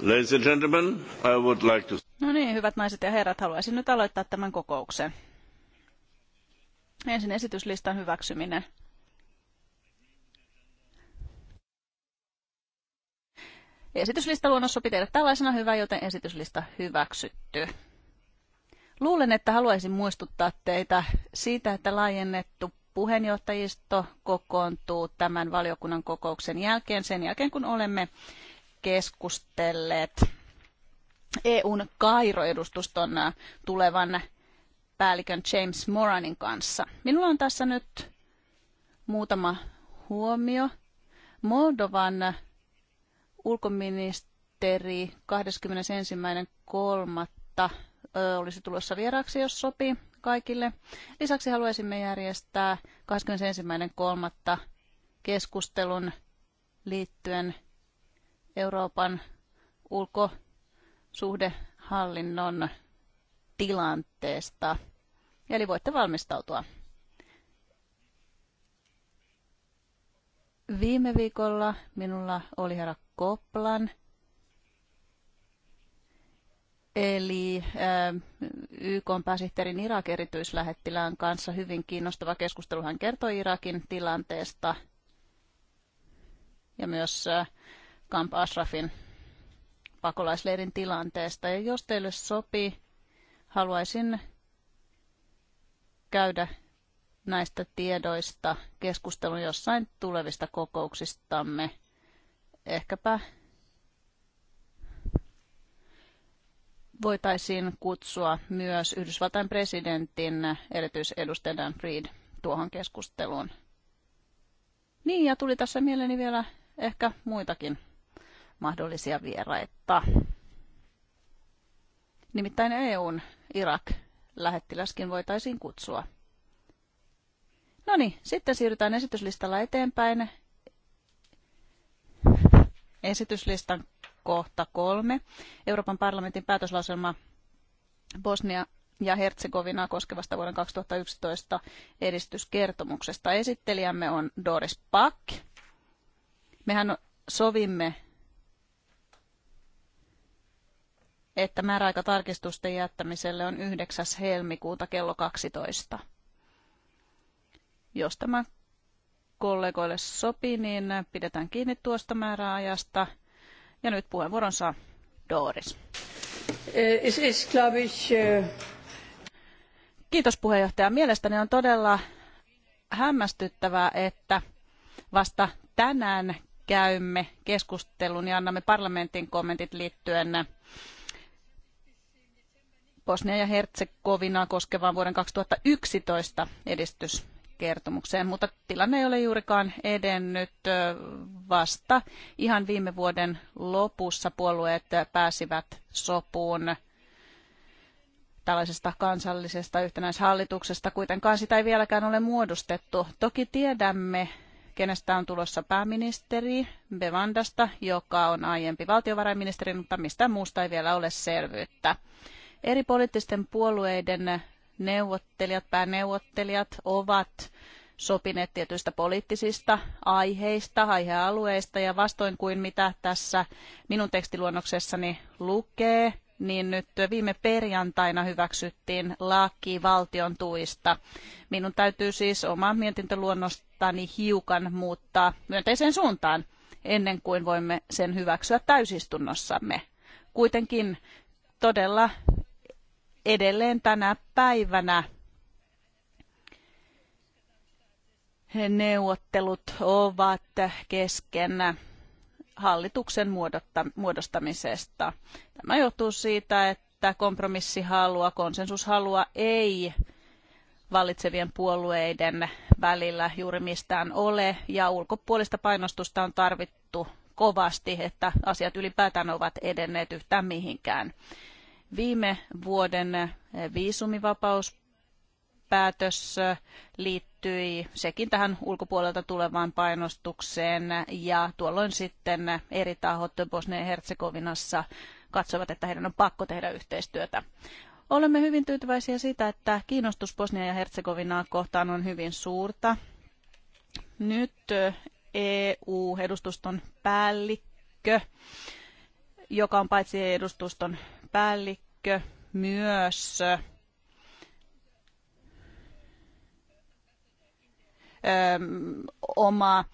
Ladies and gentlemen, I would like to... No niin, hyvät naiset ja herrat, haluaisin nyt aloittaa tämän kokouksen. Ensin esityslistan hyväksyminen. Esityslistaluonnos sopii teille tällaisena hyvä, joten esityslista hyväksytty. Luulen, että haluaisin muistuttaa teitä siitä, että laajennettu puheenjohtajisto kokoontuu tämän valiokunnan kokouksen jälkeen, sen jälkeen kun olemme keskustelleet EUn Kairo-edustuston tulevan päällikön James Moranin kanssa. Minulla on tässä nyt muutama huomio. Moldovan ulkoministeri 21.3. olisi tulossa vieraaksi, jos sopii kaikille. Lisäksi haluaisimme järjestää 21.3. keskustelun liittyen Euroopan ulkosuhdehallinnon tilanteesta. Eli voitte valmistautua. Viime viikolla minulla oli herra Koplan, eli ähm, YK pääsihteerin Irak erityislähettilään kanssa hyvin kiinnostava keskustelu. Hän kertoi Irakin tilanteesta ja myös äh, Camp Ashrafin pakolaisleirin tilanteesta. Ja jos teille sopii, haluaisin käydä näistä tiedoista keskustelun jossain tulevista kokouksistamme. Ehkäpä voitaisiin kutsua myös Yhdysvaltain presidentin erityisedustaja Dan Fried tuohon keskusteluun. Niin, ja tuli tässä mieleeni vielä ehkä muitakin mahdollisia vieraita. Nimittäin EUn Irak-lähettiläskin voitaisiin kutsua. No niin, sitten siirrytään esityslistalla eteenpäin. Esityslistan kohta kolme. Euroopan parlamentin päätöslauselma Bosnia ja Herzegovinaa koskevasta vuoden 2011 edistyskertomuksesta. Esittelijämme on Doris Pack. Mehän sovimme että määräaika tarkistusten jättämiselle on 9. helmikuuta kello 12. Jos tämä kollegoille sopii, niin pidetään kiinni tuosta määräajasta. Ja nyt puheenvuoron saa Doris. Eh, es ist, glaube ich, eh, Kiitos puheenjohtaja. Mielestäni on todella hämmästyttävää, että vasta tänään käymme keskustelun ja annamme parlamentin kommentit liittyen Bosnia ja Hertsegovina koskevaan vuoden 2011 edistyskertomukseen, mutta tilanne ei ole juurikaan edennyt vasta. Ihan viime vuoden lopussa puolueet pääsivät sopuun tällaisesta kansallisesta yhtenäishallituksesta. Kuitenkaan sitä ei vieläkään ole muodostettu. Toki tiedämme, kenestä on tulossa pääministeri Bevandasta, joka on aiempi valtiovarainministeri, mutta mistään muusta ei vielä ole selvyyttä. Eri poliittisten puolueiden neuvottelijat, pääneuvottelijat ovat sopineet tietyistä poliittisista aiheista, aihealueista ja vastoin kuin mitä tässä minun tekstiluonnoksessani lukee, niin nyt viime perjantaina hyväksyttiin laki valtion tuista. Minun täytyy siis omaa mietintöluonnostani hiukan muuttaa myönteiseen suuntaan ennen kuin voimme sen hyväksyä täysistunnossamme. Kuitenkin todella edelleen tänä päivänä neuvottelut ovat kesken hallituksen muodostamisesta. Tämä johtuu siitä, että kompromissihalua, konsensushalua ei vallitsevien puolueiden välillä juuri mistään ole, ja ulkopuolista painostusta on tarvittu kovasti, että asiat ylipäätään ovat edenneet yhtään mihinkään. Viime vuoden eh, viisumivapauspäätös eh, liittyi sekin tähän ulkopuolelta tulevaan painostukseen ja tuolloin sitten eh, eri tahot Bosnian ja Herzegovinassa katsovat, että heidän on pakko tehdä yhteistyötä. Olemme hyvin tyytyväisiä siitä, että kiinnostus Bosnia ja Herzegovinaa kohtaan on hyvin suurta. Nyt EU-edustuston e päällikkö, joka on paitsi edustuston päällikkö myös oma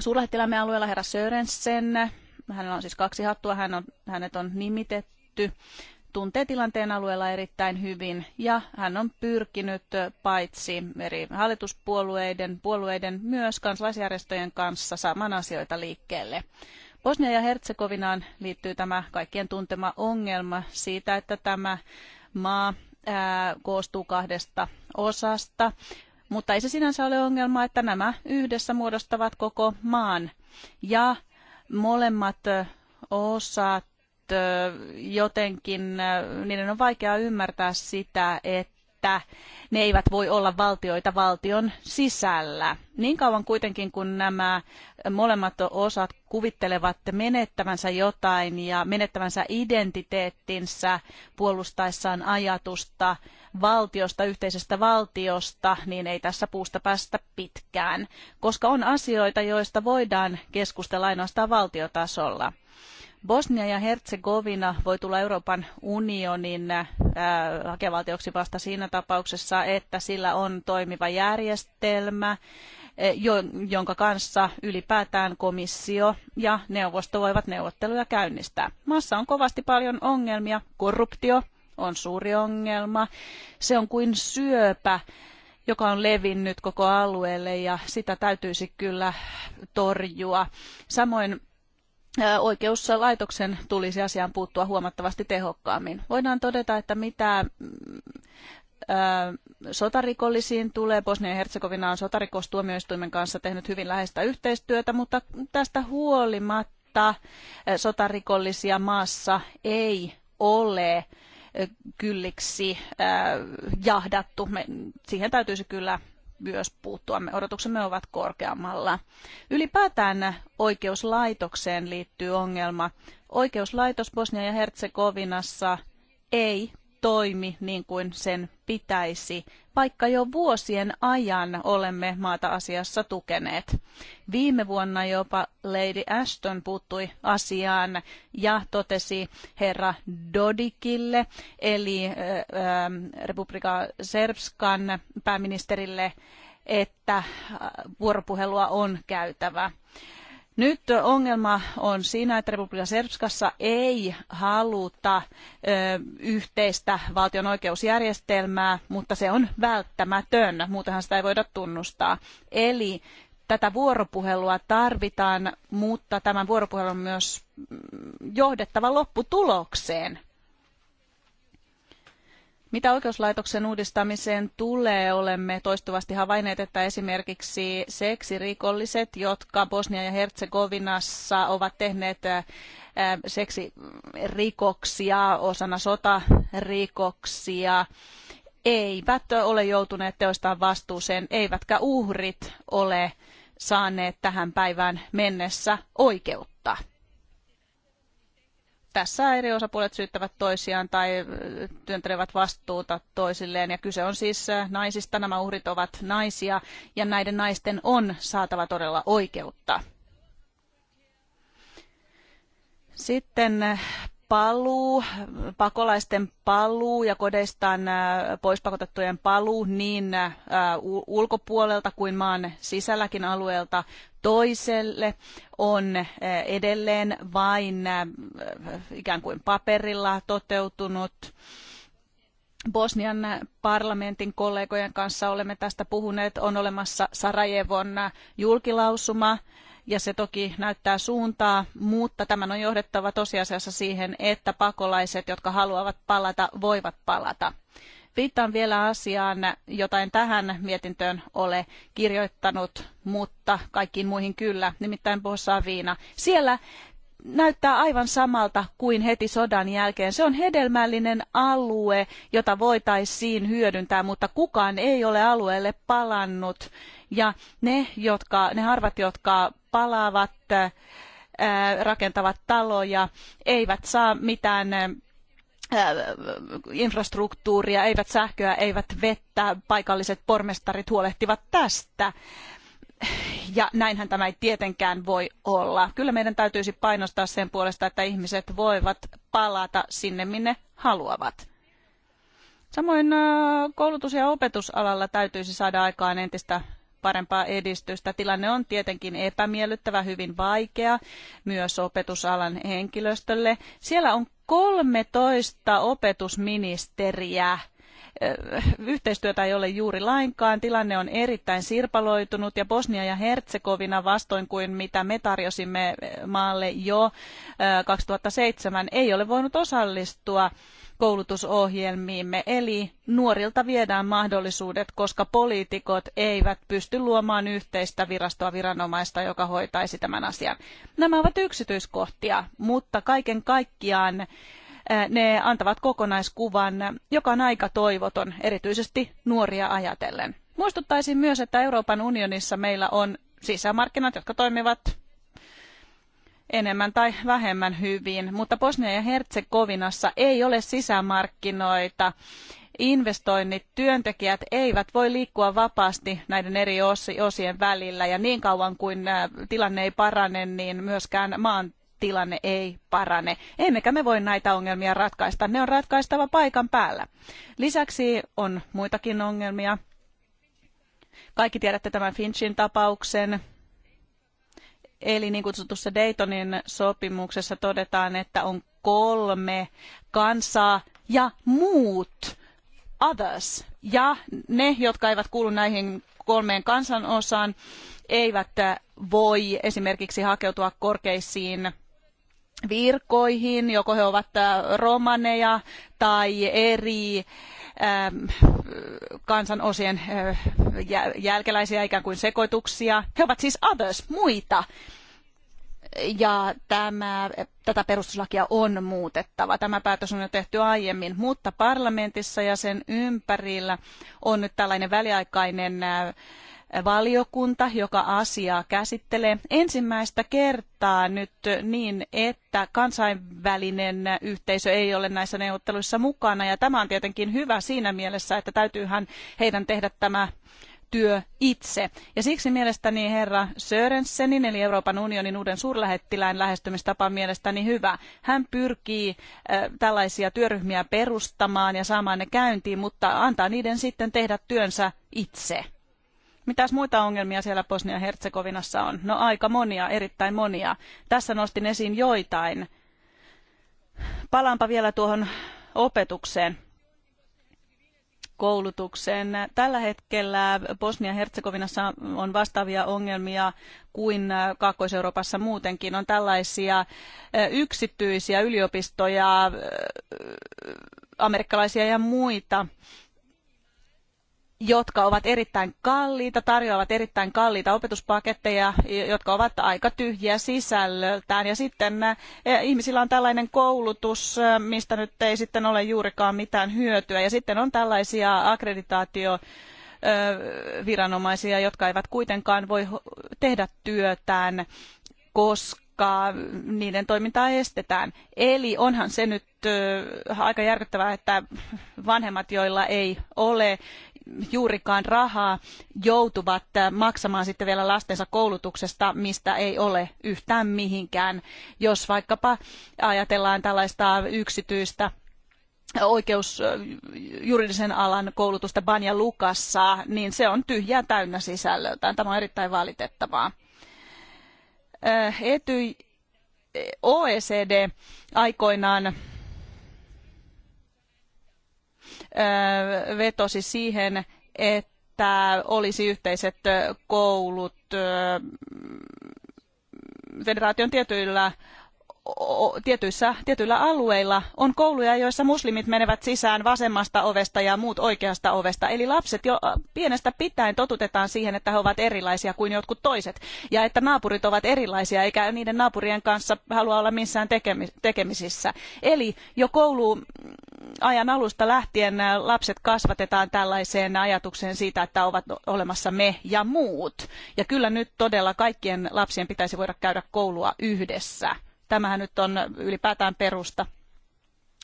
suurlähettilämme alueella herra Sörensen. Hänellä on siis kaksi hattua, hän on, hänet on nimitetty tuntee tilanteen alueella erittäin hyvin ja hän on pyrkinyt paitsi eri hallituspuolueiden, puolueiden myös kansalaisjärjestöjen kanssa saamaan asioita liikkeelle. Bosnia ja Herzegovinaan liittyy tämä kaikkien tuntema ongelma siitä, että tämä maa koostuu kahdesta osasta. Mutta ei se sinänsä ole ongelma, että nämä yhdessä muodostavat koko maan. Ja molemmat osat jotenkin, niiden on vaikea ymmärtää sitä, että että ne eivät voi olla valtioita valtion sisällä. Niin kauan kuitenkin, kun nämä molemmat osat kuvittelevat menettävänsä jotain ja menettävänsä identiteettinsä puolustaessaan ajatusta valtiosta, yhteisestä valtiosta, niin ei tässä puusta päästä pitkään, koska on asioita, joista voidaan keskustella ainoastaan valtiotasolla. Bosnia ja Herzegovina voi tulla Euroopan unionin äh, hakevaltioksi vasta siinä tapauksessa, että sillä on toimiva järjestelmä, eh, jonka kanssa ylipäätään komissio ja neuvosto voivat neuvotteluja käynnistää. Maassa on kovasti paljon ongelmia. Korruptio on suuri ongelma. Se on kuin syöpä joka on levinnyt koko alueelle ja sitä täytyisi kyllä torjua. Samoin oikeuslaitoksen tulisi asiaan puuttua huomattavasti tehokkaammin. Voidaan todeta, että mitä mm, sotarikollisiin tulee. Bosnia ja Herzegovina on sotarikostuomioistuimen kanssa tehnyt hyvin läheistä yhteistyötä, mutta tästä huolimatta sotarikollisia maassa ei ole kylliksi jahdattu. siihen täytyisi kyllä myös puuttua. Me odotuksemme ovat korkeammalla. Ylipäätään oikeuslaitokseen liittyy ongelma. Oikeuslaitos Bosnia ja Herzegovinassa ei toimi niin kuin sen pitäisi vaikka jo vuosien ajan olemme maata asiassa tukeneet. Viime vuonna jopa Lady Ashton puuttui asiaan ja totesi herra Dodikille, eli äh, Republika Serbskan pääministerille, että vuoropuhelua on käytävä. Nyt ongelma on siinä, että Republika Srpskassa ei haluta yhteistä valtion oikeusjärjestelmää, mutta se on välttämätön, muutenhan sitä ei voida tunnustaa. Eli tätä vuoropuhelua tarvitaan, mutta tämän vuoropuhelun myös mm, johdettava lopputulokseen. Mitä oikeuslaitoksen uudistamiseen tulee, olemme toistuvasti havainneet, että esimerkiksi seksirikolliset, jotka Bosnia ja Herzegovinassa ovat tehneet äh, seksirikoksia osana sotarikoksia, eivät ole joutuneet teoistaan vastuuseen, eivätkä uhrit ole saaneet tähän päivään mennessä oikeutta tässä eri osapuolet syyttävät toisiaan tai työntelevät vastuuta toisilleen. Ja kyse on siis naisista, nämä uhrit ovat naisia ja näiden naisten on saatava todella oikeutta. Sitten paluu, pakolaisten paluu ja kodeistaan äh, pois pakotettujen paluu niin äh, ulkopuolelta kuin maan sisälläkin alueelta toiselle on äh, edelleen vain ikään kuin paperilla toteutunut. Bosnian parlamentin kollegojen kanssa olemme tästä puhuneet. On olemassa Sarajevon julkilausuma, ja se toki näyttää suuntaa, mutta tämän on johdettava tosiasiassa siihen, että pakolaiset, jotka haluavat palata, voivat palata. Viittaan vielä asiaan, jota en tähän mietintöön ole kirjoittanut, mutta kaikkiin muihin kyllä, nimittäin viina. Siellä näyttää aivan samalta kuin heti sodan jälkeen. Se on hedelmällinen alue, jota voitaisiin hyödyntää, mutta kukaan ei ole alueelle palannut. Ja ne, jotka, ne harvat, jotka palaavat, äh, rakentavat taloja, eivät saa mitään äh, infrastruktuuria, eivät sähköä, eivät vettä. Paikalliset pormestarit huolehtivat tästä. Ja näinhän tämä ei tietenkään voi olla. Kyllä meidän täytyisi painostaa sen puolesta, että ihmiset voivat palata sinne, minne haluavat. Samoin äh, koulutus- ja opetusalalla täytyisi saada aikaan entistä parempaa edistystä. Tilanne on tietenkin epämiellyttävä, hyvin vaikea myös opetusalan henkilöstölle. Siellä on 13 opetusministeriä Eh, yhteistyötä ei ole juuri lainkaan. Tilanne on erittäin sirpaloitunut ja Bosnia ja Herzegovina vastoin kuin mitä me tarjosimme eh, maalle jo 2007 eh, ei ole voinut osallistua koulutusohjelmiimme. Eli nuorilta viedään mahdollisuudet, koska poliitikot eivät pysty luomaan yhteistä virastoa viranomaista, joka hoitaisi tämän asian. Nämä ovat yksityiskohtia, mutta kaiken kaikkiaan ne antavat kokonaiskuvan, joka on aika toivoton, erityisesti nuoria ajatellen. Muistuttaisin myös, että Euroopan unionissa meillä on sisämarkkinat, jotka toimivat enemmän tai vähemmän hyvin, mutta Bosnia ja Hertsegovinassa ei ole sisämarkkinoita. Investoinnit, työntekijät eivät voi liikkua vapaasti näiden eri osien välillä ja niin kauan kuin tilanne ei parane, niin myöskään maan tilanne ei parane. Emmekä me voi näitä ongelmia ratkaista. Ne on ratkaistava paikan päällä. Lisäksi on muitakin ongelmia. Kaikki tiedätte tämän Finchin tapauksen. Eli niin kutsutussa Daytonin sopimuksessa todetaan, että on kolme kansaa ja muut others. Ja ne, jotka eivät kuulu näihin kolmeen kansanosaan, eivät voi esimerkiksi hakeutua korkeisiin virkoihin, joko he ovat äh, romaneja tai eri ähm, kansanosien äh, jälkeläisiä ikään kuin sekoituksia. He ovat siis others, muita. Ja tämä, tätä perustuslakia on muutettava. Tämä päätös on jo tehty aiemmin, mutta parlamentissa ja sen ympärillä on nyt tällainen väliaikainen äh, valiokunta, joka asiaa käsittelee ensimmäistä kertaa nyt niin, että kansainvälinen yhteisö ei ole näissä neuvotteluissa mukana. Ja tämä on tietenkin hyvä siinä mielessä, että täytyyhän heidän tehdä tämä työ itse. Ja siksi mielestäni herra Sörensenin, eli Euroopan unionin uuden suurlähettilään lähestymistapa on mielestäni hyvä. Hän pyrkii äh, tällaisia työryhmiä perustamaan ja saamaan ne käyntiin, mutta antaa niiden sitten tehdä työnsä itse. Mitäs muita ongelmia siellä Bosnia-Herzegovinassa on? No aika monia, erittäin monia. Tässä nostin esiin joitain. Palaanpa vielä tuohon opetukseen koulutukseen. Tällä hetkellä Bosnia-Herzegovinassa on vastaavia ongelmia kuin Kaakkois-Euroopassa muutenkin. On tällaisia yksityisiä yliopistoja, amerikkalaisia ja muita, jotka ovat erittäin kalliita, tarjoavat erittäin kalliita opetuspaketteja, jotka ovat aika tyhjiä sisällöltään. Ja sitten ihmisillä on tällainen koulutus, mistä nyt ei sitten ole juurikaan mitään hyötyä. Ja sitten on tällaisia akkreditaatio viranomaisia, jotka eivät kuitenkaan voi tehdä työtään, koska niiden toimintaa estetään. Eli onhan se nyt aika järkyttävää, että vanhemmat, joilla ei ole juurikaan rahaa, joutuvat maksamaan sitten vielä lastensa koulutuksesta, mistä ei ole yhtään mihinkään. Jos vaikkapa ajatellaan tällaista yksityistä oikeus juridisen alan koulutusta Banja Lukassa, niin se on tyhjää täynnä sisällöltään. Tämä on erittäin valitettavaa. Ety OECD aikoinaan vetosi siihen, että olisi yhteiset koulut federaation tietyillä tietyissä, tietyillä alueilla on kouluja, joissa muslimit menevät sisään vasemmasta ovesta ja muut oikeasta ovesta. Eli lapset jo pienestä pitäen totutetaan siihen, että he ovat erilaisia kuin jotkut toiset. Ja että naapurit ovat erilaisia, eikä niiden naapurien kanssa halua olla missään tekemisissä. Eli jo kouluajan mm, alusta lähtien lapset kasvatetaan tällaiseen ajatukseen siitä, että ovat olemassa me ja muut. Ja kyllä nyt todella kaikkien lapsien pitäisi voida käydä koulua yhdessä Tämähän nyt on ylipäätään perusta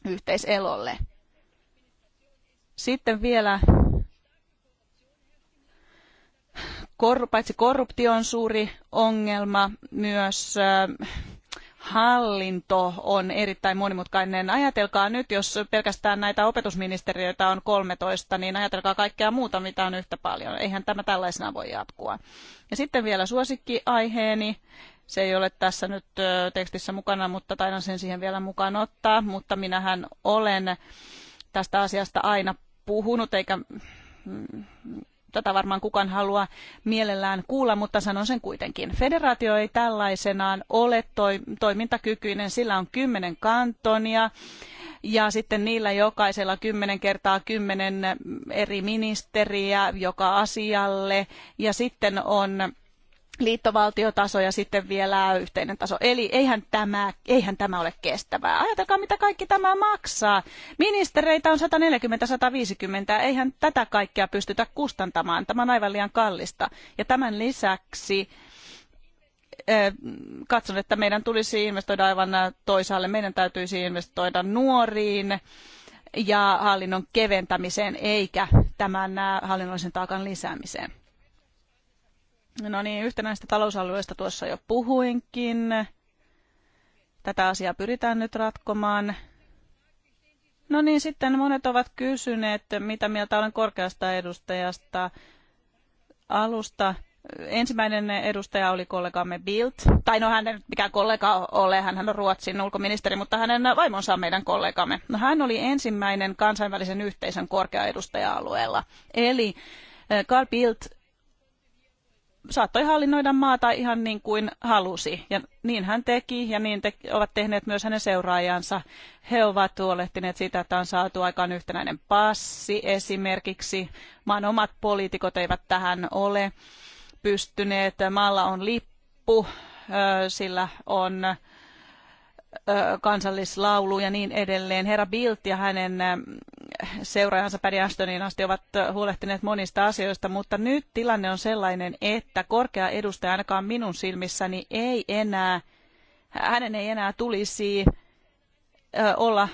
yhteiselolle. Sitten vielä paitsi korruptio on suuri ongelma, myös äh, hallinto on erittäin monimutkainen. Ajatelkaa nyt, jos pelkästään näitä opetusministeriöitä on 13, niin ajatelkaa kaikkea muuta, mitä on yhtä paljon. Eihän tämä tällaisena voi jatkua. Ja sitten vielä suosikkiaiheeni, se ei ole tässä nyt tekstissä mukana, mutta taidan sen siihen vielä mukaan ottaa. Mutta minähän olen tästä asiasta aina puhunut, eikä mm, tätä varmaan kukaan halua mielellään kuulla, mutta sanon sen kuitenkin. Federaatio ei tällaisenaan ole toimintakykyinen, sillä on kymmenen kantonia ja sitten niillä jokaisella kymmenen kertaa kymmenen eri ministeriä joka asialle ja sitten on liittovaltiotaso ja sitten vielä yhteinen taso. Eli eihän tämä, eihän tämä ole kestävää. Ajatelkaa, mitä kaikki tämä maksaa. Ministereitä on 140-150, eihän tätä kaikkea pystytä kustantamaan. Tämä on aivan liian kallista. Ja tämän lisäksi katson, että meidän tulisi investoida aivan toisaalle. Meidän täytyisi investoida nuoriin ja hallinnon keventämiseen, eikä tämän hallinnollisen taakan lisäämiseen. No niin, yhtenäistä talousalueesta tuossa jo puhuinkin. Tätä asiaa pyritään nyt ratkomaan. No niin, sitten monet ovat kysyneet, mitä mieltä olen korkeasta edustajasta alusta. Ensimmäinen edustaja oli kollegamme Bildt, tai no hän ei mikään kollega ole, hän on Ruotsin ulkoministeri, mutta hänen vaimonsa on meidän kollegamme. No, hän oli ensimmäinen kansainvälisen yhteisön korkea edustaja-alueella. Eli eh, Carl Bildt saattoi hallinnoida maata ihan niin kuin halusi. Ja niin hän teki ja niin te- ovat tehneet myös hänen seuraajansa. He ovat huolehtineet sitä, että on saatu aikaan yhtenäinen passi esimerkiksi. Maan omat poliitikot eivät tähän ole pystyneet. Maalla on lippu, sillä on kansallislaulu ja niin edelleen. Herra Bilt ja hänen seuraajansa Pädi Ashtoniin asti ovat huolehtineet monista asioista, mutta nyt tilanne on sellainen, että korkea edustaja ainakaan minun silmissäni ei enää, hänen ei enää tulisi olla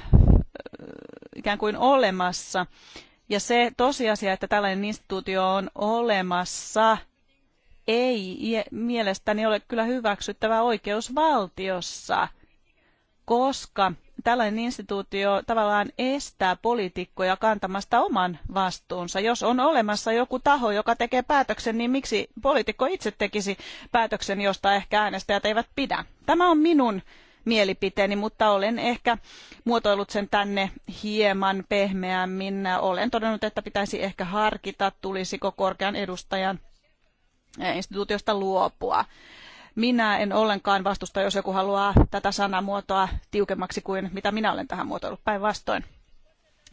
ikään kuin olemassa. Ja se tosiasia, että tällainen instituutio on olemassa, ei mielestäni ole kyllä hyväksyttävä oikeusvaltiossa, koska tällainen instituutio tavallaan estää poliitikkoja kantamasta oman vastuunsa. Jos on olemassa joku taho, joka tekee päätöksen, niin miksi poliitikko itse tekisi päätöksen, josta ehkä äänestäjät eivät pidä? Tämä on minun mielipiteeni, mutta olen ehkä muotoillut sen tänne hieman pehmeämmin. Olen todennut, että pitäisi ehkä harkita, tulisiko korkean edustajan instituutiosta luopua. Minä en ollenkaan vastusta, jos joku haluaa tätä sanamuotoa tiukemmaksi kuin mitä minä olen tähän muotoillut päinvastoin.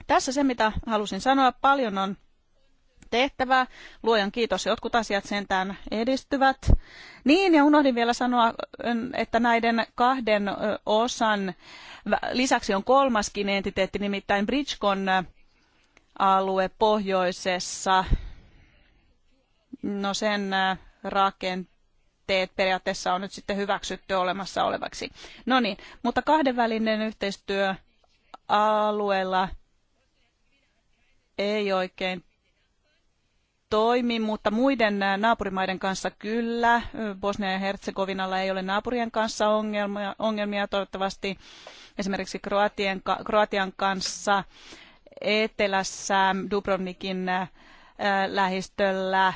Tässä se, mitä halusin sanoa. Paljon on tehtävää. Luojan kiitos, jotkut asiat sentään edistyvät. Niin, ja unohdin vielä sanoa, että näiden kahden osan lisäksi on kolmaskin entiteetti, nimittäin Bridgecon alue pohjoisessa. No sen rakentaminen puitteet periaatteessa on nyt sitten hyväksytty olemassa olevaksi. No niin, mutta kahdenvälinen yhteistyö alueella ei oikein toimi, mutta muiden äh, naapurimaiden kanssa kyllä. Bosnia ja Herzegovinalla ei ole naapurien kanssa ongelmia, ongelmia toivottavasti esimerkiksi Kroatian, Kroatian kanssa etelässä Dubrovnikin äh, äh, lähistöllä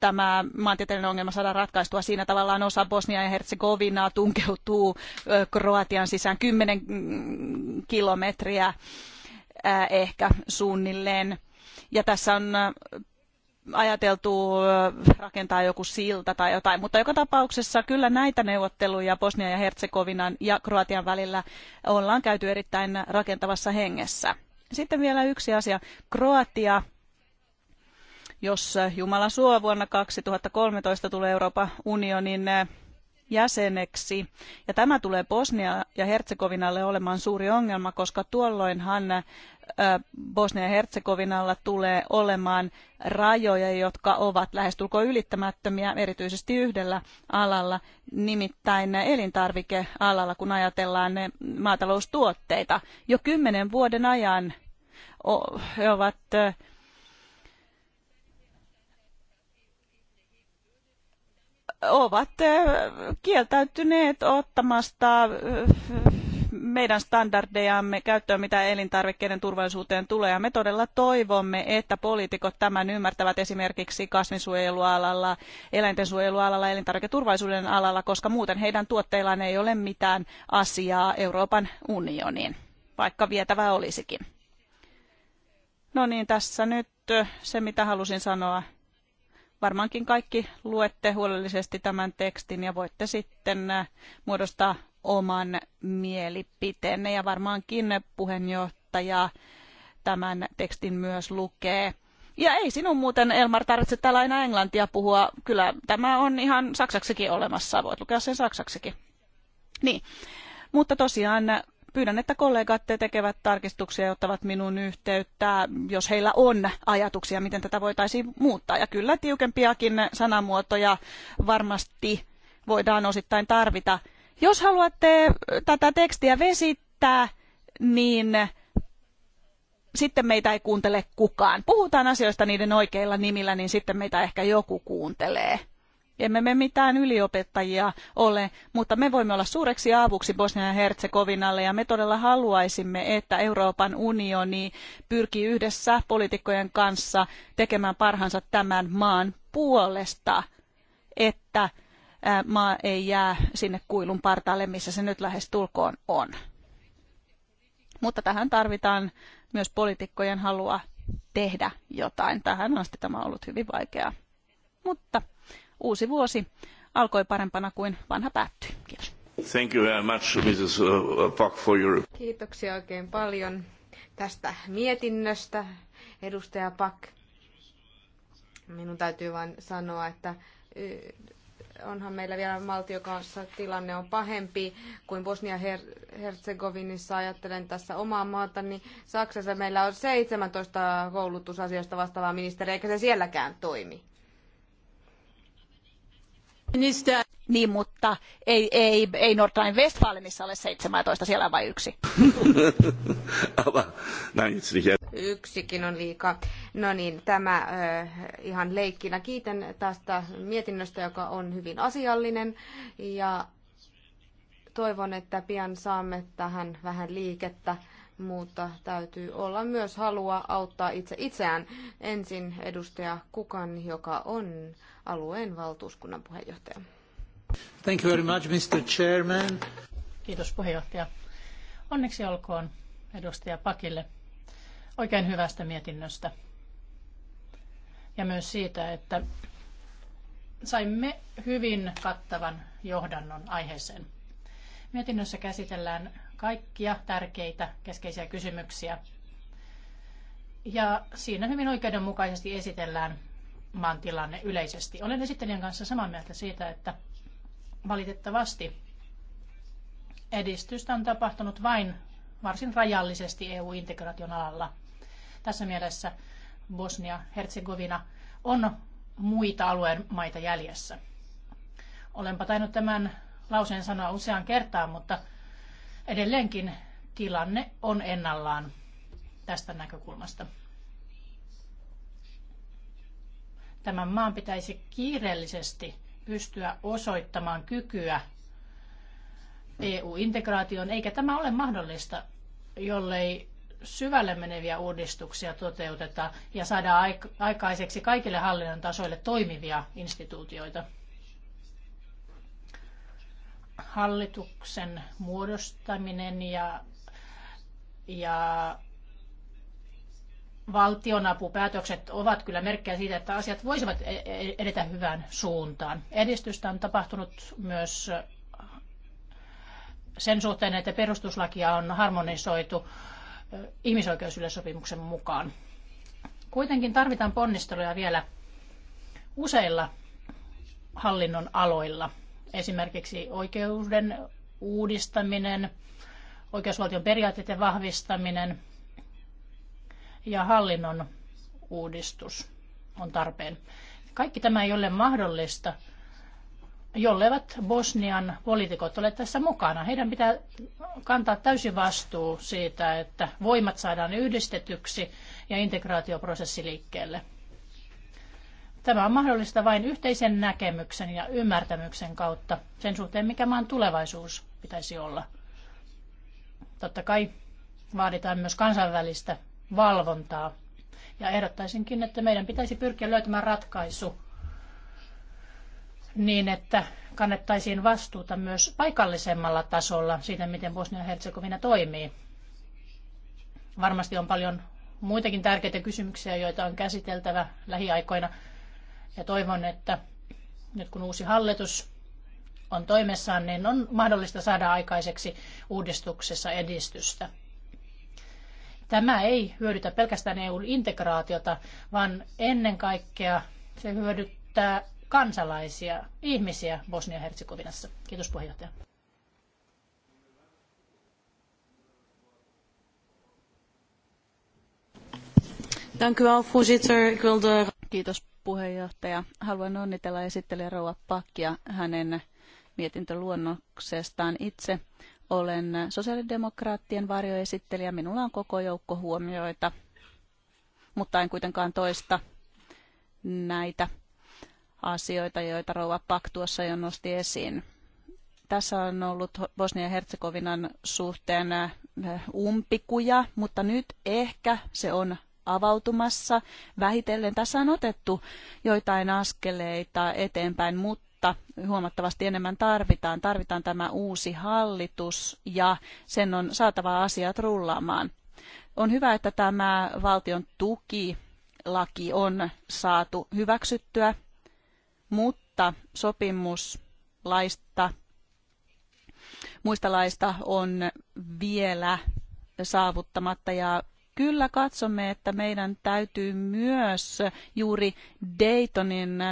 tämä maantieteellinen ongelma saadaan ratkaistua. Siinä tavallaan osa Bosnia ja Herzegovinaa tunkeutuu Kroatian sisään 10 kilometriä ehkä suunnilleen. Ja tässä on ajateltu rakentaa joku silta tai jotain, mutta joka tapauksessa kyllä näitä neuvotteluja Bosnia ja Herzegovinan ja Kroatian välillä ollaan käyty erittäin rakentavassa hengessä. Sitten vielä yksi asia. Kroatia jos äh, Jumala suo vuonna 2013 tulee Euroopan unionin äh, jäseneksi. Ja tämä tulee Bosnia ja Herzegovinalle olemaan suuri ongelma, koska tuolloinhan äh, Bosnia ja Herzegovinalla tulee olemaan rajoja, jotka ovat lähestulkoon ylittämättömiä erityisesti yhdellä alalla, nimittäin elintarvikealalla, kun ajatellaan ne maataloustuotteita. Jo kymmenen vuoden ajan ovat ovat kieltäytyneet ottamasta meidän standardejamme käyttöön, mitä elintarvikkeiden turvallisuuteen tulee. Ja me todella toivomme, että poliitikot tämän ymmärtävät esimerkiksi kasvinsuojelualalla, eläintensuojelualalla, elintarviketurvallisuuden alalla, koska muuten heidän tuotteillaan ei ole mitään asiaa Euroopan unioniin, vaikka vietävää olisikin. No niin, tässä nyt se, mitä halusin sanoa varmaankin kaikki luette huolellisesti tämän tekstin ja voitte sitten äh, muodostaa oman mielipiteenne ja varmaankin puheenjohtaja tämän tekstin myös lukee. Ja ei sinun muuten, Elmar, tarvitse täällä aina englantia puhua. Kyllä tämä on ihan saksaksikin olemassa. Voit lukea sen saksaksikin. Niin. Mutta tosiaan pyydän, että kollegat tekevät tarkistuksia ja ottavat minun yhteyttä, jos heillä on ajatuksia, miten tätä voitaisiin muuttaa. Ja kyllä tiukempiakin sanamuotoja varmasti voidaan osittain tarvita. Jos haluatte tätä tekstiä vesittää, niin sitten meitä ei kuuntele kukaan. Puhutaan asioista niiden oikeilla nimillä, niin sitten meitä ehkä joku kuuntelee. Emme me mitään yliopettajia ole, mutta me voimme olla suureksi avuksi Bosnian ja Herzegovinalle ja me todella haluaisimme, että Euroopan unioni pyrkii yhdessä poliitikkojen kanssa tekemään parhaansa tämän maan puolesta, että maa ei jää sinne kuilun partaalle, missä se nyt lähes tulkoon on. Mutta tähän tarvitaan myös poliitikkojen halua tehdä jotain. Tähän asti tämä on ollut hyvin vaikeaa. Mutta uusi vuosi alkoi parempana kuin vanha päättyi. Kiitos. Thank you very much, Mrs. for your... Kiitoksia oikein paljon tästä mietinnöstä, edustaja Pak. Minun täytyy vain sanoa, että onhan meillä vielä valtio kanssa tilanne on pahempi kuin Bosnia-Herzegovinissa. Ajattelen tässä omaa maata, niin Saksassa meillä on 17 koulutusasioista vastaavaa ministeriä, eikä se sielläkään toimi. Niin, mutta ei, ei, ei Nordrhein Westfalenissa ole 17, siellä on vain yksi. Yksikin on liikaa. No niin, tämä äh, ihan leikkinä. Kiitän tästä mietinnöstä, joka on hyvin asiallinen ja toivon, että pian saamme tähän vähän liikettä mutta täytyy olla myös halua auttaa itse itseään. Ensin edustaja Kukan, joka on alueen valtuuskunnan puheenjohtaja. Thank you very much, Mr. Chairman. Kiitos puheenjohtaja. Onneksi olkoon edustaja Pakille oikein hyvästä mietinnöstä ja myös siitä, että saimme hyvin kattavan johdannon aiheeseen. Mietinnössä käsitellään kaikkia tärkeitä keskeisiä kysymyksiä ja siinä hyvin oikeudenmukaisesti esitellään maan tilanne yleisesti. Olen esittelijän kanssa samaa mieltä siitä, että valitettavasti edistystä on tapahtunut vain varsin rajallisesti EU-integraation alalla. Tässä mielessä Bosnia-Herzegovina on muita alueen maita jäljessä. Olenpa tainnut tämän lauseen sanoa useaan kertaan, mutta edelleenkin tilanne on ennallaan tästä näkökulmasta. Tämän maan pitäisi kiireellisesti pystyä osoittamaan kykyä EU-integraation, eikä tämä ole mahdollista, jollei syvälle meneviä uudistuksia toteuteta ja saada aikaiseksi kaikille hallinnon tasoille toimivia instituutioita. Hallituksen muodostaminen ja, ja valtionapupäätökset ovat kyllä merkkejä siitä, että asiat voisivat e- e- edetä hyvään suuntaan. Edistystä on tapahtunut myös sen suhteen, että perustuslakia on harmonisoitu ihmisoikeusyleissopimuksen mukaan. Kuitenkin tarvitaan ponnisteluja vielä useilla hallinnon aloilla. Esimerkiksi oikeuden uudistaminen, oikeusvaltion periaatteiden vahvistaminen – ja hallinnon uudistus on tarpeen. Kaikki tämä ei ole mahdollista, jollevat Bosnian poliitikot ole tässä mukana. Heidän pitää kantaa täysin vastuu siitä, että voimat saadaan yhdistetyksi ja integraatioprosessi liikkeelle. Tämä on mahdollista vain yhteisen näkemyksen ja ymmärtämyksen kautta sen suhteen, mikä maan tulevaisuus pitäisi olla. Totta kai vaaditaan myös kansainvälistä valvontaa. Ja ehdottaisinkin, että meidän pitäisi pyrkiä löytämään ratkaisu niin, että kannettaisiin vastuuta myös paikallisemmalla tasolla siitä, miten Bosnia-Herzegovina toimii. Varmasti on paljon muitakin tärkeitä kysymyksiä, joita on käsiteltävä lähiaikoina. Ja toivon, että nyt kun uusi hallitus on toimessaan, niin on mahdollista saada aikaiseksi uudistuksessa edistystä. Tämä ei hyödytä pelkästään EUn integraatiota, vaan ennen kaikkea se hyödyttää kansalaisia, ihmisiä Bosnia-Herzegovinassa. Kiitos puheenjohtaja. wel, voorzitter. Ik Kiitos puheenjohtaja. Haluan onnitella esittelijä Rouva Pakkia hänen mietintöluonnoksestaan. Itse olen sosiaalidemokraattien varjoesittelijä. Minulla on koko joukko huomioita, mutta en kuitenkaan toista näitä asioita, joita Rouva Pak tuossa jo nosti esiin. Tässä on ollut Bosnia-Herzegovinan suhteen eh, umpikuja, mutta nyt ehkä se on avautumassa vähitellen. Tässä on otettu joitain askeleita eteenpäin, mutta mutta huomattavasti enemmän tarvitaan. Tarvitaan tämä uusi hallitus ja sen on saatava asiat rullaamaan. On hyvä, että tämä valtion tukilaki on saatu hyväksyttyä, mutta sopimuslaista, muista laista on vielä saavuttamatta ja kyllä katsomme, että meidän täytyy myös juuri Daytonin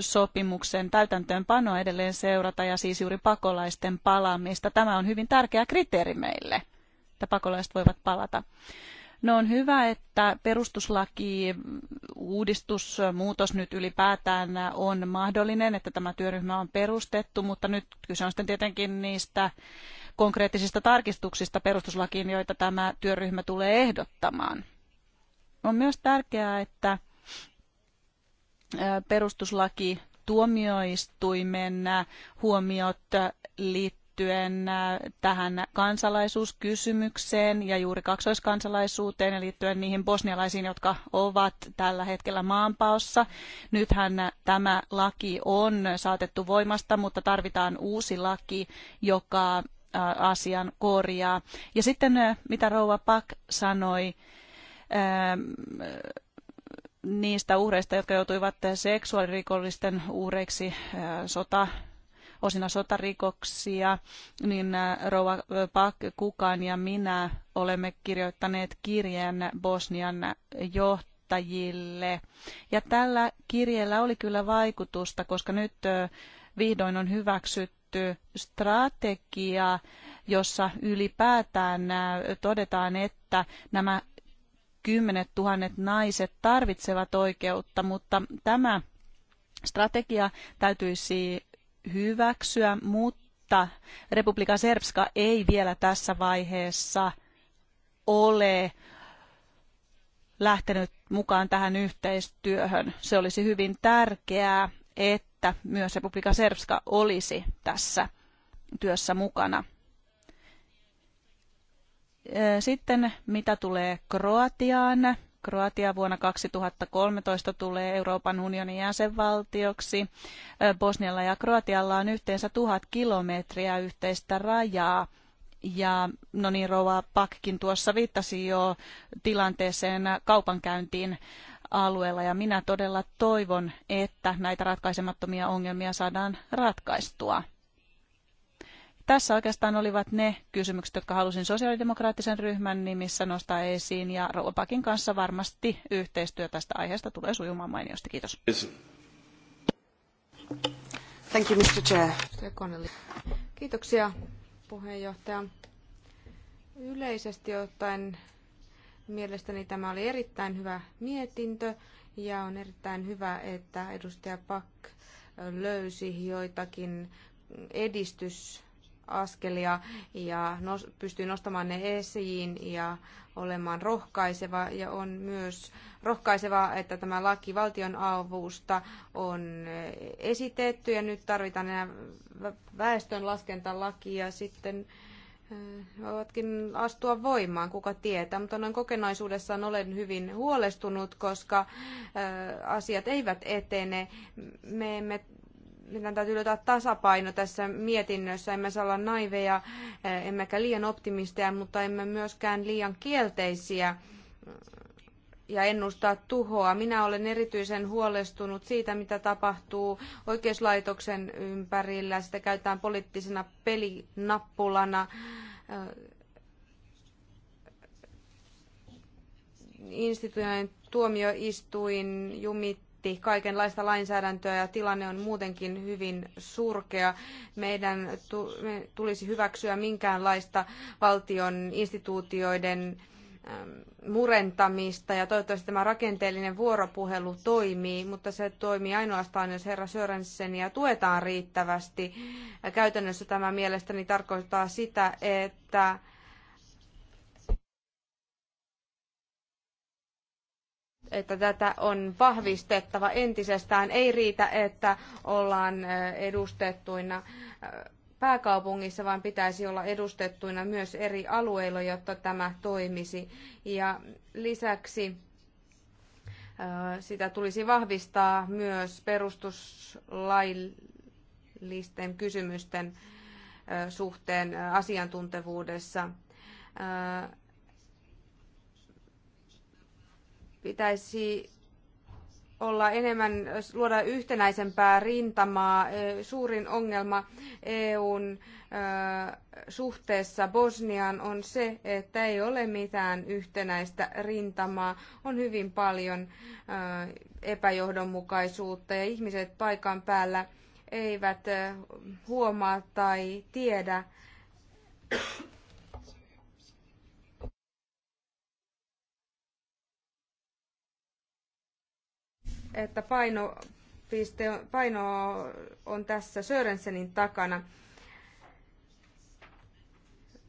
sopimuksen täytäntöönpanoa edelleen seurata ja siis juuri pakolaisten palaamista. Tämä on hyvin tärkeä kriteeri meille, että pakolaiset voivat palata. No on hyvä, että perustuslaki uudistus, muutos nyt ylipäätään on mahdollinen, että tämä työryhmä on perustettu, mutta nyt kyse on sitten tietenkin niistä konkreettisista tarkistuksista perustuslakiin, joita tämä työryhmä tulee ehdottamaan. On myös tärkeää, että perustuslaki tuomioistuimen huomiot liittyen tähän kansalaisuuskysymykseen ja juuri kaksoiskansalaisuuteen ja liittyen niihin bosnialaisiin, jotka ovat tällä hetkellä maanpaossa. Nythän tämä laki on saatettu voimasta, mutta tarvitaan uusi laki, joka asian korjaa. Ja sitten mitä Rouva Pak sanoi, niistä uhreista, jotka joutuivat seksuaalirikollisten uhreiksi sota, osina sotarikoksia, niin Rouva Pak, Kukan ja minä olemme kirjoittaneet kirjeen Bosnian johtajille. Ja tällä kirjeellä oli kyllä vaikutusta, koska nyt vihdoin on hyväksytty strategia, jossa ylipäätään todetaan, että nämä kymmenet tuhannet naiset tarvitsevat oikeutta, mutta tämä strategia täytyisi hyväksyä, mutta Republika Serbska ei vielä tässä vaiheessa ole lähtenyt mukaan tähän yhteistyöhön. Se olisi hyvin tärkeää, että että myös Republika Serbska olisi tässä työssä mukana. Sitten mitä tulee Kroatiaan, Kroatia vuonna 2013 tulee Euroopan unionin jäsenvaltioksi. Bosnialla ja Kroatialla on yhteensä tuhat kilometriä yhteistä rajaa. Ja no niin, Rova Pakkin tuossa viittasi jo tilanteeseen kaupankäyntiin alueella ja minä todella toivon, että näitä ratkaisemattomia ongelmia saadaan ratkaistua. Tässä oikeastaan olivat ne kysymykset, jotka halusin sosiaalidemokraattisen ryhmän nimissä nostaa esiin ja Rouvapakin kanssa varmasti yhteistyö tästä aiheesta tulee sujumaan mainiosti. Kiitos. Thank you, Mr. Chair. Kiitoksia puheenjohtaja. Yleisesti ottaen Mielestäni tämä oli erittäin hyvä mietintö ja on erittäin hyvä, että edustaja Pak löysi joitakin edistysaskelia ja nos, pystyi nostamaan ne esiin ja olemaan rohkaiseva. Ja on myös rohkaiseva, että tämä laki valtion avusta on esitetty ja nyt tarvitaan enää väestön ja sitten voivatkin astua voimaan, kuka tietää, mutta noin kokonaisuudessaan olen hyvin huolestunut, koska asiat eivät etene. Me emme meidän täytyy löytää tasapaino tässä mietinnössä. Emme saa olla naiveja, emmekä liian optimisteja, mutta emme myöskään liian kielteisiä ja ennustaa tuhoa. Minä olen erityisen huolestunut siitä, mitä tapahtuu oikeuslaitoksen ympärillä. Sitä käytetään poliittisena pelinappulana. Instituutioiden tuomioistuin jumitti kaikenlaista lainsäädäntöä ja tilanne on muutenkin hyvin surkea. Meidän tulisi hyväksyä minkäänlaista valtion instituutioiden murentamista ja toivottavasti tämä rakenteellinen vuoropuhelu toimii, mutta se toimii ainoastaan, jos herra Sörensenia tuetaan riittävästi. Käytännössä tämä mielestäni tarkoittaa sitä, että että tätä on vahvistettava entisestään. Ei riitä, että ollaan edustettuina pääkaupungissa, vaan pitäisi olla edustettuina myös eri alueilla, jotta tämä toimisi. Ja lisäksi sitä tulisi vahvistaa myös perustuslaillisten kysymysten suhteen asiantuntevuudessa. Pitäisi olla enemmän, luoda yhtenäisempää rintamaa. Suurin ongelma EUn suhteessa Bosniaan on se, että ei ole mitään yhtenäistä rintamaa. On hyvin paljon epäjohdonmukaisuutta ja ihmiset paikan päällä eivät huomaa tai tiedä, että paino, piste, paino on tässä Sörensenin takana.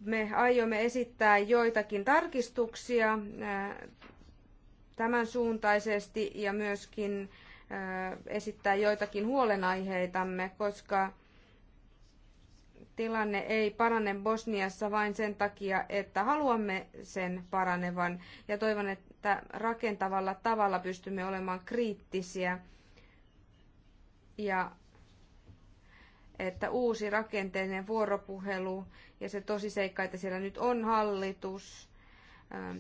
Me aiomme esittää joitakin tarkistuksia äh, tämän suuntaisesti ja myöskin äh, esittää joitakin huolenaiheitamme, koska tilanne ei parane Bosniassa vain sen takia, että haluamme sen paranevan. Ja toivon, että että rakentavalla tavalla pystymme olemaan kriittisiä ja että uusi rakenteellinen vuoropuhelu ja se tosiseikka, että siellä nyt on hallitus, ähm,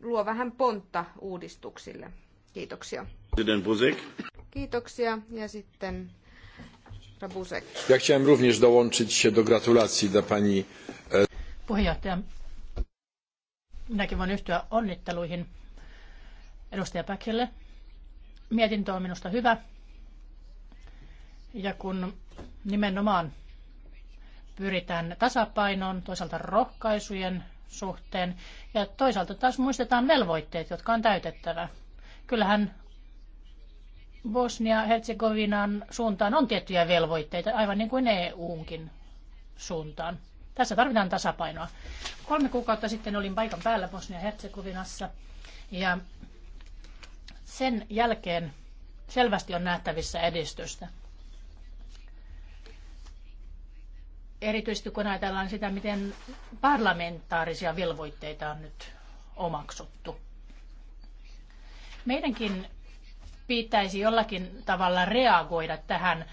luo vähän pontta uudistuksille. Kiitoksia. Kiitoksia ja sitten Rabusek. Ja chciałem również dołączyć się do gratulacji dla pani. E, Puheenjohtaja, Minäkin voin yhtyä onnitteluihin edustaja Päkselle. Mietintö on minusta hyvä. Ja kun nimenomaan pyritään tasapainoon, toisaalta rohkaisujen suhteen ja toisaalta taas muistetaan velvoitteet, jotka on täytettävä. Kyllähän Bosnia-Herzegovinan suuntaan on tiettyjä velvoitteita, aivan niin kuin EUnkin suuntaan. Tässä tarvitaan tasapainoa. Kolme kuukautta sitten olin paikan päällä Bosnia-Herzegovinassa ja sen jälkeen selvästi on nähtävissä edistystä. Erityisesti kun ajatellaan sitä, miten parlamentaarisia velvoitteita on nyt omaksuttu. Meidänkin pitäisi jollakin tavalla reagoida tähän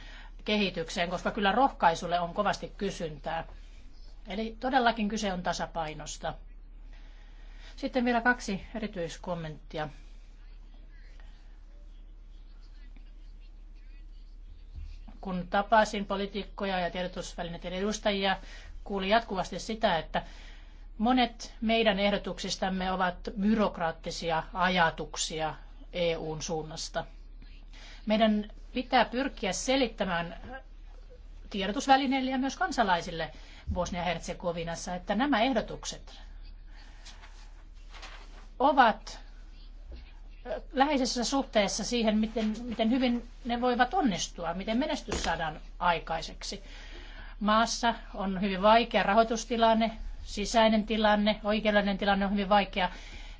kehitykseen, koska kyllä rohkaisulle on kovasti kysyntää. Eli todellakin kyse on tasapainosta. Sitten vielä kaksi erityiskommenttia. Kun tapasin poliitikkoja ja tiedotusvälineiden edustajia, kuulin jatkuvasti sitä, että monet meidän ehdotuksistamme ovat byrokraattisia ajatuksia EUn suunnasta. Meidän pitää pyrkiä selittämään tiedotusvälineille ja myös kansalaisille, Bosnia-Herzegovinassa, että nämä ehdotukset ovat läheisessä suhteessa siihen, miten, miten hyvin ne voivat onnistua, miten menestys saadaan aikaiseksi. Maassa on hyvin vaikea rahoitustilanne, sisäinen tilanne, oikeudellinen tilanne on hyvin vaikea.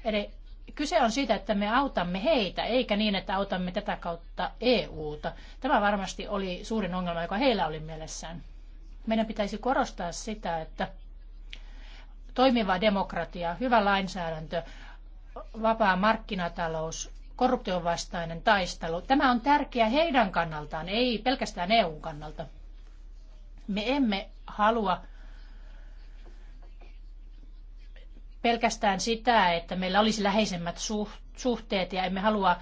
Eli kyse on siitä, että me autamme heitä, eikä niin, että autamme tätä kautta EUta. Tämä varmasti oli suurin ongelma, joka heillä oli mielessään meidän pitäisi korostaa sitä, että toimiva demokratia, hyvä lainsäädäntö, vapaa markkinatalous, korruption vastainen taistelu, tämä on tärkeä heidän kannaltaan, ei pelkästään EUn kannalta. Me emme halua pelkästään sitä, että meillä olisi läheisemmät suhteet ja emme halua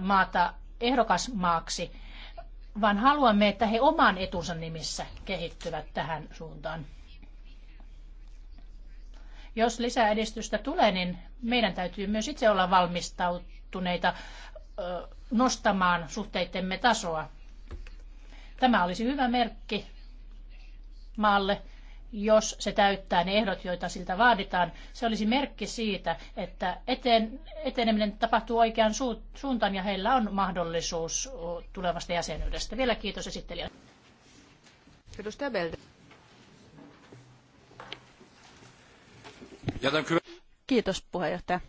maata ehdokasmaaksi vaan haluamme, että he oman etunsa nimissä kehittyvät tähän suuntaan. Jos lisää edistystä tulee, niin meidän täytyy myös itse olla valmistautuneita nostamaan suhteittemme tasoa. Tämä olisi hyvä merkki maalle, jos se täyttää ne ehdot, joita siltä vaaditaan. Se olisi merkki siitä, että eteen, eteneminen tapahtuu oikeaan su, suuntaan ja heillä on mahdollisuus tulevasta jäsenyydestä. Vielä kiitos esittelijä. Edustaja Belder. Kiitos puheenjohtaja.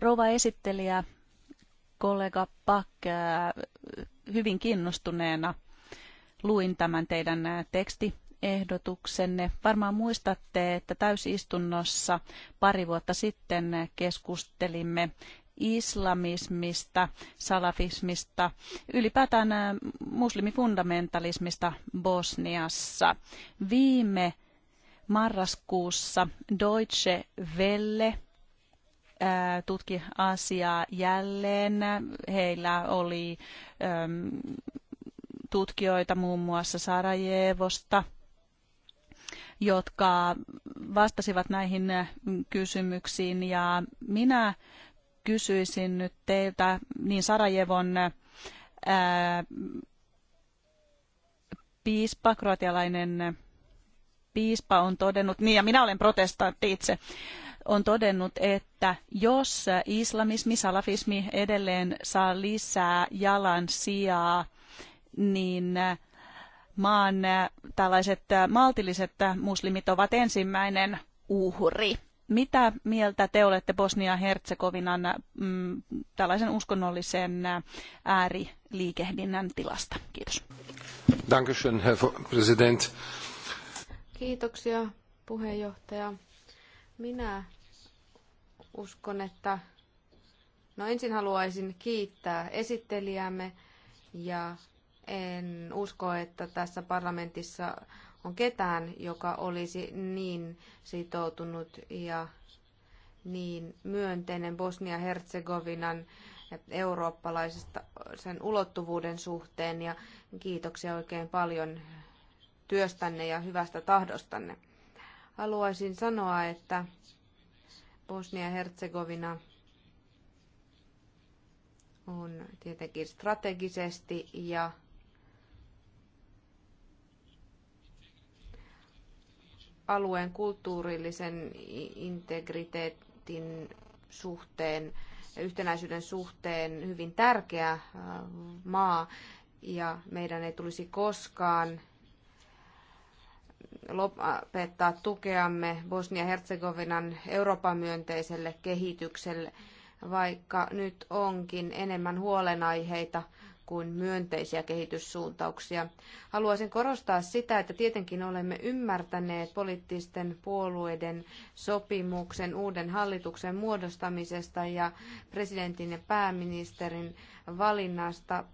Rouva esittelijä, kollega Pak, äh, hyvin kiinnostuneena luin tämän teidän äh, teksti ehdotuksenne. Varmaan muistatte, että täysistunnossa pari vuotta sitten keskustelimme islamismista, salafismista, ylipäätään muslimifundamentalismista Bosniassa. Viime marraskuussa Deutsche Welle tutki asiaa jälleen. Heillä oli tutkijoita muun muassa Sarajevosta, jotka vastasivat näihin kysymyksiin. Ja minä kysyisin nyt teiltä niin Sarajevon ää, piispa, kroatialainen piispa on todennut, niin ja minä olen protestantti itse, on todennut, että jos islamismi, salafismi edelleen saa lisää jalan sijaa, niin maan tällaiset maltilliset muslimit ovat ensimmäinen uhri. Mitä mieltä te olette Bosnia-Herzegovinan mm, tällaisen uskonnollisen ääriliikehdinnän tilasta? Kiitos. Dankeschön, Herr President. Kiitoksia, puheenjohtaja. Minä uskon, että no ensin haluaisin kiittää esittelijämme ja en usko, että tässä parlamentissa on ketään, joka olisi niin sitoutunut ja niin myönteinen Bosnia-Herzegovinan eurooppalaisesta sen ulottuvuuden suhteen ja kiitoksia oikein paljon työstänne ja hyvästä tahdostanne. Haluaisin sanoa, että Bosnia-Herzegovina on tietenkin strategisesti ja alueen kulttuurillisen integriteetin suhteen, yhtenäisyyden suhteen hyvin tärkeä äh, maa ja meidän ei tulisi koskaan lopettaa tukeamme Bosnia-Herzegovinan Euroopan myönteiselle kehitykselle, vaikka nyt onkin enemmän huolenaiheita kuin myönteisiä kehityssuuntauksia. Haluaisin korostaa sitä, että tietenkin olemme ymmärtäneet poliittisten puolueiden sopimuksen uuden hallituksen muodostamisesta ja presidentin ja pääministerin valinnasta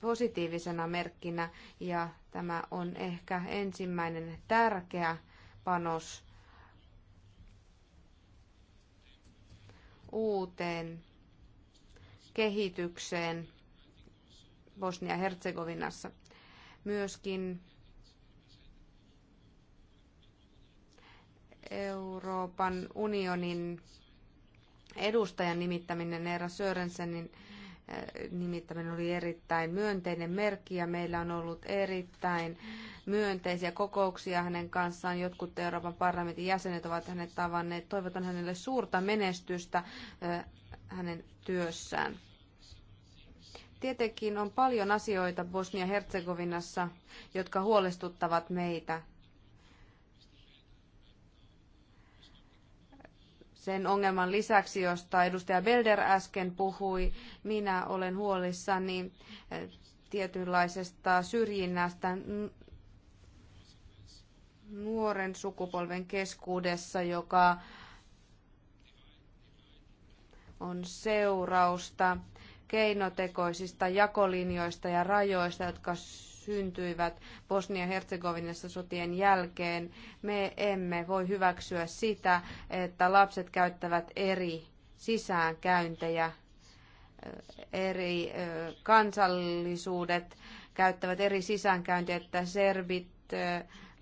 positiivisena merkkinä ja tämä on ehkä ensimmäinen tärkeä panos uuteen kehitykseen Bosnia-Herzegovinassa. Myöskin Euroopan unionin edustajan nimittäminen, Eera Sörensenin eh, nimittäminen oli erittäin myönteinen merkki ja meillä on ollut erittäin myönteisiä kokouksia hänen kanssaan. Jotkut Euroopan parlamentin jäsenet ovat hänet tavanneet. Toivotan hänelle suurta menestystä eh, hänen työssään. Tietenkin on paljon asioita Bosnia-Herzegovinassa, jotka huolestuttavat meitä. Sen ongelman lisäksi, josta edustaja Belder äsken puhui, minä olen huolissani eh, tietynlaisesta syrjinnästä nuoren sukupolven keskuudessa, joka on seurausta keinotekoisista jakolinjoista ja rajoista, jotka syntyivät Bosnia-Herzegovinassa sotien jälkeen. Me emme voi hyväksyä sitä, että lapset käyttävät eri sisäänkäyntejä, eri kansallisuudet käyttävät eri sisäänkäyntiä, että serbit,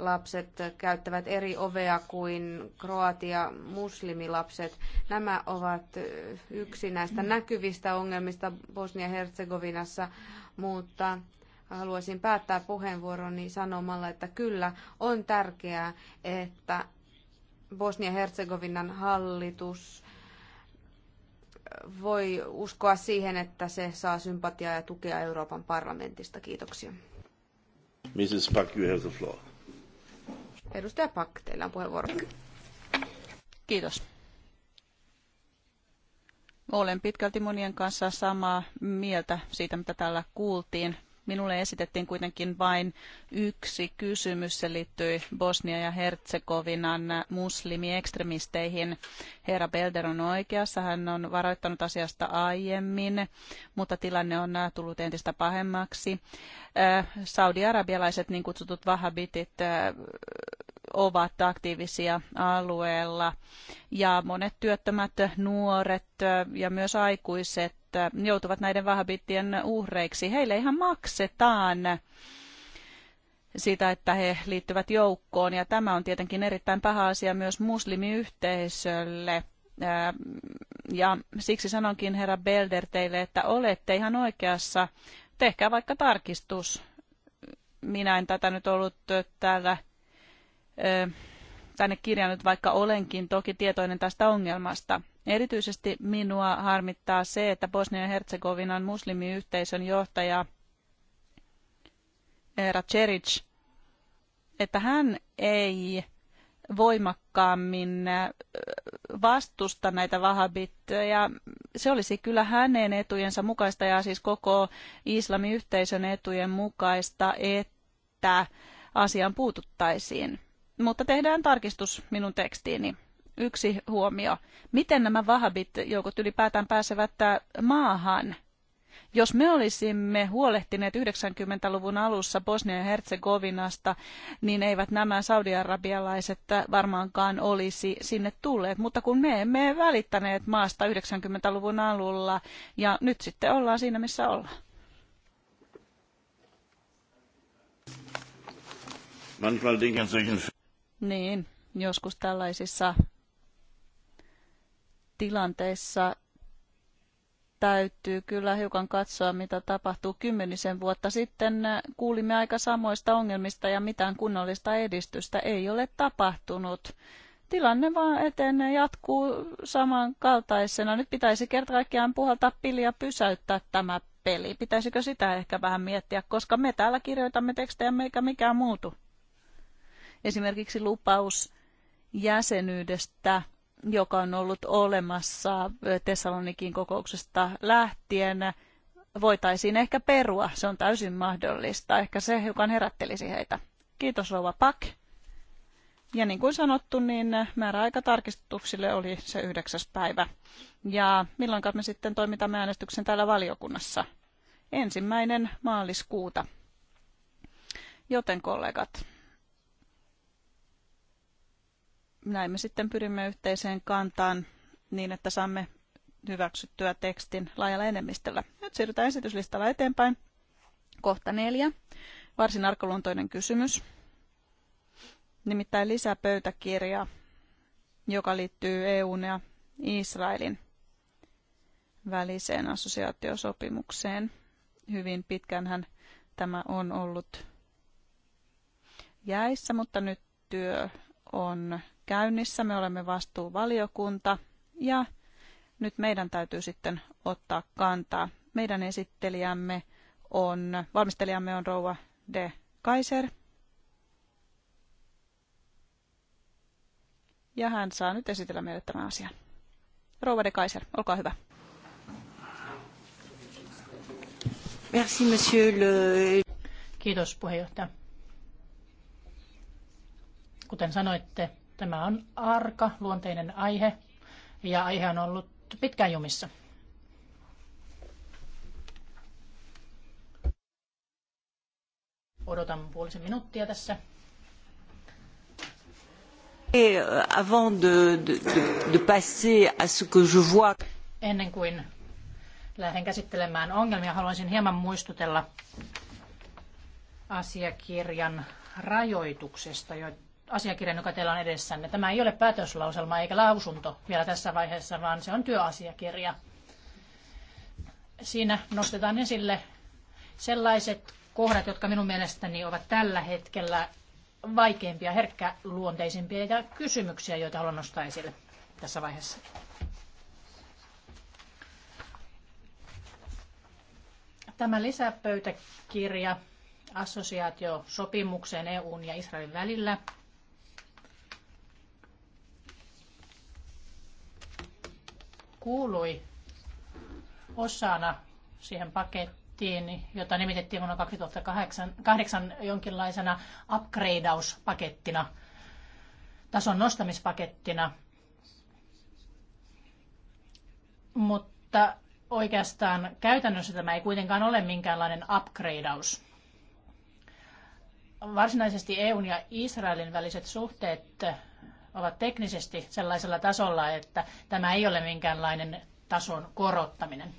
lapset käyttävät eri ovea kuin Kroatia muslimilapset. Nämä ovat yksi näistä näkyvistä ongelmista Bosnia-Herzegovinassa, mutta haluaisin päättää puheenvuoroni sanomalla, että kyllä on tärkeää, että Bosnia-Herzegovinan hallitus voi uskoa siihen, että se saa sympatiaa ja tukea Euroopan parlamentista. Kiitoksia. Mrs. Pak, you have the floor. Edustaja Pak, teillä on puheenvuoro. Kiitos. Olen pitkälti monien kanssa samaa mieltä siitä, mitä täällä kuultiin. Minulle esitettiin kuitenkin vain yksi kysymys. Se liittyy Bosnia- ja Herzegovinan muslimiekstremisteihin. Herra Belder on oikeassa. Hän on varoittanut asiasta aiemmin, mutta tilanne on äh, tullut entistä pahemmaksi. Äh, Saudi-arabialaiset niin kutsutut vahabitit äh, ovat aktiivisia alueella. Ja monet työttömät nuoret ja myös aikuiset joutuvat näiden vahabittien uhreiksi. Heille ihan maksetaan sitä, että he liittyvät joukkoon. Ja tämä on tietenkin erittäin paha asia myös muslimiyhteisölle. Ja siksi sanonkin herra Belder teille, että olette ihan oikeassa. Tehkää vaikka tarkistus. Minä en tätä nyt ollut täällä tänne kirjannut, vaikka olenkin toki tietoinen tästä ongelmasta. Erityisesti minua harmittaa se, että Bosnia-Herzegovinan muslimiyhteisön johtaja Era Ceric, että hän ei voimakkaammin vastusta näitä vahabitteja. Se olisi kyllä hänen etujensa mukaista ja siis koko islamiyhteisön etujen mukaista, että asiaan puututtaisiin mutta tehdään tarkistus minun tekstiini. Yksi huomio. Miten nämä vahabit joukot ylipäätään pääsevät äh, maahan? Jos me olisimme huolehtineet 90-luvun alussa Bosnia ja Herzegovinasta, niin eivät nämä saudiarabialaiset äh, varmaankaan olisi sinne tulleet. Mutta kun me emme välittäneet maasta 90-luvun alulla, ja nyt sitten ollaan siinä, missä ollaan. Manchmal denken solchen niin, joskus tällaisissa tilanteissa täytyy kyllä hiukan katsoa, mitä tapahtuu kymmenisen vuotta sitten. Kuulimme aika samoista ongelmista ja mitään kunnollista edistystä ei ole tapahtunut. Tilanne vaan eteen jatkuu samankaltaisena. Nyt pitäisi kerta kaikkiaan puhaltaa pili ja pysäyttää tämä peli. Pitäisikö sitä ehkä vähän miettiä, koska me täällä kirjoitamme tekstejä eikä mikään muutu esimerkiksi lupaus jäsenyydestä, joka on ollut olemassa Tessalonikin kokouksesta lähtien, voitaisiin ehkä perua. Se on täysin mahdollista. Ehkä se hiukan herättelisi heitä. Kiitos Rova Pak. Ja niin kuin sanottu, niin määräaika tarkistuksille oli se yhdeksäs päivä. Ja milloin me sitten toimitamme äänestyksen täällä valiokunnassa? Ensimmäinen maaliskuuta. Joten kollegat, näin me sitten pyrimme yhteiseen kantaan niin, että saamme hyväksyttyä tekstin laajalla enemmistöllä. Nyt siirrytään esityslistalla eteenpäin. Kohta neljä. Varsin arkaluontoinen kysymys. Nimittäin lisäpöytäkirja, joka liittyy EUn ja Israelin väliseen assosiaatiosopimukseen. Hyvin pitkänhän tämä on ollut jäissä, mutta nyt työ on käynnissä, me olemme vastuuvaliokunta ja nyt meidän täytyy sitten ottaa kantaa. Meidän esittelijämme on, valmistelijamme on Rouva de Kaiser. Ja hän saa nyt esitellä meille tämän asian. Rouva de Kaiser, olkaa hyvä. Merci, monsieur le... Kiitos puheenjohtaja. Kuten sanoitte, Tämä on arka luonteinen aihe ja aihe on ollut pitkään jumissa. Odotan puolisen minuuttia tässä. Euh, avant de, de, de passer à ce que je vois... Ennen kuin lähden käsittelemään ongelmia, haluaisin hieman muistutella asiakirjan rajoituksesta, asiakirjan, joka teillä on edessänne. Tämä ei ole päätöslauselma eikä lausunto vielä tässä vaiheessa, vaan se on työasiakirja. Siinä nostetaan esille sellaiset kohdat, jotka minun mielestäni ovat tällä hetkellä vaikeimpia, herkkäluonteisimpia ja kysymyksiä, joita haluan nostaa esille tässä vaiheessa. Tämä lisäpöytäkirja assosiaatiosopimukseen EUn ja Israelin välillä – kuului osana siihen pakettiin, jota nimitettiin vuonna 2008 jonkinlaisena upgradeauspakettina, tason nostamispakettina. Mutta oikeastaan käytännössä tämä ei kuitenkaan ole minkäänlainen upgradeaus. Varsinaisesti EUn ja Israelin väliset suhteet ovat teknisesti sellaisella tasolla, että tämä ei ole minkäänlainen tason korottaminen.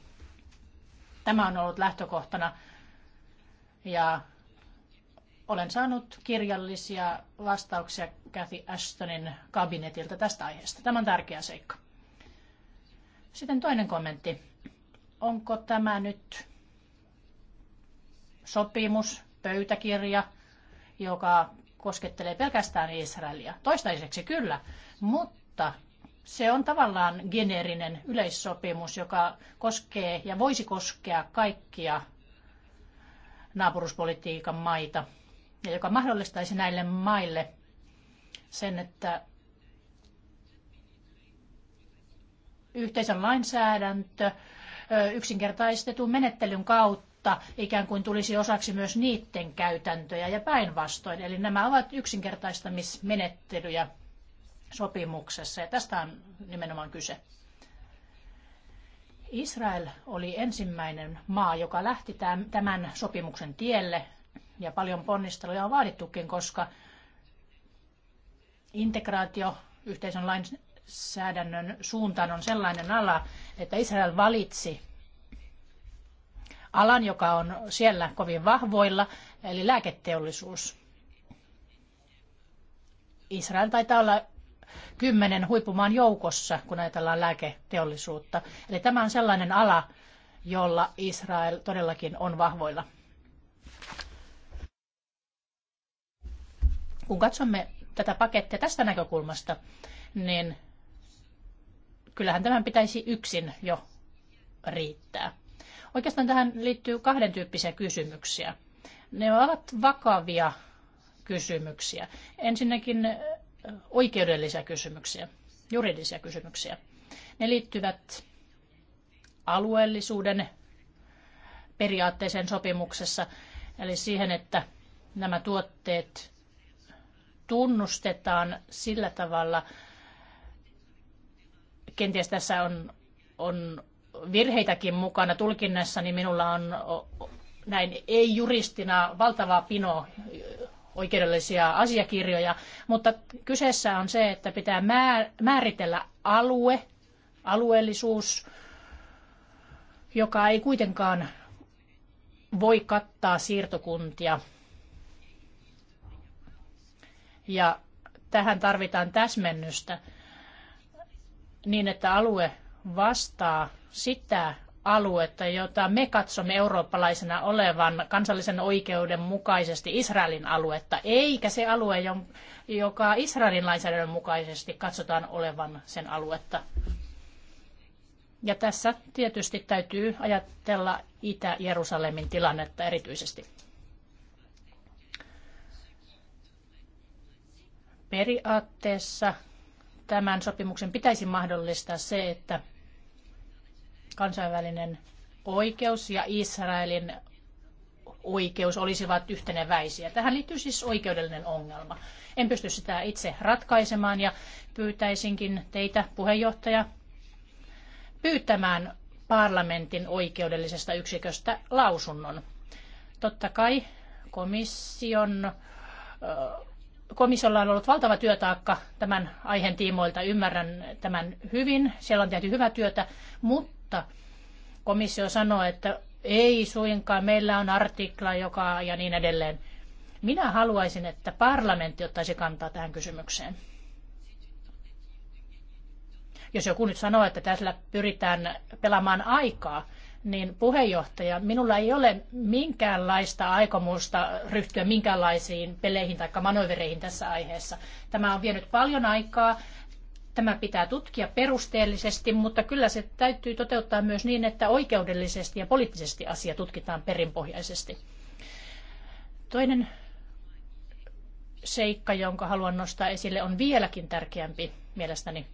Tämä on ollut lähtökohtana ja olen saanut kirjallisia vastauksia Kathy Ashtonin kabinetilta tästä aiheesta. Tämä on tärkeä seikka. Sitten toinen kommentti. Onko tämä nyt sopimus, pöytäkirja, joka koskettelee pelkästään Israelia. Toistaiseksi kyllä, mutta se on tavallaan geneerinen yleissopimus, joka koskee ja voisi koskea kaikkia naapuruspolitiikan maita ja joka mahdollistaisi näille maille sen, että yhteisön lainsäädäntö yksinkertaistetun menettelyn kautta jotta ikään kuin tulisi osaksi myös niiden käytäntöjä ja päinvastoin. Eli nämä ovat yksinkertaistamismenettelyjä sopimuksessa ja tästä on nimenomaan kyse. Israel oli ensimmäinen maa, joka lähti tämän sopimuksen tielle ja paljon ponnisteluja on vaadittukin, koska integraatio yhteisön lainsäädännön suuntaan on sellainen ala, että Israel valitsi alan, joka on siellä kovin vahvoilla, eli lääketeollisuus. Israel taitaa olla kymmenen huippumaan joukossa, kun ajatellaan lääketeollisuutta. Eli tämä on sellainen ala, jolla Israel todellakin on vahvoilla. Kun katsomme tätä pakettia tästä näkökulmasta, niin kyllähän tämän pitäisi yksin jo riittää. Oikeastaan tähän liittyy kahden tyyppisiä kysymyksiä. Ne ovat vakavia kysymyksiä. Ensinnäkin oikeudellisia kysymyksiä, juridisia kysymyksiä. Ne liittyvät alueellisuuden periaatteeseen sopimuksessa, eli siihen, että nämä tuotteet tunnustetaan sillä tavalla, kenties tässä on, on virheitäkin mukana tulkinnassa, niin minulla on näin ei-juristina valtava pino oikeudellisia asiakirjoja, mutta kyseessä on se, että pitää määritellä alue, alueellisuus, joka ei kuitenkaan voi kattaa siirtokuntia. Ja tähän tarvitaan täsmennystä niin, että alue vastaa sitä aluetta, jota me katsomme eurooppalaisena olevan kansallisen oikeuden mukaisesti Israelin aluetta, eikä se alue, joka Israelin lainsäädännön mukaisesti katsotaan olevan sen aluetta. Ja tässä tietysti täytyy ajatella Itä-Jerusalemin tilannetta erityisesti. Periaatteessa tämän sopimuksen pitäisi mahdollistaa se, että kansainvälinen oikeus ja Israelin oikeus olisivat yhteneväisiä. Tähän liittyy siis oikeudellinen ongelma. En pysty sitä itse ratkaisemaan ja pyytäisinkin teitä, puheenjohtaja, pyytämään parlamentin oikeudellisesta yksiköstä lausunnon. Totta kai komission komissiolla on ollut valtava työtaakka tämän aiheen tiimoilta. Ymmärrän tämän hyvin. Siellä on tehty hyvää työtä, mutta komissio sanoo, että ei suinkaan, meillä on artikla, joka ja niin edelleen. Minä haluaisin, että parlamentti ottaisi kantaa tähän kysymykseen. Jos joku nyt sanoo, että tässä pyritään pelaamaan aikaa, niin puheenjohtaja, minulla ei ole minkäänlaista aikomusta ryhtyä minkäänlaisiin peleihin tai manövereihin tässä aiheessa. Tämä on vienyt paljon aikaa. Tämä pitää tutkia perusteellisesti, mutta kyllä se täytyy toteuttaa myös niin, että oikeudellisesti ja poliittisesti asia tutkitaan perinpohjaisesti. Toinen seikka, jonka haluan nostaa esille, on vieläkin tärkeämpi mielestäni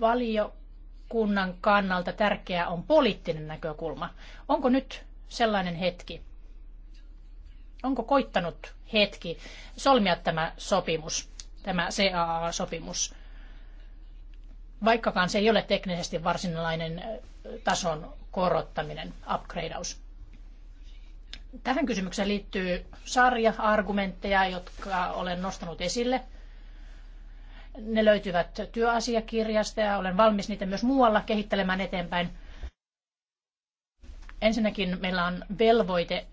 valiokunnan kannalta tärkeää on poliittinen näkökulma. Onko nyt sellainen hetki? Onko koittanut hetki solmia tämä sopimus, tämä CAA-sopimus? Vaikkakaan se ei ole teknisesti varsinainen tason korottaminen, upgradeaus. Tähän kysymykseen liittyy sarja argumentteja, jotka olen nostanut esille – ne löytyvät työasiakirjasta ja olen valmis niitä myös muualla kehittelemään eteenpäin. Ensinnäkin meillä on velvoite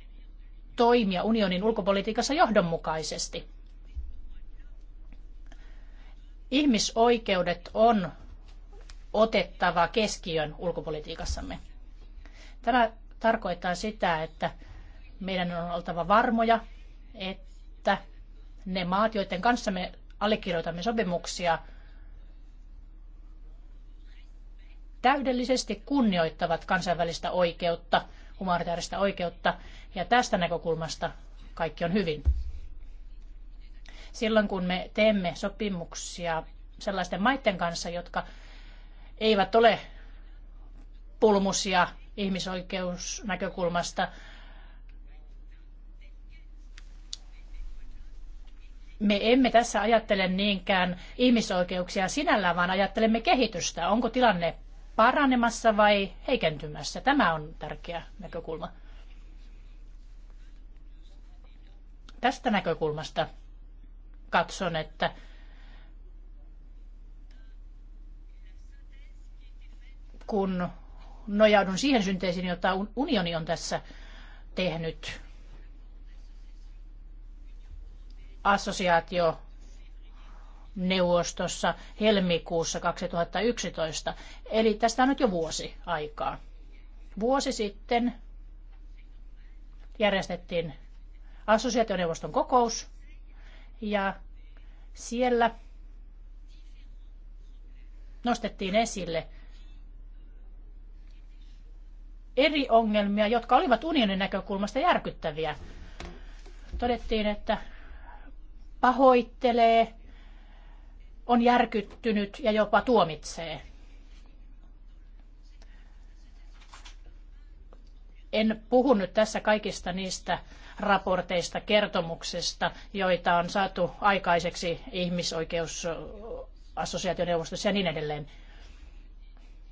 toimia unionin ulkopolitiikassa johdonmukaisesti. Ihmisoikeudet on otettava keskiön ulkopolitiikassamme. Tämä tarkoittaa sitä, että meidän on oltava varmoja, että ne maat, joiden kanssa me allekirjoitamme sopimuksia, täydellisesti kunnioittavat kansainvälistä oikeutta, humanitaarista oikeutta, ja tästä näkökulmasta kaikki on hyvin. Silloin kun me teemme sopimuksia sellaisten maiden kanssa, jotka eivät ole pulmusia ihmisoikeusnäkökulmasta, me emme tässä ajattele niinkään ihmisoikeuksia sinällään, vaan ajattelemme kehitystä. Onko tilanne paranemassa vai heikentymässä? Tämä on tärkeä näkökulma. Tästä näkökulmasta katson, että kun nojaudun siihen synteesiin, jota unioni on tässä tehnyt assosiaatio neuvostossa helmikuussa 2011. Eli tästä on nyt jo vuosi aikaa. Vuosi sitten järjestettiin assosiaationeuvoston kokous ja siellä nostettiin esille eri ongelmia, jotka olivat unionin näkökulmasta järkyttäviä. Todettiin, että pahoittelee, on järkyttynyt ja jopa tuomitsee. En puhu nyt tässä kaikista niistä raporteista, kertomuksista, joita on saatu aikaiseksi ihmisoikeusassosiaationeuvostossa ja niin edelleen,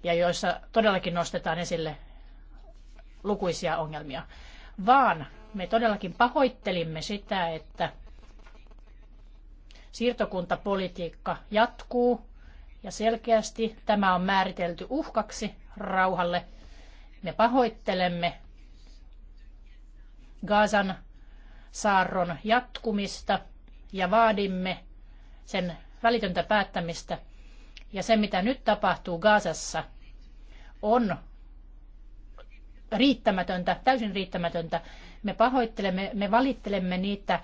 ja joissa todellakin nostetaan esille lukuisia ongelmia, vaan me todellakin pahoittelimme sitä, että Siirtokuntapolitiikka jatkuu ja selkeästi tämä on määritelty uhkaksi rauhalle. Me pahoittelemme Gazan saarron jatkumista ja vaadimme sen välitöntä päättämistä. Ja se, mitä nyt tapahtuu Gazassa, on riittämätöntä, täysin riittämätöntä. Me pahoittelemme, me valittelemme niitä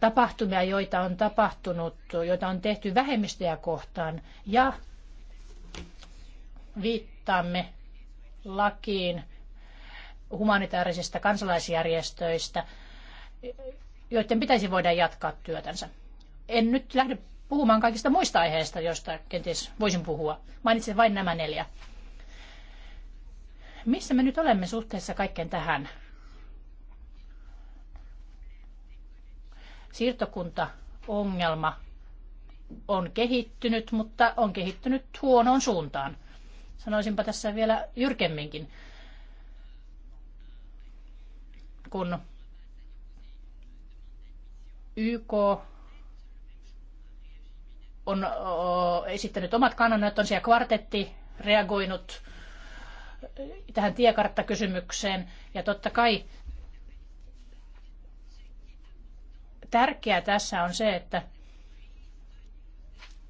tapahtumia, joita on tapahtunut, joita on tehty vähemmistöjä kohtaan ja viittaamme lakiin humanitaarisista kansalaisjärjestöistä, joiden pitäisi voida jatkaa työtänsä. En nyt lähde puhumaan kaikista muista aiheista, joista kenties voisin puhua. Mainitsen vain nämä neljä. Missä me nyt olemme suhteessa kaikkeen tähän? Siirtokuntaongelma on kehittynyt, mutta on kehittynyt huonoon suuntaan. Sanoisinpa tässä vielä jyrkemminkin, kun YK on esittänyt omat kannanottonsa ja kvartetti reagoinut tähän tiekarttakysymykseen. Ja totta kai Tärkeää tässä on se, että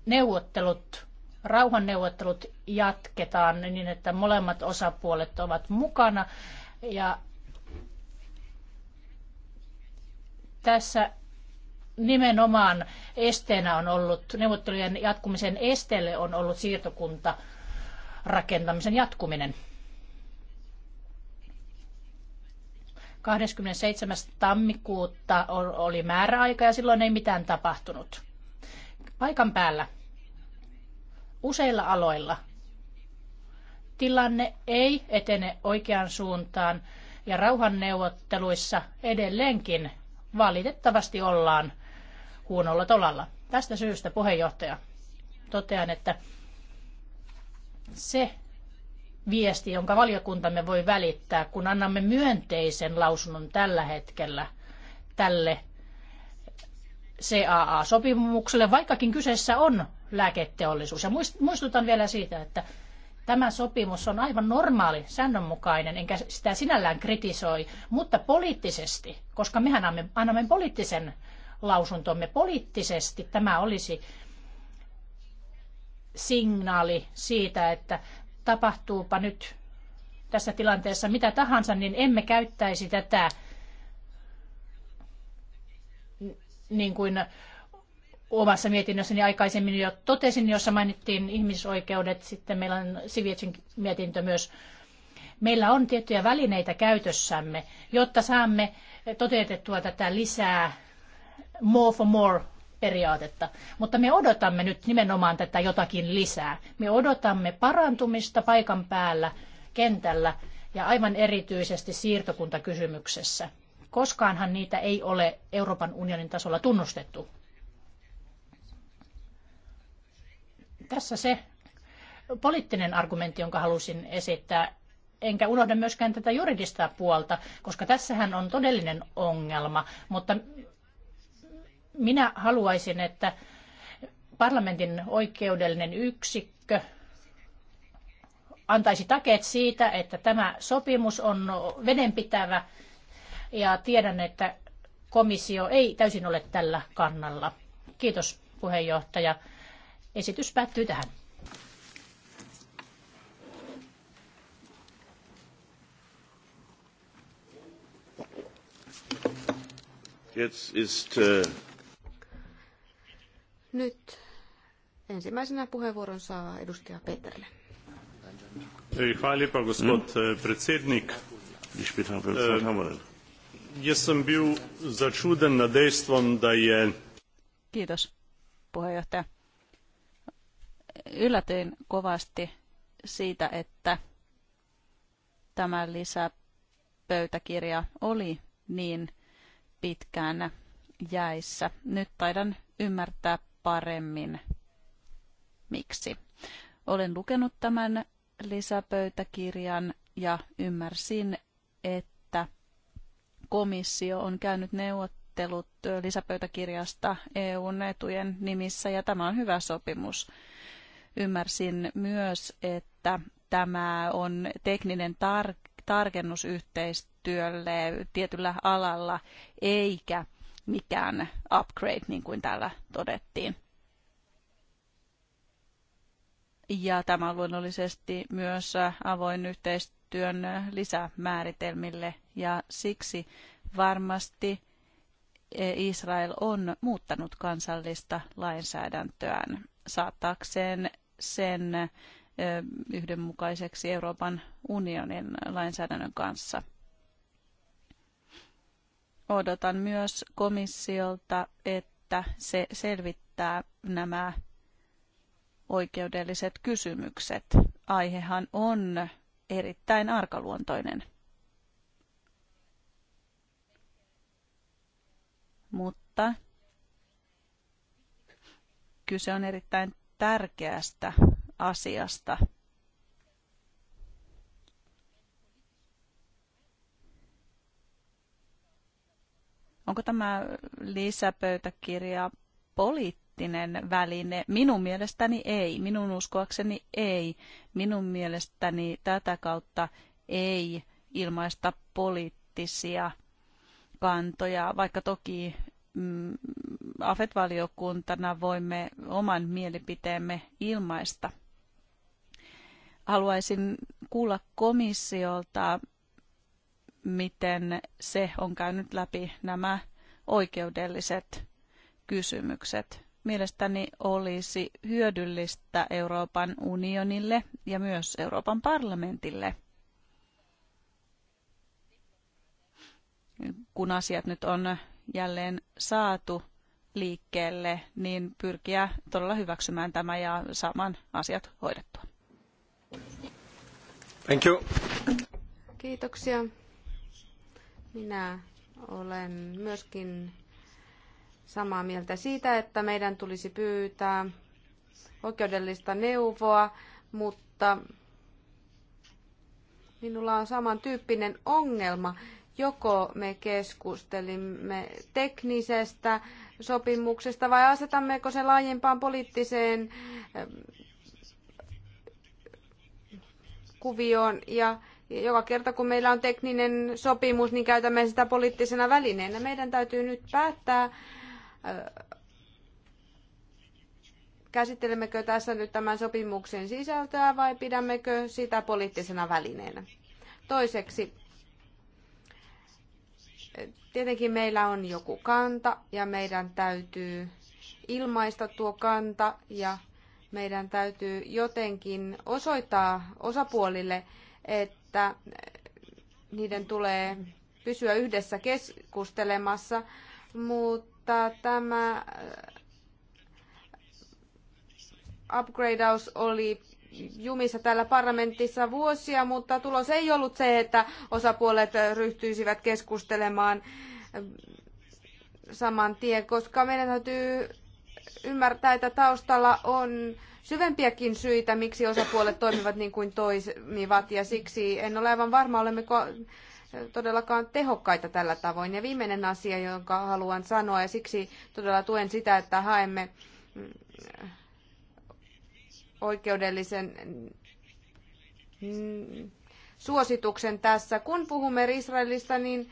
neuvottelut, rauhanneuvottelut jatketaan niin, että molemmat osapuolet ovat mukana. Ja tässä nimenomaan esteenä on ollut, neuvottelujen jatkumisen esteelle on ollut siirtokunta rakentamisen jatkuminen. 27. tammikuuta oli määräaika ja silloin ei mitään tapahtunut. Paikan päällä useilla aloilla tilanne ei etene oikeaan suuntaan ja rauhanneuvotteluissa edelleenkin valitettavasti ollaan huonolla tolalla. Tästä syystä puheenjohtaja totean, että se, viesti, jonka valiokuntamme voi välittää, kun annamme myönteisen lausunnon tällä hetkellä tälle CAA-sopimukselle, vaikkakin kyseessä on lääketeollisuus. Ja muistutan vielä siitä, että tämä sopimus on aivan normaali, säännönmukainen, enkä sitä sinällään kritisoi, mutta poliittisesti, koska mehän annamme, annamme poliittisen lausuntomme poliittisesti, tämä olisi signaali siitä, että tapahtuupa nyt tässä tilanteessa mitä tahansa, niin emme käyttäisi tätä niin kuin omassa mietinnössäni aikaisemmin jo totesin, jossa mainittiin ihmisoikeudet, sitten meillä on Sivietsin mietintö myös. Meillä on tiettyjä välineitä käytössämme, jotta saamme toteutettua tätä lisää more for more periaatetta. Mutta me odotamme nyt nimenomaan tätä jotakin lisää. Me odotamme parantumista paikan päällä, kentällä ja aivan erityisesti siirtokuntakysymyksessä. Koskaanhan niitä ei ole Euroopan unionin tasolla tunnustettu. Tässä se poliittinen argumentti, jonka halusin esittää enkä unohda myöskään tätä juridista puolta, koska tässähän on todellinen ongelma, mutta minä haluaisin, että parlamentin oikeudellinen yksikkö antaisi takeet siitä, että tämä sopimus on vedenpitävä ja tiedän, että komissio ei täysin ole tällä kannalla. Kiitos puheenjohtaja. Esitys päättyy tähän. Jetzt ist äh nyt ensimmäisenä puheenvuoron saa edustaja Peterle. Hvala lepa, gospod mm. eh, predsednik. Eh, začuden nad dejstvom, da je... Kiitos, puheenjohtaja. Yllätyin kovasti siitä, että tämä lisäpöytäkirja oli niin pitkään jäissä. Nyt taidan ymmärtää paremmin. Miksi? Olen lukenut tämän lisäpöytäkirjan ja ymmärsin, että komissio on käynyt neuvottelut lisäpöytäkirjasta EUn etujen nimissä ja tämä on hyvä sopimus. Ymmärsin myös, että tämä on tekninen tar- tarkennus yhteistyölle tietyllä alalla, eikä mikään upgrade, niin kuin täällä todettiin. Ja tämä on luonnollisesti myös avoin yhteistyön lisämääritelmille ja siksi varmasti Israel on muuttanut kansallista lainsäädäntöään saattaakseen sen yhdenmukaiseksi Euroopan unionin lainsäädännön kanssa – odotan myös komissiolta, että se selvittää nämä oikeudelliset kysymykset. Aihehan on erittäin arkaluontoinen. Mutta kyse on erittäin tärkeästä asiasta Onko tämä lisäpöytäkirja poliittinen väline? Minun mielestäni ei. Minun uskoakseni ei. Minun mielestäni tätä kautta ei ilmaista poliittisia kantoja, vaikka toki mm, AFET-valiokuntana voimme oman mielipiteemme ilmaista. Haluaisin kuulla komissiolta miten se on käynyt läpi nämä oikeudelliset kysymykset. Mielestäni olisi hyödyllistä Euroopan unionille ja myös Euroopan parlamentille, kun asiat nyt on jälleen saatu liikkeelle, niin pyrkiä todella hyväksymään tämä ja saamaan asiat hoidettua. Thank you. Kiitoksia. Minä olen myöskin samaa mieltä siitä, että meidän tulisi pyytää oikeudellista neuvoa, mutta minulla on samantyyppinen ongelma. Joko me keskustelimme teknisestä sopimuksesta vai asetammeko se laajempaan poliittiseen ähm, kuvioon ja joka kerta kun meillä on tekninen sopimus, niin käytämme sitä poliittisena välineenä. Meidän täytyy nyt päättää, äh, käsittelemmekö tässä nyt tämän sopimuksen sisältöä vai pidämmekö sitä poliittisena välineenä. Toiseksi, tietenkin meillä on joku kanta ja meidän täytyy ilmaista tuo kanta ja meidän täytyy jotenkin osoittaa osapuolille, että että niiden tulee pysyä yhdessä keskustelemassa, mutta tämä äh, upgradeaus oli jumissa täällä parlamentissa vuosia, mutta tulos ei ollut se, että osapuolet ryhtyisivät keskustelemaan äh, saman tien, koska meidän täytyy ymmärtää, että taustalla on syvempiäkin syitä, miksi osapuolet toimivat niin kuin toimivat, ja siksi en ole aivan varma, olemmeko todellakaan tehokkaita tällä tavoin. Ja viimeinen asia, jonka haluan sanoa, ja siksi todella tuen sitä, että haemme mm, oikeudellisen mm, suosituksen tässä. Kun puhumme Israelista, niin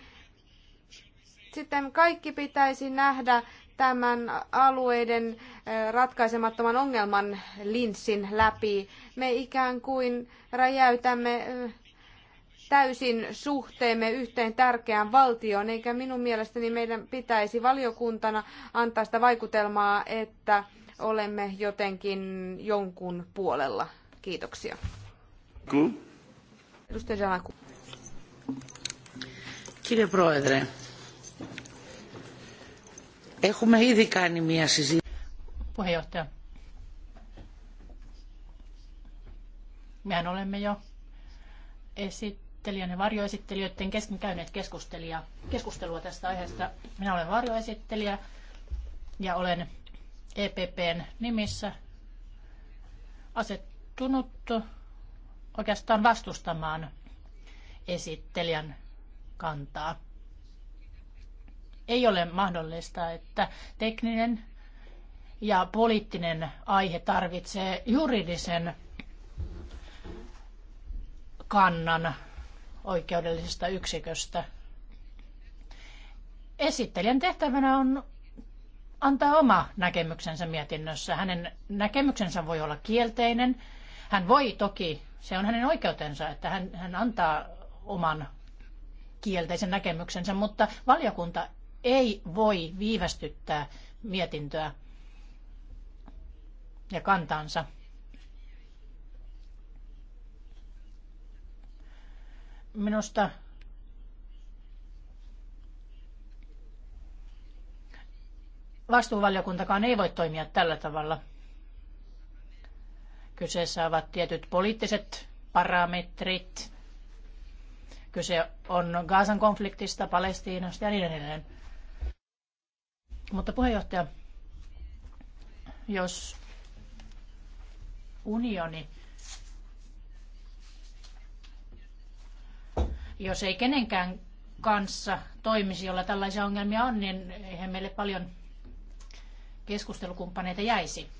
sitten kaikki pitäisi nähdä tämän alueiden eh, ratkaisemattoman ongelman linssin läpi. Me ikään kuin räjäytämme eh, täysin suhteemme yhteen tärkeään valtioon, eikä minun mielestäni meidän pitäisi valiokuntana antaa sitä vaikutelmaa, että olemme jotenkin jonkun puolella. Kiitoksia. Ku. Edustaja Janaku. Kiitos, Έχουμε ήδη κάνει μία συζήτηση. Puheenjohtaja. Mehän olemme jo esittelijän ja varjoesittelijöiden kesken käyneet keskustelua tästä aiheesta. Minä olen varjoesittelijä ja olen EPPn nimissä asettunut oikeastaan vastustamaan esittelijän kantaa ei ole mahdollista, että tekninen ja poliittinen aihe tarvitsee juridisen kannan oikeudellisesta yksiköstä. Esittelijän tehtävänä on antaa oma näkemyksensä mietinnössä. Hänen näkemyksensä voi olla kielteinen. Hän voi toki, se on hänen oikeutensa, että hän, hän antaa oman kielteisen näkemyksensä, mutta valiokunta ei voi viivästyttää mietintöä ja kantansa. Minusta vastuuvaliokuntakaan ei voi toimia tällä tavalla. Kyseessä ovat tietyt poliittiset parametrit. Kyse on Gaasan konfliktista, Palestiinasta ja niin edelleen. Mutta puheenjohtaja, jos unioni, jos ei kenenkään kanssa toimisi, jolla tällaisia ongelmia on, niin eihän meille paljon keskustelukumppaneita jäisi.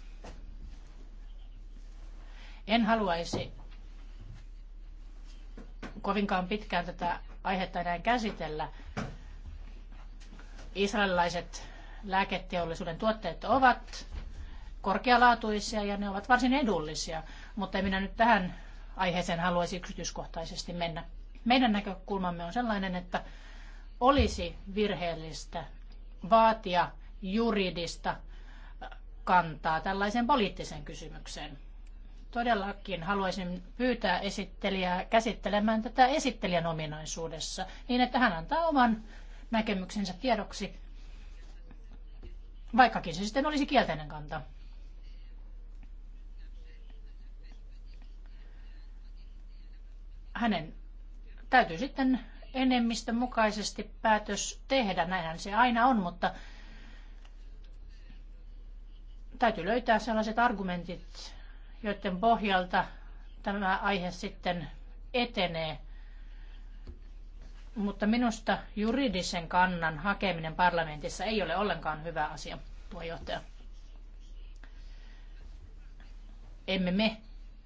En haluaisi kovinkaan pitkään tätä aihetta enää käsitellä. Israelilaiset lääketeollisuuden tuotteet ovat korkealaatuisia ja ne ovat varsin edullisia, mutta en minä nyt tähän aiheeseen haluaisi yksityiskohtaisesti mennä. Meidän näkökulmamme on sellainen, että olisi virheellistä vaatia juridista kantaa tällaiseen poliittiseen kysymykseen. Todellakin haluaisin pyytää esittelijää käsittelemään tätä esittelijän ominaisuudessa niin, että hän antaa oman näkemyksensä tiedoksi vaikkakin se sitten olisi kielteinen kanta. Hänen täytyy sitten enemmistön mukaisesti päätös tehdä, näinhän se aina on, mutta täytyy löytää sellaiset argumentit, joiden pohjalta tämä aihe sitten etenee. Mutta minusta juridisen kannan hakeminen parlamentissa ei ole ollenkaan hyvä asia, puheenjohtaja. Emme me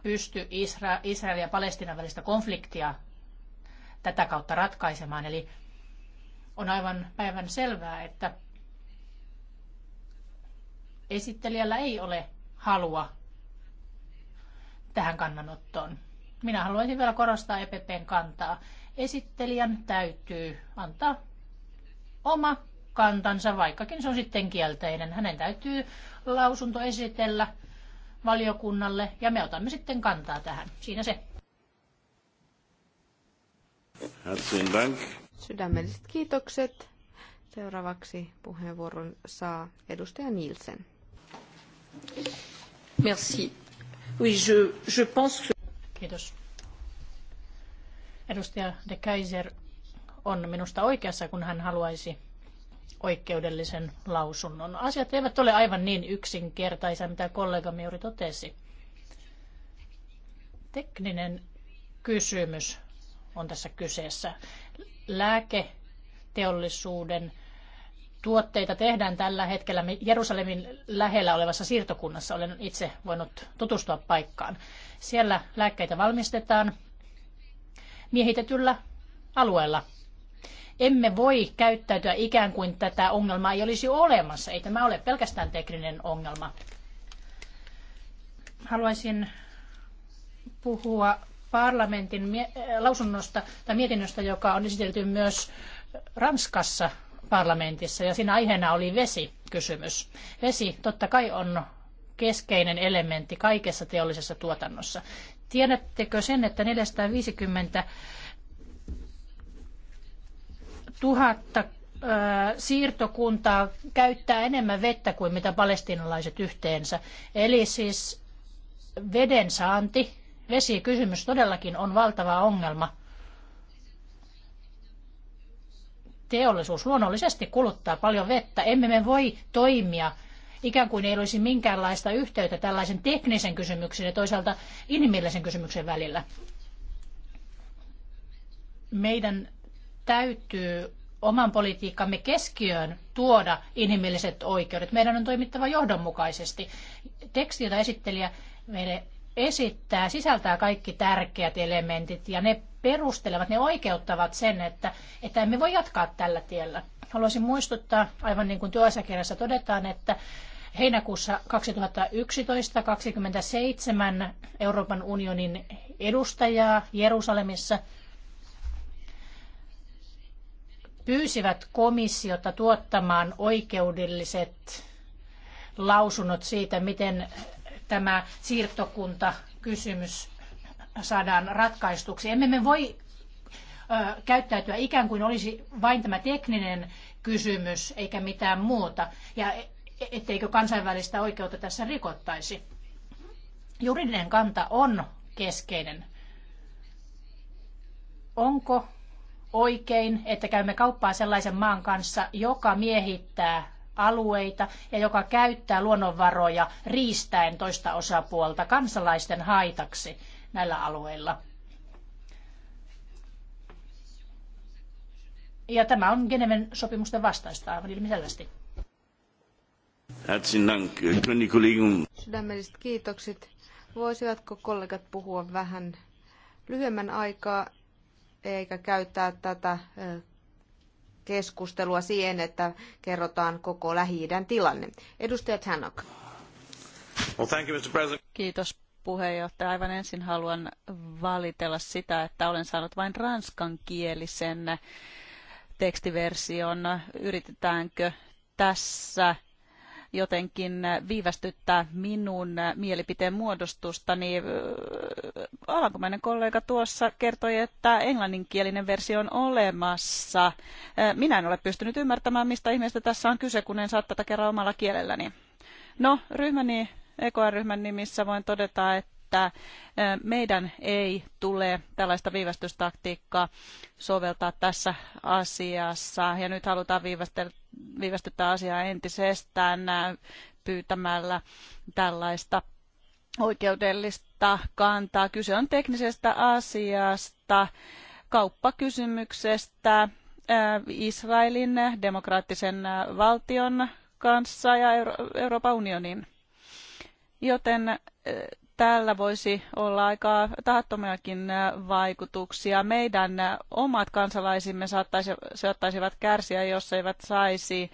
pysty Israelin ja Palestinan välistä konfliktia tätä kautta ratkaisemaan. Eli on aivan päivän selvää, että esittelijällä ei ole halua tähän kannanottoon. Minä haluaisin vielä korostaa EPPn kantaa. Esittelijän täytyy antaa oma kantansa, vaikkakin se on sitten kielteinen. Hänen täytyy lausunto esitellä valiokunnalle ja me otamme sitten kantaa tähän. Siinä se. Sydämelliset kiitokset. Seuraavaksi puheenvuoron saa edustaja Nielsen. Merci. Oui, je, je pense que... Kiitos. Edustaja de Kaiser on minusta oikeassa, kun hän haluaisi oikeudellisen lausunnon. Asiat eivät ole aivan niin yksinkertaisia, mitä kollega juuri totesi. Tekninen kysymys on tässä kyseessä. Lääketeollisuuden tuotteita tehdään tällä hetkellä Jerusalemin lähellä olevassa siirtokunnassa. Olen itse voinut tutustua paikkaan. Siellä lääkkeitä valmistetaan miehitetyllä alueella. Emme voi käyttäytyä ikään kuin tätä ongelmaa ei olisi olemassa. Ei tämä ole pelkästään tekninen ongelma. Haluaisin puhua parlamentin lausunnosta tai mietinnöstä, joka on esitelty myös Ranskassa parlamentissa ja siinä aiheena oli vesikysymys. Vesi totta kai on keskeinen elementti kaikessa teollisessa tuotannossa. Tiedättekö sen, että 450 000 siirtokuntaa käyttää enemmän vettä kuin mitä palestinalaiset yhteensä. Eli siis veden saanti, vesikysymys todellakin on valtava ongelma. teollisuus luonnollisesti kuluttaa paljon vettä. Emme me voi toimia ikään kuin ei olisi minkäänlaista yhteyttä tällaisen teknisen kysymyksen ja toisaalta inhimillisen kysymyksen välillä. Meidän täytyy oman politiikkamme keskiöön tuoda inhimilliset oikeudet. Meidän on toimittava johdonmukaisesti. Teksti, jota esittelijä meille esittää, sisältää kaikki tärkeät elementit ja ne perustelevat, ne oikeuttavat sen, että, että emme voi jatkaa tällä tiellä. Haluaisin muistuttaa, aivan niin kuin työasiakirjassa todetaan, että heinäkuussa 2011 27 Euroopan unionin edustajaa Jerusalemissa pyysivät komissiota tuottamaan oikeudelliset lausunnot siitä, miten tämä siirtokunta kysymys saadaan ratkaistuksi. Emme me voi käyttäytyä ikään kuin olisi vain tämä tekninen kysymys eikä mitään muuta, ja e, e, etteikö kansainvälistä oikeutta tässä rikottaisi. Juridinen kanta on keskeinen. Onko oikein, että käymme kauppaa sellaisen maan kanssa, joka miehittää alueita ja joka käyttää luonnonvaroja riistäen toista osapuolta kansalaisten haitaksi? näillä alueilla. Ja tämä on Geneven sopimusten vastaista aivan ilmiselvästi. Sydämelliset kiitokset. Voisivatko kollegat puhua vähän lyhyemmän aikaa eikä käyttää tätä keskustelua siihen, että kerrotaan koko lähi tilanne. Edustaja Tanok. Well, Kiitos puheenjohtaja, aivan ensin haluan valitella sitä, että olen saanut vain ranskankielisen tekstiversion. Yritetäänkö tässä jotenkin viivästyttää minun mielipiteen muodostusta, niin alankomainen kollega tuossa kertoi, että englanninkielinen versio on olemassa. Minä en ole pystynyt ymmärtämään, mistä ihmeestä tässä on kyse, kun en saa tätä kerran omalla kielelläni. No, ryhmäni EKR-ryhmän nimissä voin todeta, että meidän ei tule tällaista viivästystaktiikkaa soveltaa tässä asiassa. Ja nyt halutaan viivästyttää asiaa entisestään pyytämällä tällaista oikeudellista kantaa. Kyse on teknisestä asiasta, kauppakysymyksestä, Israelin demokraattisen valtion kanssa ja Euro- Euroopan unionin joten eh, tällä voisi olla aika tahattomiakin eh, vaikutuksia. Meidän eh, omat kansalaisimme saattaisivat kärsiä, jos eivät saisi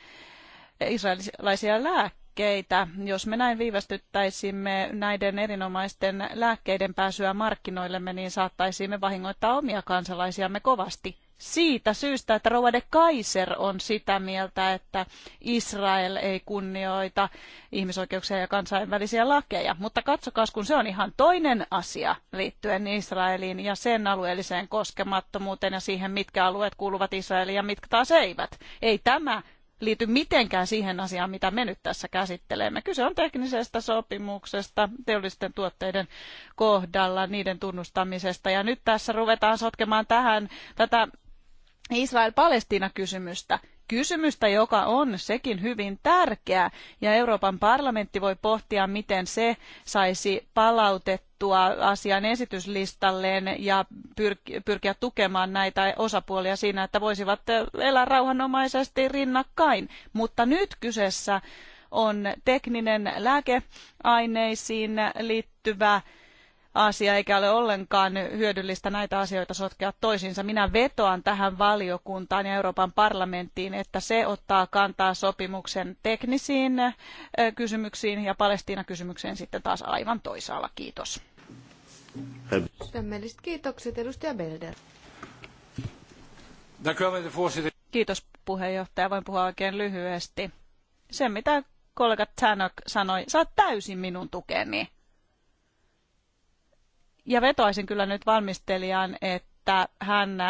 israelilaisia lääkkeitä, jos me näin viivästyttäisimme näiden erinomaisten lääkkeiden pääsyä markkinoillemme, niin saattaisimme vahingoittaa omia kansalaisiamme kovasti siitä syystä, että Rouva de Kaiser on sitä mieltä, että Israel ei kunnioita ihmisoikeuksia ja kansainvälisiä lakeja. Mutta katsokaa, kun se on ihan toinen asia liittyen Israeliin ja sen alueelliseen koskemattomuuteen ja siihen, mitkä alueet kuuluvat Israeliin ja mitkä taas eivät. Ei tämä liity mitenkään siihen asiaan, mitä me nyt tässä käsittelemme. Kyse on teknisestä sopimuksesta teollisten tuotteiden kohdalla, niiden tunnustamisesta. Ja nyt tässä ruvetaan sotkemaan tähän tätä Israel-Palestiina-kysymystä. Kysymystä, joka on sekin hyvin tärkeä, ja Euroopan parlamentti voi pohtia, miten se saisi palautettua asian esityslistalleen ja pyrkiä tukemaan näitä osapuolia siinä, että voisivat elää rauhanomaisesti rinnakkain. Mutta nyt kyseessä on tekninen lääkeaineisiin liittyvä asia, eikä ole ollenkaan hyödyllistä näitä asioita sotkea toisiinsa. Minä vetoan tähän valiokuntaan ja Euroopan parlamenttiin, että se ottaa kantaa sopimuksen teknisiin kysymyksiin ja Palestiina-kysymykseen sitten taas aivan toisaalla. Kiitos. Tämmöiset kiitokset, edustaja Belder. Kiitos puheenjohtaja, voin puhua oikein lyhyesti. Se mitä kollega Tanok sanoi, saa täysin minun tukeni. Ja vetoaisin kyllä nyt valmistelijaan, että hän äh,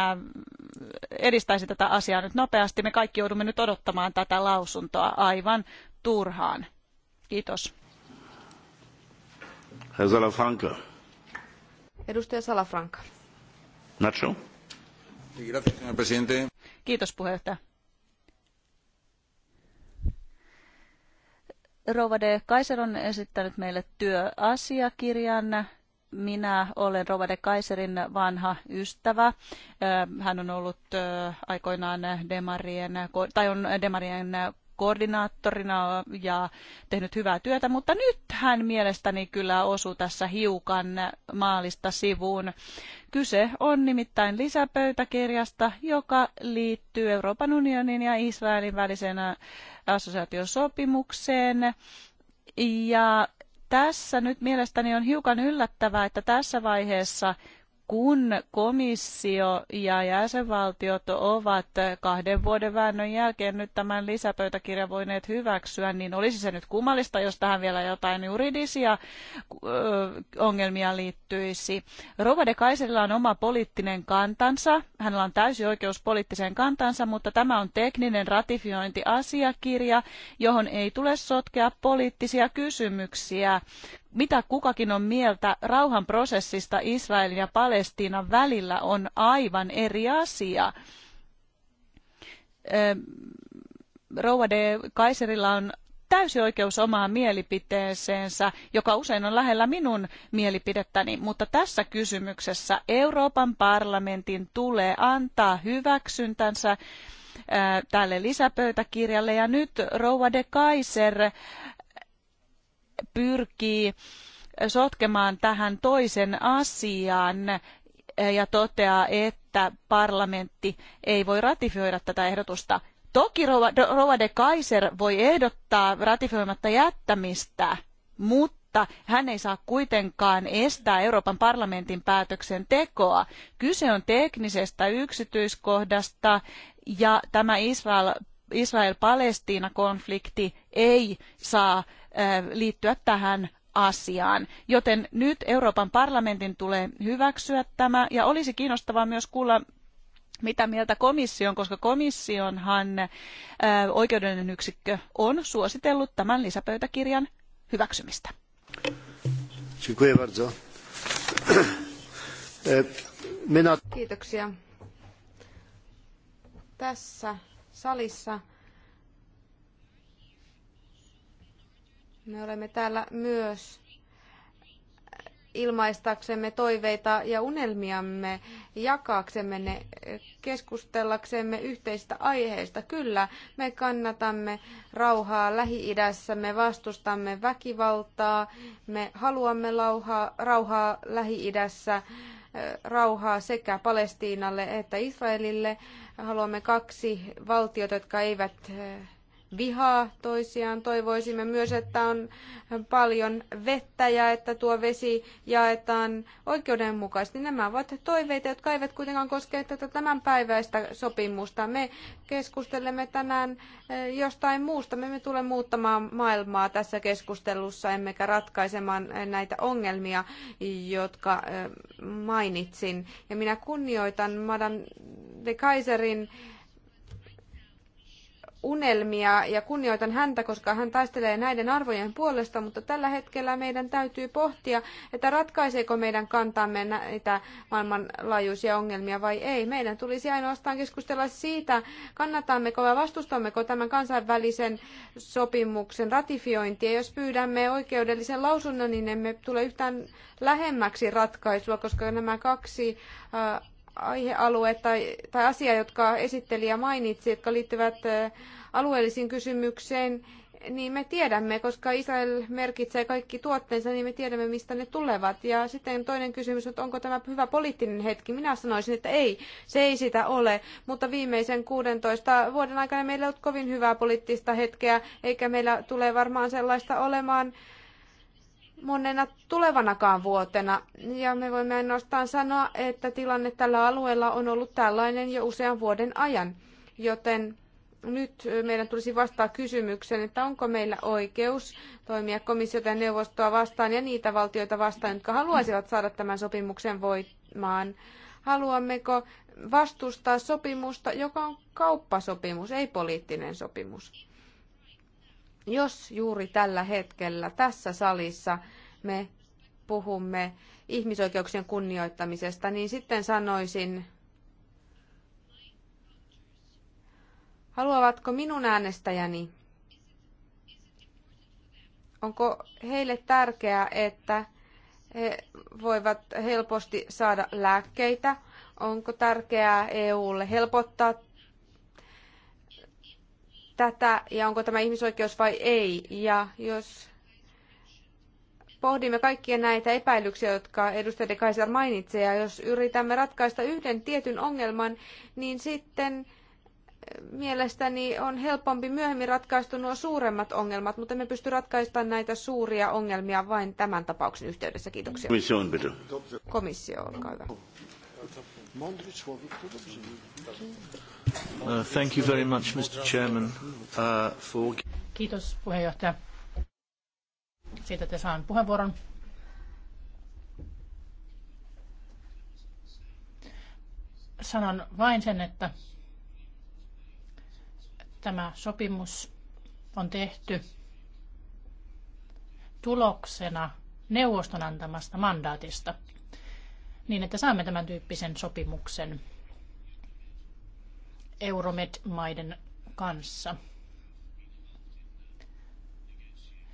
edistäisi tätä asiaa nyt nopeasti. Me kaikki joudumme nyt odottamaan tätä lausuntoa aivan turhaan. Kiitos. Herr Salafranca. Edustaja Salafranca. Nacho. Kiitos puheenjohtaja. Rouva de Kaiser on esittänyt meille työasiakirjan minä olen Rova de Kaiserin vanha ystävä. Hän on ollut aikoinaan Demarien, tai on Demarien koordinaattorina ja tehnyt hyvää työtä, mutta nyt hän mielestäni kyllä osuu tässä hiukan maalista sivuun. Kyse on nimittäin lisäpöytäkirjasta, joka liittyy Euroopan unionin ja Israelin väliseen assosiaatiosopimukseen. Ja tässä nyt mielestäni on hiukan yllättävää, että tässä vaiheessa kun komissio ja jäsenvaltiot ovat kahden vuoden väännön jälkeen nyt tämän lisäpöytäkirjan voineet hyväksyä, niin olisi se nyt kummallista, jos tähän vielä jotain juridisia ongelmia liittyisi. Rouva de Kaiserilla on oma poliittinen kantansa, hänellä on täysi oikeus poliittiseen kantansa, mutta tämä on tekninen ratifiointiasiakirja, johon ei tule sotkea poliittisia kysymyksiä mitä kukakin on mieltä rauhanprosessista Israelin ja Palestiinan välillä on aivan eri asia. Rouva de Kaiserilla on täysi oikeus omaan mielipiteeseensä, joka usein on lähellä minun mielipidettäni, mutta tässä kysymyksessä Euroopan parlamentin tulee antaa hyväksyntänsä tälle lisäpöytäkirjalle. Ja nyt Rouva de Kaiser pyrkii sotkemaan tähän toisen asian ja toteaa, että parlamentti ei voi ratifioida tätä ehdotusta. Toki Rova de Kaiser voi ehdottaa ratifioimatta jättämistä, mutta hän ei saa kuitenkaan estää Euroopan parlamentin päätöksen tekoa. Kyse on teknisestä yksityiskohdasta ja tämä Israel Israel-Palestiina-konflikti ei saa liittyä tähän asiaan. Joten nyt Euroopan parlamentin tulee hyväksyä tämä ja olisi kiinnostavaa myös kuulla mitä mieltä komission, koska komissionhan oikeudellinen yksikkö on suositellut tämän lisäpöytäkirjan hyväksymistä. E, Kiitoksia. Tässä salissa Me olemme täällä myös ilmaistaksemme toiveita ja unelmiamme, jakaaksemme ne, keskustellaksemme yhteistä aiheista. Kyllä, me kannatamme rauhaa Lähi-idässä, me vastustamme väkivaltaa, me haluamme lauhaa, rauhaa Lähi-idässä, rauhaa sekä Palestiinalle että Israelille. Haluamme kaksi valtiota, jotka eivät vihaa toisiaan. Toivoisimme myös, että on paljon vettä ja että tuo vesi jaetaan oikeudenmukaisesti. Nämä ovat toiveita, jotka eivät kuitenkaan koske tätä tämänpäiväistä sopimusta. Me keskustelemme tänään eh, jostain muusta. Me emme tule muuttamaan maailmaa tässä keskustelussa, emmekä ratkaisemaan näitä ongelmia, jotka eh, mainitsin. Ja minä kunnioitan Madame de Kaiserin unelmia ja kunnioitan häntä, koska hän taistelee näiden arvojen puolesta, mutta tällä hetkellä meidän täytyy pohtia, että ratkaiseeko meidän kantamme näitä maailmanlaajuisia ongelmia vai ei. Meidän tulisi ainoastaan keskustella siitä, kannatammeko vai vastustammeko tämän kansainvälisen sopimuksen ratifiointia. Jos pyydämme oikeudellisen lausunnon, niin emme tule yhtään lähemmäksi ratkaisua, koska nämä kaksi äh, aihealue tai, tai asia, jotka esittelijä mainitsi, jotka liittyvät alueellisiin kysymykseen, niin me tiedämme, koska Israel merkitsee kaikki tuotteensa, niin me tiedämme, mistä ne tulevat. Ja sitten toinen kysymys, että onko tämä hyvä poliittinen hetki? Minä sanoisin, että ei, se ei sitä ole. Mutta viimeisen 16 vuoden aikana meillä ei ollut kovin hyvää poliittista hetkeä, eikä meillä tule varmaan sellaista olemaan monena tulevanakaan vuotena. Ja me voimme ainoastaan sanoa, että tilanne tällä alueella on ollut tällainen jo usean vuoden ajan. Joten nyt meidän tulisi vastaa kysymykseen, että onko meillä oikeus toimia komissiota ja neuvostoa vastaan ja niitä valtioita vastaan, jotka haluaisivat saada tämän sopimuksen voimaan. Haluammeko vastustaa sopimusta, joka on kauppasopimus, ei poliittinen sopimus? Jos juuri tällä hetkellä tässä salissa me puhumme ihmisoikeuksien kunnioittamisesta, niin sitten sanoisin, haluavatko minun äänestäjäni, onko heille tärkeää, että he voivat helposti saada lääkkeitä, onko tärkeää EUlle helpottaa tätä ja onko tämä ihmisoikeus vai ei. Ja jos pohdimme kaikkia näitä epäilyksiä, jotka edustaja Kaiser mainitsee, ja jos yritämme ratkaista yhden tietyn ongelman, niin sitten eh, mielestäni on helpompi myöhemmin ratkaista nuo suuremmat ongelmat, mutta me pysty ratkaista näitä suuria ongelmia vain tämän tapauksen yhteydessä. Kiitoksia. Komission, bitte. Komissio, olkaa hyvä. Uh, thank you very much, Mr. Chairman, uh, for... Kiitos puheenjohtaja. Siitä, te saan puheenvuoron. Sanon vain sen, että tämä sopimus on tehty tuloksena neuvoston antamasta mandaatista, niin että saamme tämän tyyppisen sopimuksen Euromed-maiden kanssa.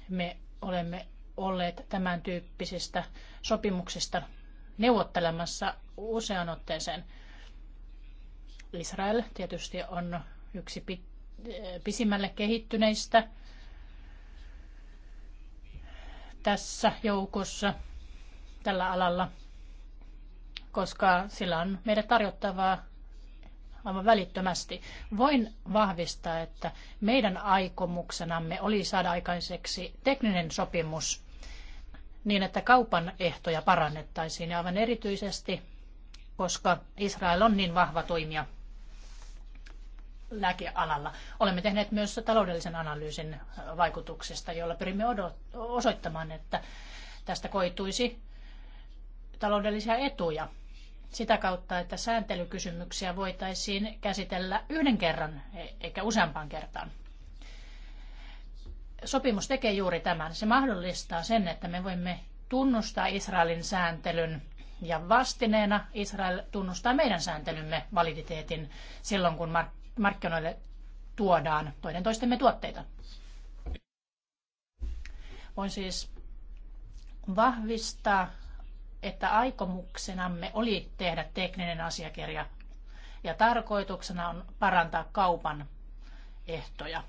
Me olemme olleet tämän tyyppisistä sopimuksista neuvottelemassa usean otteeseen. Israel tietysti on yksi pisimmälle kehittyneistä tässä joukossa tällä alalla, koska sillä on meidän tarjottavaa aivan välittömästi. Voin vahvistaa, että meidän aikomuksenamme oli saada aikaiseksi tekninen sopimus niin, että kaupan ehtoja parannettaisiin ja aivan erityisesti, koska Israel on niin vahva toimija lääkealalla. Olemme tehneet myös taloudellisen analyysin äh, vaikutuksista, jolla pyrimme osoittamaan, että tästä koituisi taloudellisia etuja sitä kautta, että sääntelykysymyksiä voitaisiin käsitellä yhden kerran e- eikä useampaan kertaan. Sopimus tekee juuri tämän. Se mahdollistaa sen, että me voimme tunnustaa Israelin sääntelyn ja vastineena Israel tunnustaa meidän sääntelymme validiteetin silloin, kun mark- markkinoille tuodaan toinen toistemme tuotteita. Voin siis vahvistaa että aikomuksenamme oli tehdä tekninen asiakirja ja tarkoituksena on parantaa kaupan ehtoja.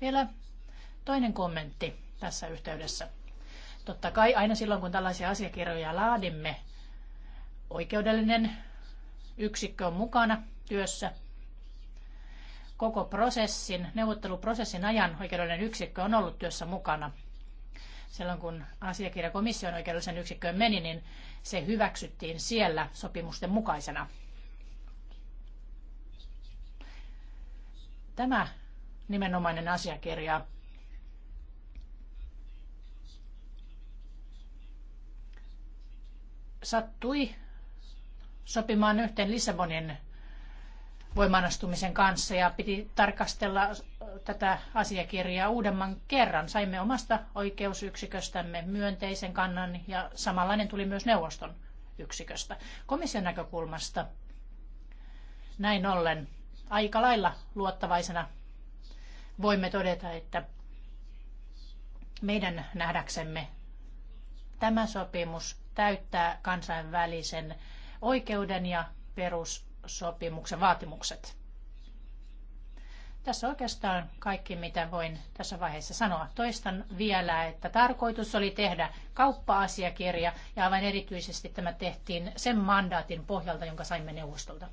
Vielä toinen kommentti tässä yhteydessä. Totta kai aina silloin, kun tällaisia asiakirjoja laadimme, oikeudellinen yksikkö on mukana työssä. Koko prosessin, neuvotteluprosessin ajan oikeudellinen yksikkö on ollut työssä mukana – Silloin kun asiakirja komission oikeudellisen yksikköön meni, niin se hyväksyttiin siellä sopimusten mukaisena. Tämä nimenomainen asiakirja sattui sopimaan yhteen Lissabonin voimaanastumisen kanssa ja piti tarkastella äh, tätä asiakirjaa uudemman kerran. Saimme omasta oikeusyksiköstämme myönteisen kannan ja samanlainen tuli myös neuvoston yksiköstä. Komission näkökulmasta näin ollen aika lailla luottavaisena voimme todeta, että meidän nähdäksemme tämä sopimus täyttää kansainvälisen oikeuden ja perus sopimuksen vaatimukset. Tässä oikeastaan kaikki, mitä voin tässä vaiheessa sanoa. Toistan vielä, että tarkoitus oli tehdä kauppa-asiakirja ja aivan erityisesti tämä tehtiin sen mandaatin pohjalta, jonka saimme neuvostolta.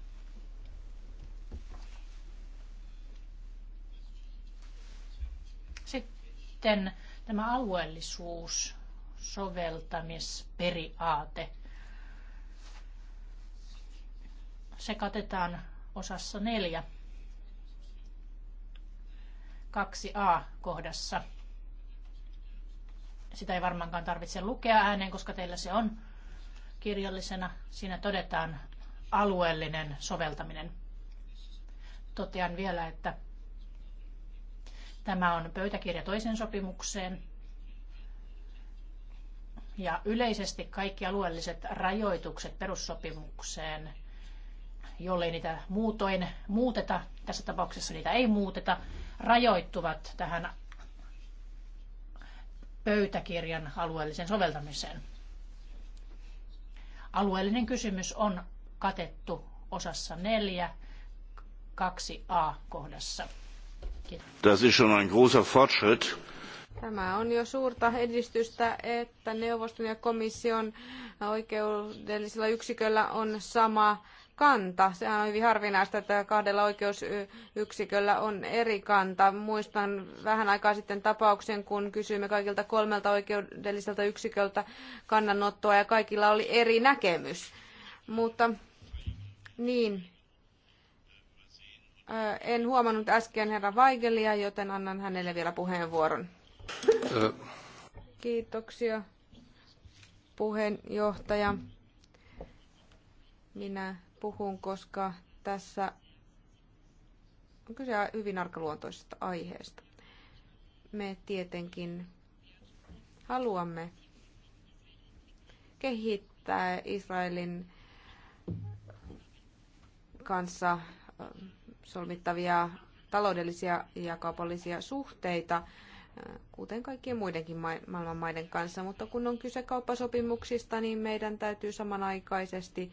Sitten tämä alueellisuus, soveltamisperiaate – Se katetaan osassa 4 2a kohdassa. Sitä ei varmaankaan tarvitse lukea ääneen, koska teillä se on kirjallisena. Siinä todetaan alueellinen soveltaminen. Totean vielä, että tämä on pöytäkirja toisen sopimukseen. Ja yleisesti kaikki alueelliset rajoitukset perussopimukseen jollei niitä muutoin muuteta, tässä tapauksessa niitä ei muuteta, rajoittuvat tähän pöytäkirjan alueelliseen soveltamiseen. Alueellinen kysymys on katettu osassa 4, 2a kohdassa. Das ist schon ein großer Fortschritt. Tämä on jo suurta edistystä, että neuvoston ja komission oikeudellisella yksiköllä on sama kanta. Se on hyvin harvinaista, että kahdella oikeusyksiköllä on eri kanta. Muistan vähän aikaa sitten tapauksen, kun kysyimme kaikilta kolmelta oikeudelliselta yksiköltä kannanottoa ja kaikilla oli eri näkemys. Mutta niin, en huomannut äsken herra Vaigelia, joten annan hänelle vielä puheenvuoron. Kiitoksia, puheenjohtaja. Minä puhun, koska tässä on kyse hyvin arkaluontoisesta aiheesta. Me tietenkin haluamme kehittää Israelin kanssa ähm, solmittavia taloudellisia ja kaupallisia suhteita, äh, kuten kaikkien muidenkin maailman maiden kanssa. Mutta kun on kyse kauppasopimuksista, niin meidän täytyy samanaikaisesti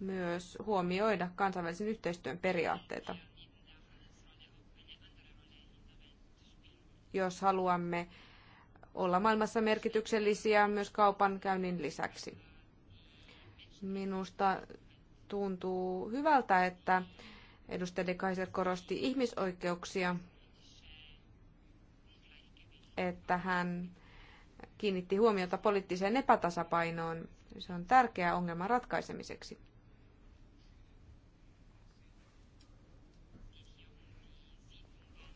myös huomioida kansainvälisen yhteistyön periaatteita. Jos haluamme olla maailmassa merkityksellisiä myös kaupankäynnin lisäksi. Minusta tuntuu hyvältä, että edustaja Kaiser korosti ihmisoikeuksia, että hän kiinnitti huomiota poliittiseen epätasapainoon. Se on tärkeä ongelma ratkaisemiseksi.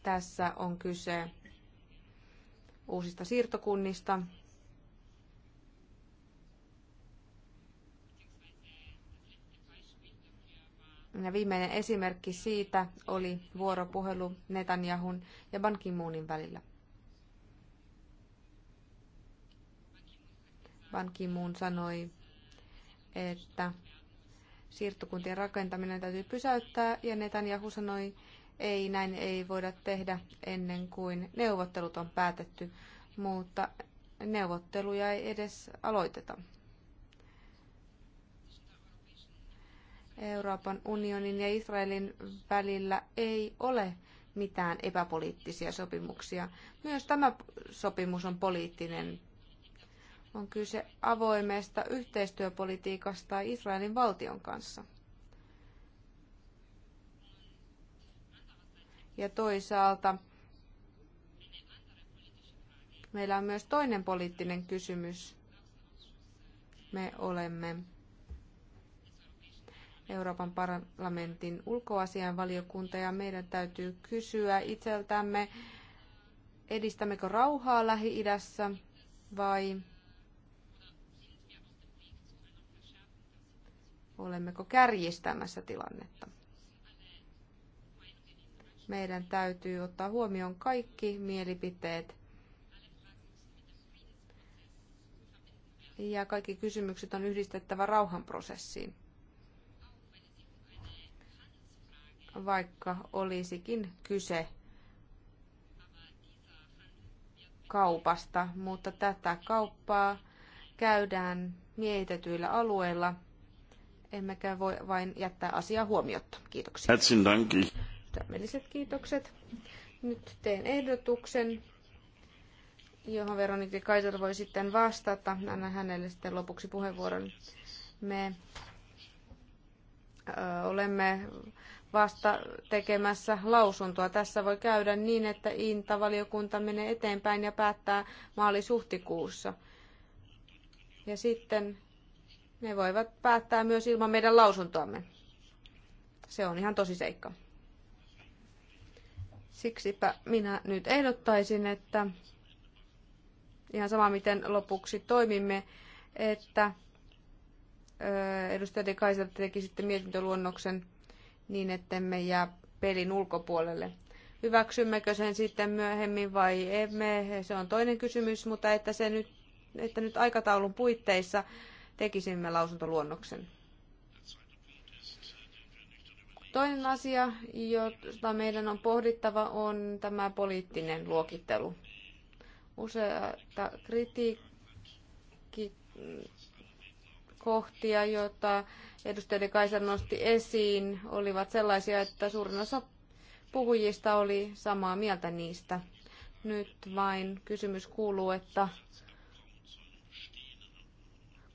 Tässä on kyse uusista siirtokunnista. Ja viimeinen esimerkki siitä oli vuoropuhelu Netanjahun ja Ban Ki-moonin välillä. Ban Ki-moon sanoi, että siirtokuntien rakentaminen täytyy pysäyttää, ja Netanjahu sanoi, ei, näin ei voida tehdä ennen kuin neuvottelut on päätetty, mutta neuvotteluja ei edes aloiteta. Euroopan unionin ja Israelin välillä ei ole mitään epäpoliittisia sopimuksia. Myös tämä sopimus on poliittinen. On kyse avoimesta yhteistyöpolitiikasta Israelin valtion kanssa. Ja toisaalta meillä on myös toinen poliittinen kysymys. Me olemme Euroopan parlamentin valiokunta ja meidän täytyy kysyä itseltämme, edistämmekö rauhaa Lähi-idässä vai olemmeko kärjistämässä tilannetta meidän täytyy ottaa huomioon kaikki mielipiteet ja kaikki kysymykset on yhdistettävä rauhanprosessiin, vaikka olisikin kyse kaupasta, mutta tätä kauppaa käydään miehitetyillä alueilla, emmekä voi vain jättää asiaa huomiotta. Kiitoksia. Ystävälliset kiitokset. Nyt teen ehdotuksen, johon Veronikki Kaisel voi sitten vastata. Annan hänelle sitten lopuksi puheenvuoron. Me ö, olemme vasta tekemässä lausuntoa. Tässä voi käydä niin, että Inta-valiokunta menee eteenpäin ja päättää maalis-huhtikuussa. Ja sitten ne voivat päättää myös ilman meidän lausuntoamme. Se on ihan tosi seikka. Siksipä minä nyt ehdottaisin, että ihan sama miten lopuksi toimimme, että edustaja De teki sitten mietintöluonnoksen niin, me jää pelin ulkopuolelle. Hyväksymmekö sen sitten myöhemmin vai emme, se on toinen kysymys, mutta että, se nyt, että nyt aikataulun puitteissa tekisimme lausuntoluonnoksen. Toinen asia, jota meidän on pohdittava, on tämä poliittinen luokittelu. Useita kritiikkikohtia, joita edustaja Kaisa nosti esiin, olivat sellaisia, että suurin osa puhujista oli samaa mieltä niistä. Nyt vain kysymys kuuluu, että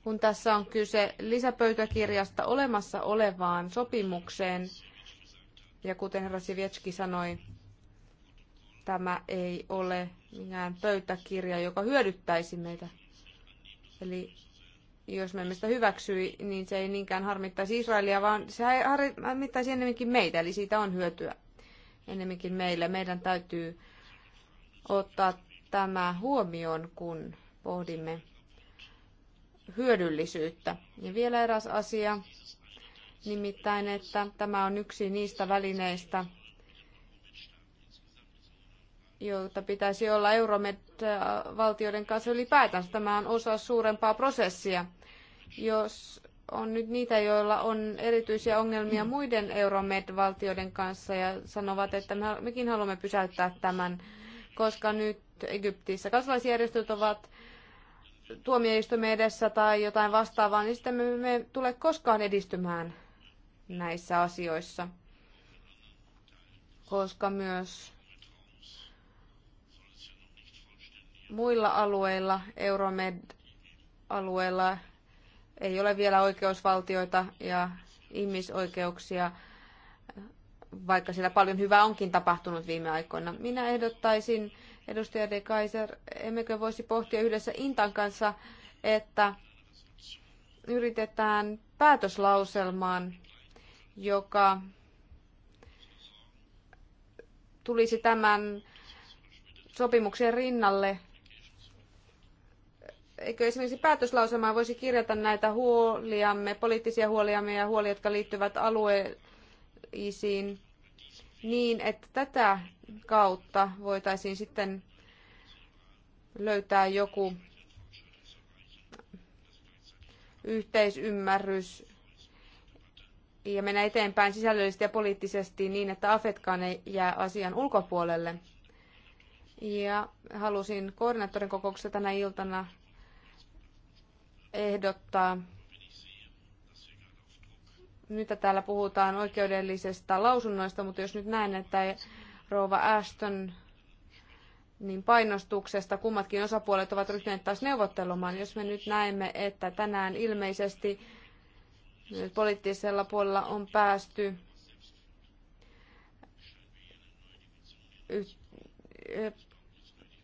kun tässä on kyse lisäpöytäkirjasta olemassa olevaan sopimukseen, ja kuten herra sanoi, tämä ei ole mikään pöytäkirja, joka hyödyttäisi meitä. Eli jos me emme sitä hyväksyi, niin se ei niinkään harmittaisi Israelia, vaan se harmittaisi enemmänkin meitä, eli siitä on hyötyä enemmänkin meille. Meidän täytyy ottaa tämä huomioon, kun pohdimme hyödyllisyyttä. Ja vielä eräs asia, nimittäin että tämä on yksi niistä välineistä, joita pitäisi olla Euromed-valtioiden kanssa ylipäätänsä. Tämä on osa suurempaa prosessia. Jos on nyt niitä, joilla on erityisiä ongelmia muiden Euromed-valtioiden kanssa ja sanovat, että mekin haluamme pysäyttää tämän, koska nyt Egyptissä kansalaisjärjestöt ovat tuomioistuimen edessä tai jotain vastaavaa, niin sitten me, emme tule koskaan edistymään näissä asioissa, koska myös muilla alueilla, Euromed-alueilla, ei ole vielä oikeusvaltioita ja ihmisoikeuksia, vaikka siellä paljon hyvää onkin tapahtunut viime aikoina. Minä ehdottaisin, edustaja De Kaiser, emmekö voisi pohtia yhdessä Intan kanssa, että yritetään päätöslauselmaan joka tulisi tämän sopimuksen rinnalle. Eikö esimerkiksi päätöslausemaan voisi kirjata näitä huoliamme, poliittisia huoliamme ja huolia, jotka liittyvät alueisiin, niin että tätä kautta voitaisiin sitten löytää joku yhteisymmärrys ja mennä eteenpäin sisällöllisesti ja poliittisesti niin, että Afetkaan ei jää asian ulkopuolelle. Ja halusin koordinaattorin kokouksessa tänä iltana ehdottaa, nyt täällä puhutaan oikeudellisesta lausunnoista, mutta jos nyt näen, että rova Ashton niin painostuksesta kummatkin osapuolet ovat ryhtyneet taas neuvottelemaan, jos me nyt näemme, että tänään ilmeisesti myös poliittisella puolella on päästy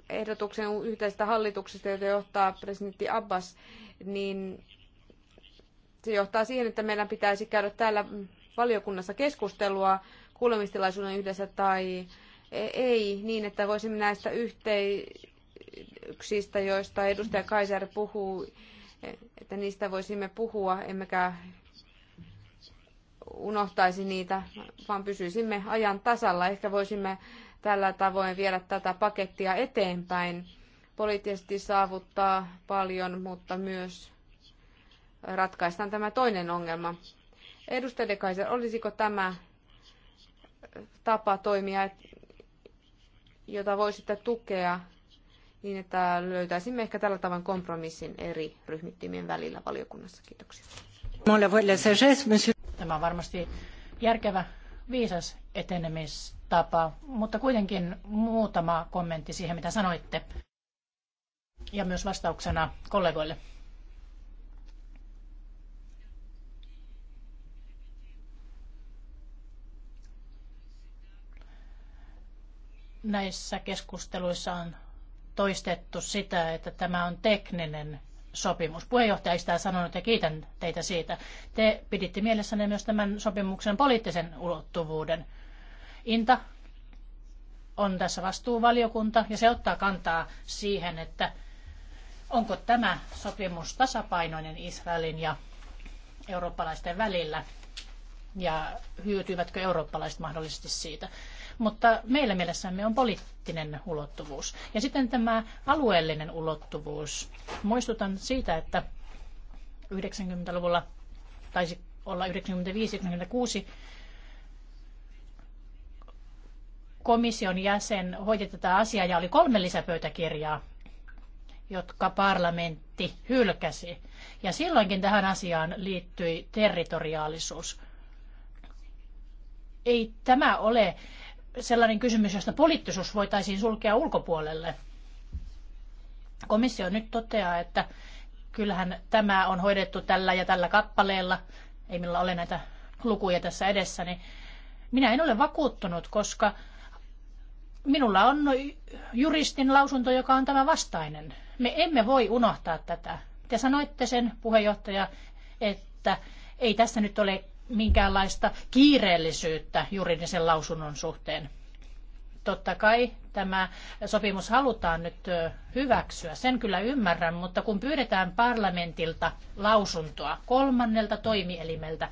ehdotuksen yhteistä hallituksesta, jota johtaa presidentti Abbas, niin se johtaa siihen, että meidän pitäisi käydä täällä valiokunnassa keskustelua kuulemistilaisuuden yhdessä tai ei, niin että voisimme näistä yhteyksistä, joista edustaja Kaiser puhuu, että niistä voisimme puhua, emmekä unohtaisi niitä, vaan pysyisimme ajan tasalla. Ehkä voisimme tällä tavoin viedä tätä pakettia eteenpäin. Poliittisesti saavuttaa paljon, mutta myös ratkaistaan tämä toinen ongelma. Edustaja Kaiser, olisiko tämä tapa toimia, jota voisitte tukea niin, että löytäisimme ehkä tällä tavan kompromissin eri ryhmittimien välillä valiokunnassa. Kiitoksia. Tämä on varmasti järkevä, viisas etenemistapa, mutta kuitenkin muutama kommentti siihen, mitä sanoitte, ja myös vastauksena kollegoille. näissä keskusteluissa on toistettu sitä, että tämä on tekninen sopimus. Puheenjohtaja sitä sanonut ja kiitän teitä siitä. Te piditte mielessänne myös tämän sopimuksen poliittisen ulottuvuuden. Inta on tässä vastuuvaliokunta ja se ottaa kantaa siihen, että onko tämä sopimus tasapainoinen Israelin ja eurooppalaisten välillä ja hyötyvätkö eurooppalaiset mahdollisesti siitä mutta meillä mielessämme on poliittinen ulottuvuus. Ja sitten tämä alueellinen ulottuvuus. Muistutan siitä, että 90-luvulla taisi olla 95-96 komission jäsen hoiti tätä asiaa ja oli kolme lisäpöytäkirjaa, jotka parlamentti hylkäsi. Ja silloinkin tähän asiaan liittyi territoriaalisuus. Ei tämä ole sellainen kysymys, josta poliittisuus voitaisiin sulkea ulkopuolelle. Komissio nyt toteaa, että kyllähän tämä on hoidettu tällä ja tällä kappaleella, ei millä ole näitä lukuja tässä edessä, niin minä en ole vakuuttunut, koska minulla on juristin lausunto, joka on tämä vastainen. Me emme voi unohtaa tätä. Te sanoitte sen, puheenjohtaja, että ei tässä nyt ole minkäänlaista kiireellisyyttä juridisen lausunnon suhteen. Totta kai tämä sopimus halutaan nyt hyväksyä, sen kyllä ymmärrän, mutta kun pyydetään parlamentilta lausuntoa kolmannelta toimielimeltä,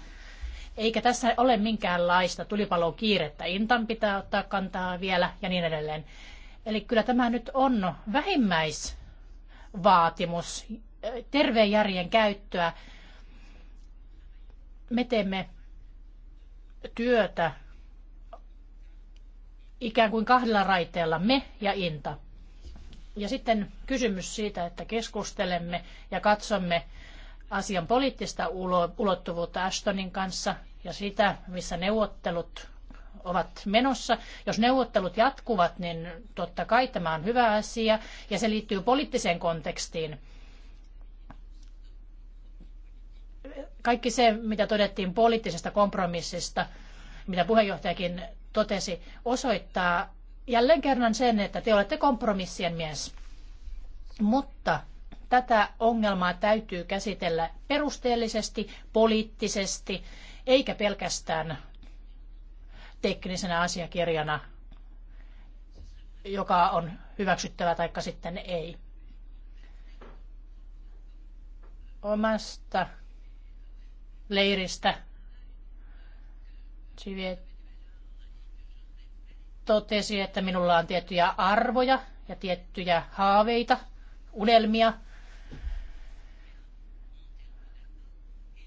eikä tässä ole minkäänlaista tulipalon kiirettä, Intan pitää ottaa kantaa vielä ja niin edelleen. Eli kyllä tämä nyt on vähimmäisvaatimus, terveen järjen käyttöä me teemme työtä ikään kuin kahdella raiteella, me ja Inta. Ja sitten kysymys siitä, että keskustelemme ja katsomme asian poliittista ulottuvuutta Ashtonin kanssa ja sitä, missä neuvottelut ovat menossa. Jos neuvottelut jatkuvat, niin totta kai tämä on hyvä asia ja se liittyy poliittiseen kontekstiin. kaikki se, mitä todettiin poliittisesta kompromissista, mitä puheenjohtajakin totesi, osoittaa jälleen kerran sen, että te olette kompromissien mies. Mutta tätä ongelmaa täytyy käsitellä perusteellisesti, poliittisesti, eikä pelkästään teknisenä asiakirjana, joka on hyväksyttävä tai sitten ei. Omasta leiristä. Sivie totesi, että minulla on tiettyjä arvoja ja tiettyjä haaveita, unelmia.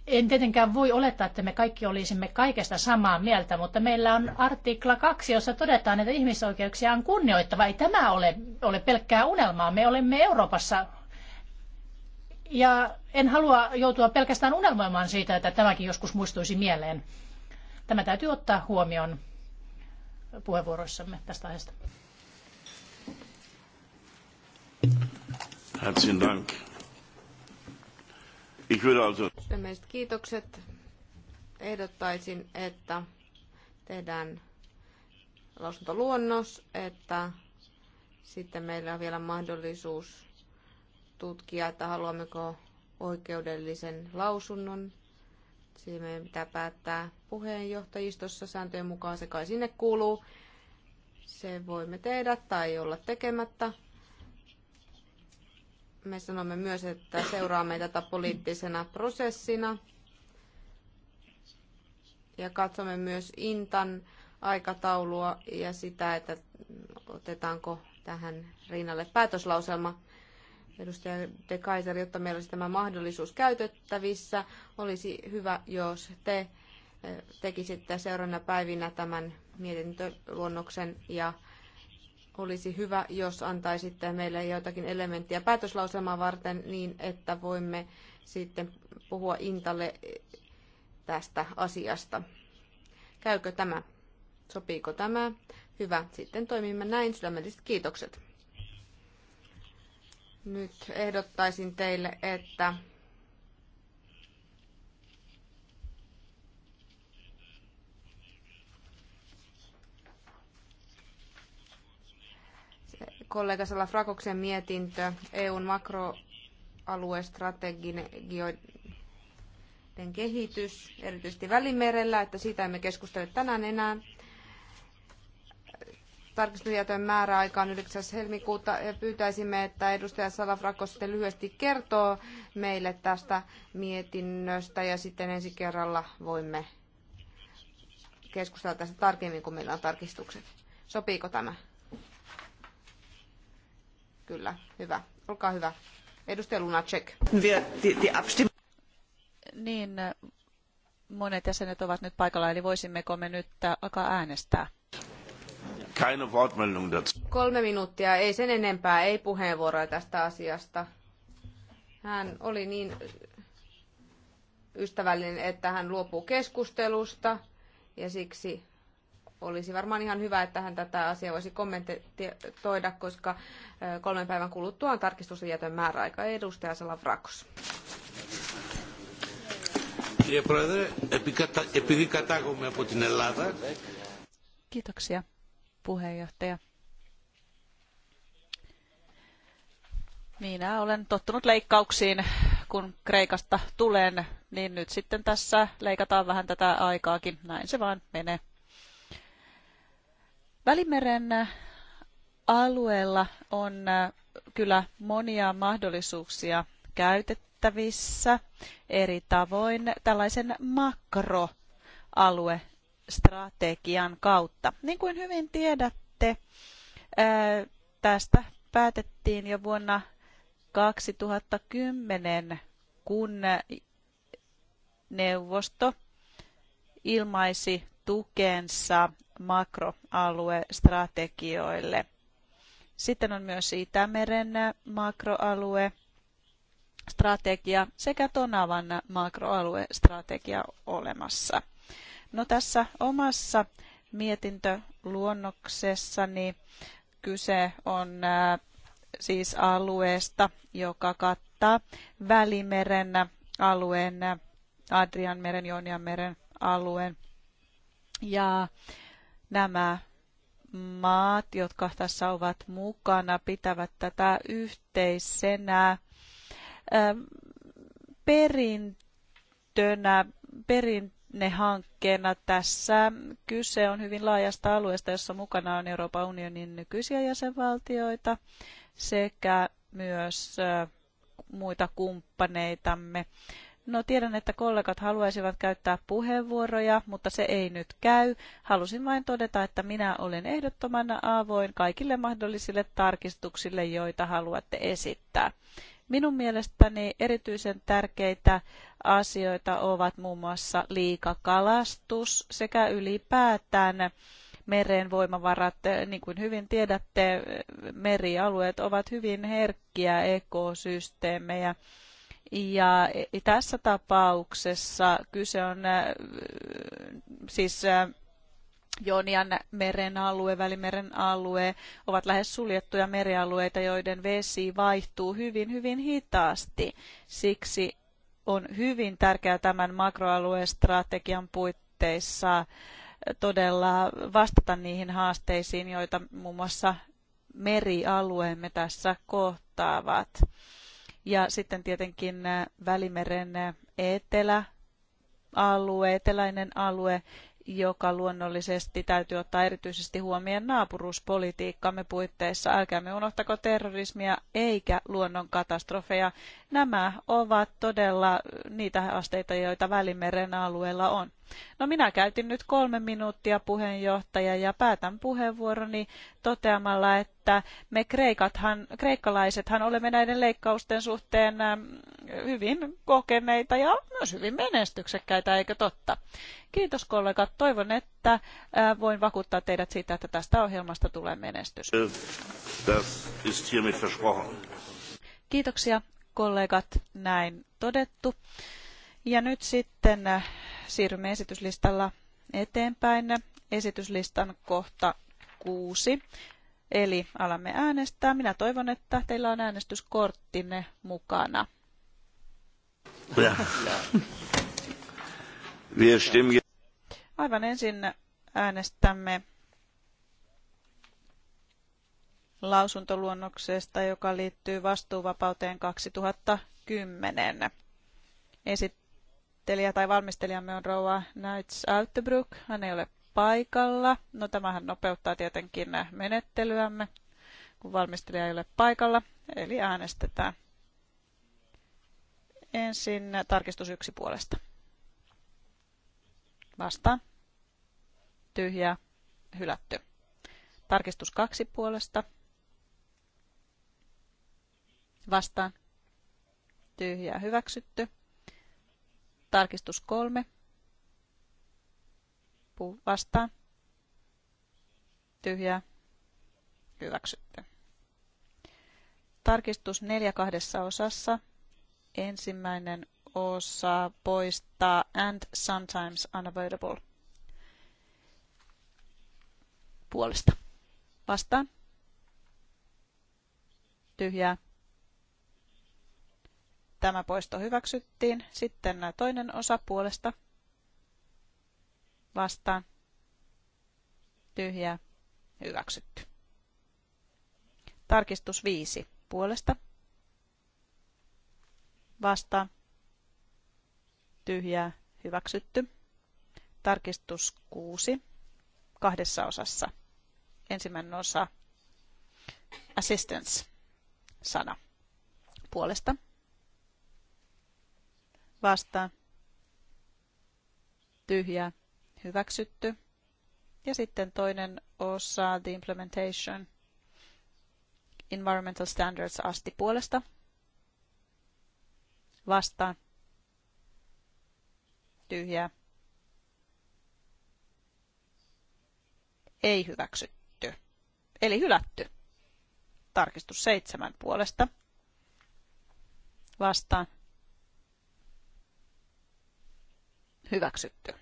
En tietenkään voi olettaa, että me kaikki olisimme kaikesta samaa mieltä, mutta meillä on artikla 2, jossa todetaan, että ihmisoikeuksia on kunnioittava. Ei tämä ole, ole pelkkää unelmaa. Me olemme Euroopassa ja en halua joutua pelkästään unelmoimaan siitä, että tämäkin joskus muistuisi mieleen. Tämä täytyy ottaa huomioon puheenvuoroissamme tästä aiheesta. Herzlichen Dank. Ich würde also... kiitokset. Ehdottaisin, että tehdään lausuntoluonnos, että sitten meillä on vielä mahdollisuus tutkia, että haluammeko oikeudellisen lausunnon. Siinä meidän pitää päättää puheenjohtajistossa sääntöjen mukaan, se kai sinne kuuluu. Se voimme tehdä tai olla tekemättä. Me sanomme myös, että seuraamme tätä poliittisena prosessina ja katsomme myös Intan aikataulua ja sitä, että otetaanko tähän rinnalle päätöslauselma edustaja De Kaiser, jotta meillä olisi tämä mahdollisuus käytettävissä. Olisi hyvä, jos te eh, tekisitte seuraavana päivinä tämän mietintöluonnoksen ja olisi hyvä, jos antaisitte meille jotakin elementtiä päätöslauselmaa varten niin, että voimme sitten puhua Intalle eh, tästä asiasta. Käykö tämä? Sopiiko tämä? Hyvä. Sitten toimimme näin. Sydämelliset kiitokset. Nyt ehdottaisin teille, että kollega Salafrakoksen mietintö EUn makroaluestrategioiden kehitys, erityisesti Välimerellä, että siitä emme keskustele tänään enää tarkistustietojen määräaika on 9. helmikuuta ja pyytäisimme, että edustaja Salafrakko sitten lyhyesti kertoo meille tästä mietinnöstä ja sitten ensi kerralla voimme keskustella tästä tarkemmin, kun meillä on tarkistukset. Sopiiko tämä? Kyllä, hyvä. Olkaa hyvä. Edustaja Lunacek. Niin, monet jäsenet ovat nyt paikalla, eli voisimmeko me nyt alkaa äänestää? keine Wortmeldung dazu. Kolme minuuttia, ei sen enempää, ei puheenvuoroa tästä asiasta. Hän oli niin ystävällinen, että hän luopuu keskustelusta ja siksi olisi varmaan ihan hyvä, että hän tätä asiaa voisi kommentoida, koska kolmen päivän kuluttua on tarkistusjätön määräaika. Edustaja Salavrakos. Kiitoksia puheenjohtaja. Minä olen tottunut leikkauksiin, kun Kreikasta tulen, niin nyt sitten tässä leikataan vähän tätä aikaakin. Näin se vaan menee. Välimeren alueella on äh, kyllä monia mahdollisuuksia käytettävissä eri tavoin tällaisen makroalue strategian kautta. Niin kuin hyvin tiedätte, tästä päätettiin jo vuonna 2010, kun neuvosto ilmaisi tukensa makroaluestrategioille. Sitten on myös Itämeren makroalue strategia sekä Tonavan makroaluestrategia olemassa. No tässä omassa mietintöluonnoksessani kyse on siis alueesta, joka kattaa Välimeren alueen, Adrianmeren, Joonianmeren alueen. Ja nämä maat, jotka tässä ovat mukana, pitävät tätä yhteisenä perintönä, perintönä ne hankkeena. Tässä kyse on hyvin laajasta alueesta, jossa mukana on Euroopan unionin nykyisiä jäsenvaltioita sekä myös muita kumppaneitamme. No tiedän, että kollegat haluaisivat käyttää puheenvuoroja, mutta se ei nyt käy. Halusin vain todeta, että minä olen ehdottomana avoin kaikille mahdollisille tarkistuksille, joita haluatte esittää. Minun mielestäni erityisen tärkeitä asioita ovat muun muassa liikakalastus sekä ylipäätään meren voimavarat. Niin kuin hyvin tiedätte, merialueet ovat hyvin herkkiä ekosysteemejä. Ja tässä tapauksessa kyse on äh, siis äh, Jonian meren alue, Välimeren alue ovat lähes suljettuja merialueita, joiden vesi vaihtuu hyvin, hyvin hitaasti. Siksi on hyvin tärkeää tämän makroaluestrategian puitteissa todella vastata niihin haasteisiin, joita muun muassa merialueemme tässä kohtaavat. Ja sitten tietenkin Välimeren etelä alue, eteläinen alue, joka luonnollisesti täytyy ottaa erityisesti huomioon naapuruuspolitiikkamme puitteissa. Älkäämme unohtako terrorismia eikä luonnonkatastrofeja Nämä ovat todella niitä haasteita, joita Välimeren alueella on. No minä käytin nyt kolme minuuttia puheenjohtaja ja päätän puheenvuoroni toteamalla, että me kreikathan, kreikkalaisethan olemme näiden leikkausten suhteen hyvin kokeneita ja myös hyvin menestyksekkäitä, eikö totta? Kiitos kollegat, toivon, että voin vakuuttaa teidät siitä, että tästä ohjelmasta tulee menestys. Kiitoksia kollegat, näin todettu. Ja nyt sitten siirrymme esityslistalla eteenpäin. Esityslistan kohta kuusi. Eli alamme äänestää. Minä toivon, että teillä on äänestyskorttinne mukana. Ja. Aivan ensin äänestämme lausuntoluonnoksesta, joka liittyy vastuuvapauteen 2010. Esit- esittelijä tai valmistelijamme on rouva Nights Autebruk. Hän ei ole paikalla. No tämähän nopeuttaa tietenkin menettelyämme, kun valmistelija ei ole paikalla, eli äänestetään. Ensin tarkistus yksi puolesta. vasta Tyhjä. Hylätty. Tarkistus kaksi puolesta. Vastaan. Tyhjä. Hyväksytty. Tarkistus kolme. Puu vastaan. Tyhjää. Hyväksytty. Tarkistus 4 kahdessa osassa. Ensimmäinen osa poistaa and sometimes unavoidable puolesta. Vastaan. Tyhjää. Tämä poisto hyväksyttiin. Sitten toinen osa puolesta vastaan. Tyhjää. Hyväksytty. Tarkistus 5. Puolesta. Vastaan. Tyhjää. Hyväksytty. Tarkistus 6. Kahdessa osassa. Ensimmäinen osa. Assistance. Sana. Puolesta vastaan tyhjää hyväksytty. Ja sitten toinen osa, the implementation, environmental standards asti puolesta vastaan tyhjää ei hyväksytty, eli hylätty. Tarkistus seitsemän puolesta vastaan Hyväksytty.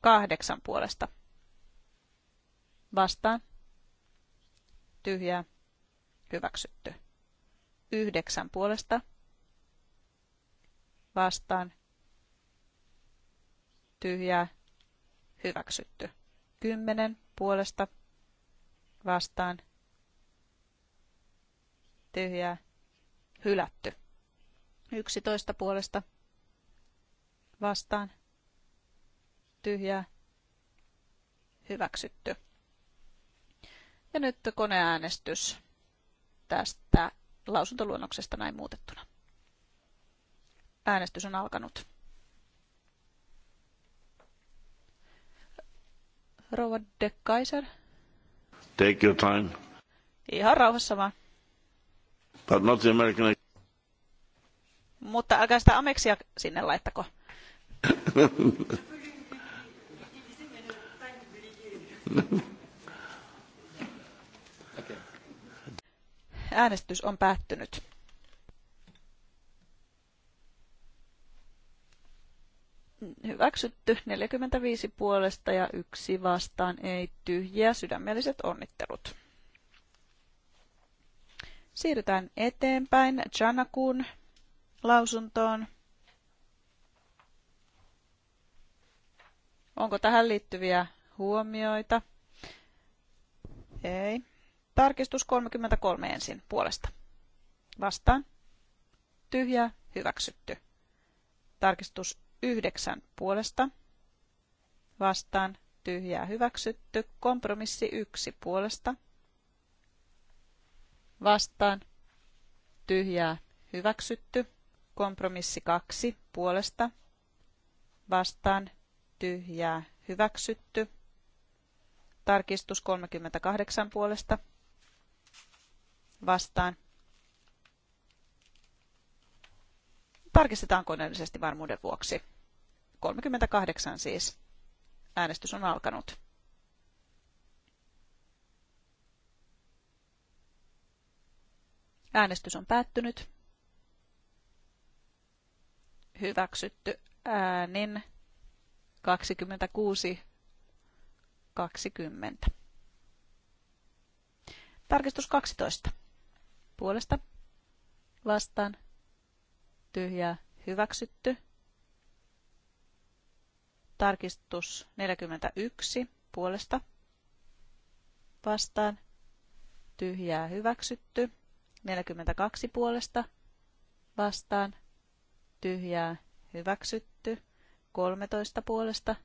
Kahdeksan puolesta. Vastaan. Tyhjää. Hyväksytty. Yhdeksän puolesta. Vastaan. Tyhjää. Hyväksytty. Kymmenen puolesta. Vastaan. Tyhjää. Hylätty. Yksitoista puolesta. Vastaan tyhjää, hyväksytty. Ja nyt koneäänestys tästä lausuntoluonnoksesta näin muutettuna. Äänestys on alkanut. Rouva de Kaiser. Take your time. Ihan rauhassa vaan. But not the American... Mutta älkää sitä ameksia sinne laittako. Äänestys on päättynyt. Hyväksytty 45 puolesta ja yksi vastaan ei tyhjiä. Sydämelliset onnittelut. Siirrytään eteenpäin Janakun lausuntoon. Onko tähän liittyviä huomioita? Ei. Tarkistus 33 ensin puolesta. Vastaan. tyhjä Hyväksytty. Tarkistus 9 puolesta. Vastaan. Tyhjää. Hyväksytty. Kompromissi 1 puolesta. Vastaan. Tyhjää. Hyväksytty. Kompromissi 2 puolesta. Vastaan. Tyhjää. Hyväksytty Tarkistus 38 puolesta vastaan. Tarkistetaan koneellisesti varmuuden vuoksi. 38 siis. Äänestys on alkanut. Äänestys on päättynyt. Hyväksytty äänin 26 20. Tarkistus 12. Puolesta. Vastaan. Tyhjää. Hyväksytty. Tarkistus 41. Puolesta. Vastaan. Tyhjää. Hyväksytty. 42 puolesta. Vastaan. Tyhjää. Hyväksytty. 13 puolesta.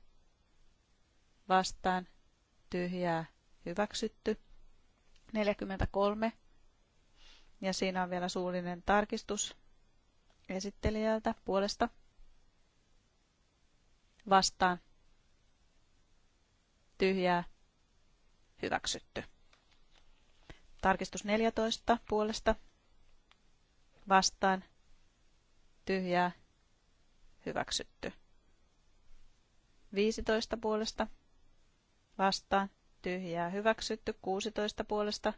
Vastaan tyhjää hyväksytty. 43. Ja siinä on vielä suullinen tarkistus esittelijältä puolesta vastaan tyhjää hyväksytty. Tarkistus 14 puolesta vastaan tyhjää hyväksytty. 15 puolesta vastaan, tyhjää hyväksytty 16 puolesta,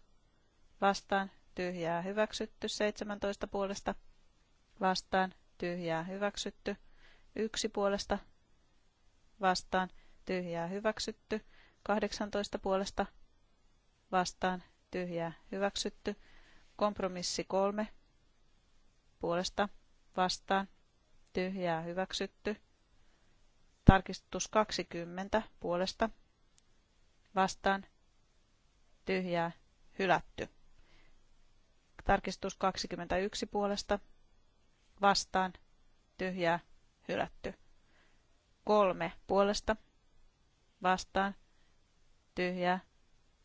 vastaan, tyhjää hyväksytty 17 puolesta, vastaan, tyhjää hyväksytty 1 puolesta, vastaan, tyhjää hyväksytty 18 puolesta, vastaan, tyhjää hyväksytty kompromissi 3 puolesta, vastaan, tyhjää hyväksytty tarkistus 20 puolesta, vastaan tyhjää hylätty. Tarkistus 21 puolesta vastaan tyhjää hylätty. kolme puolesta vastaan tyhjää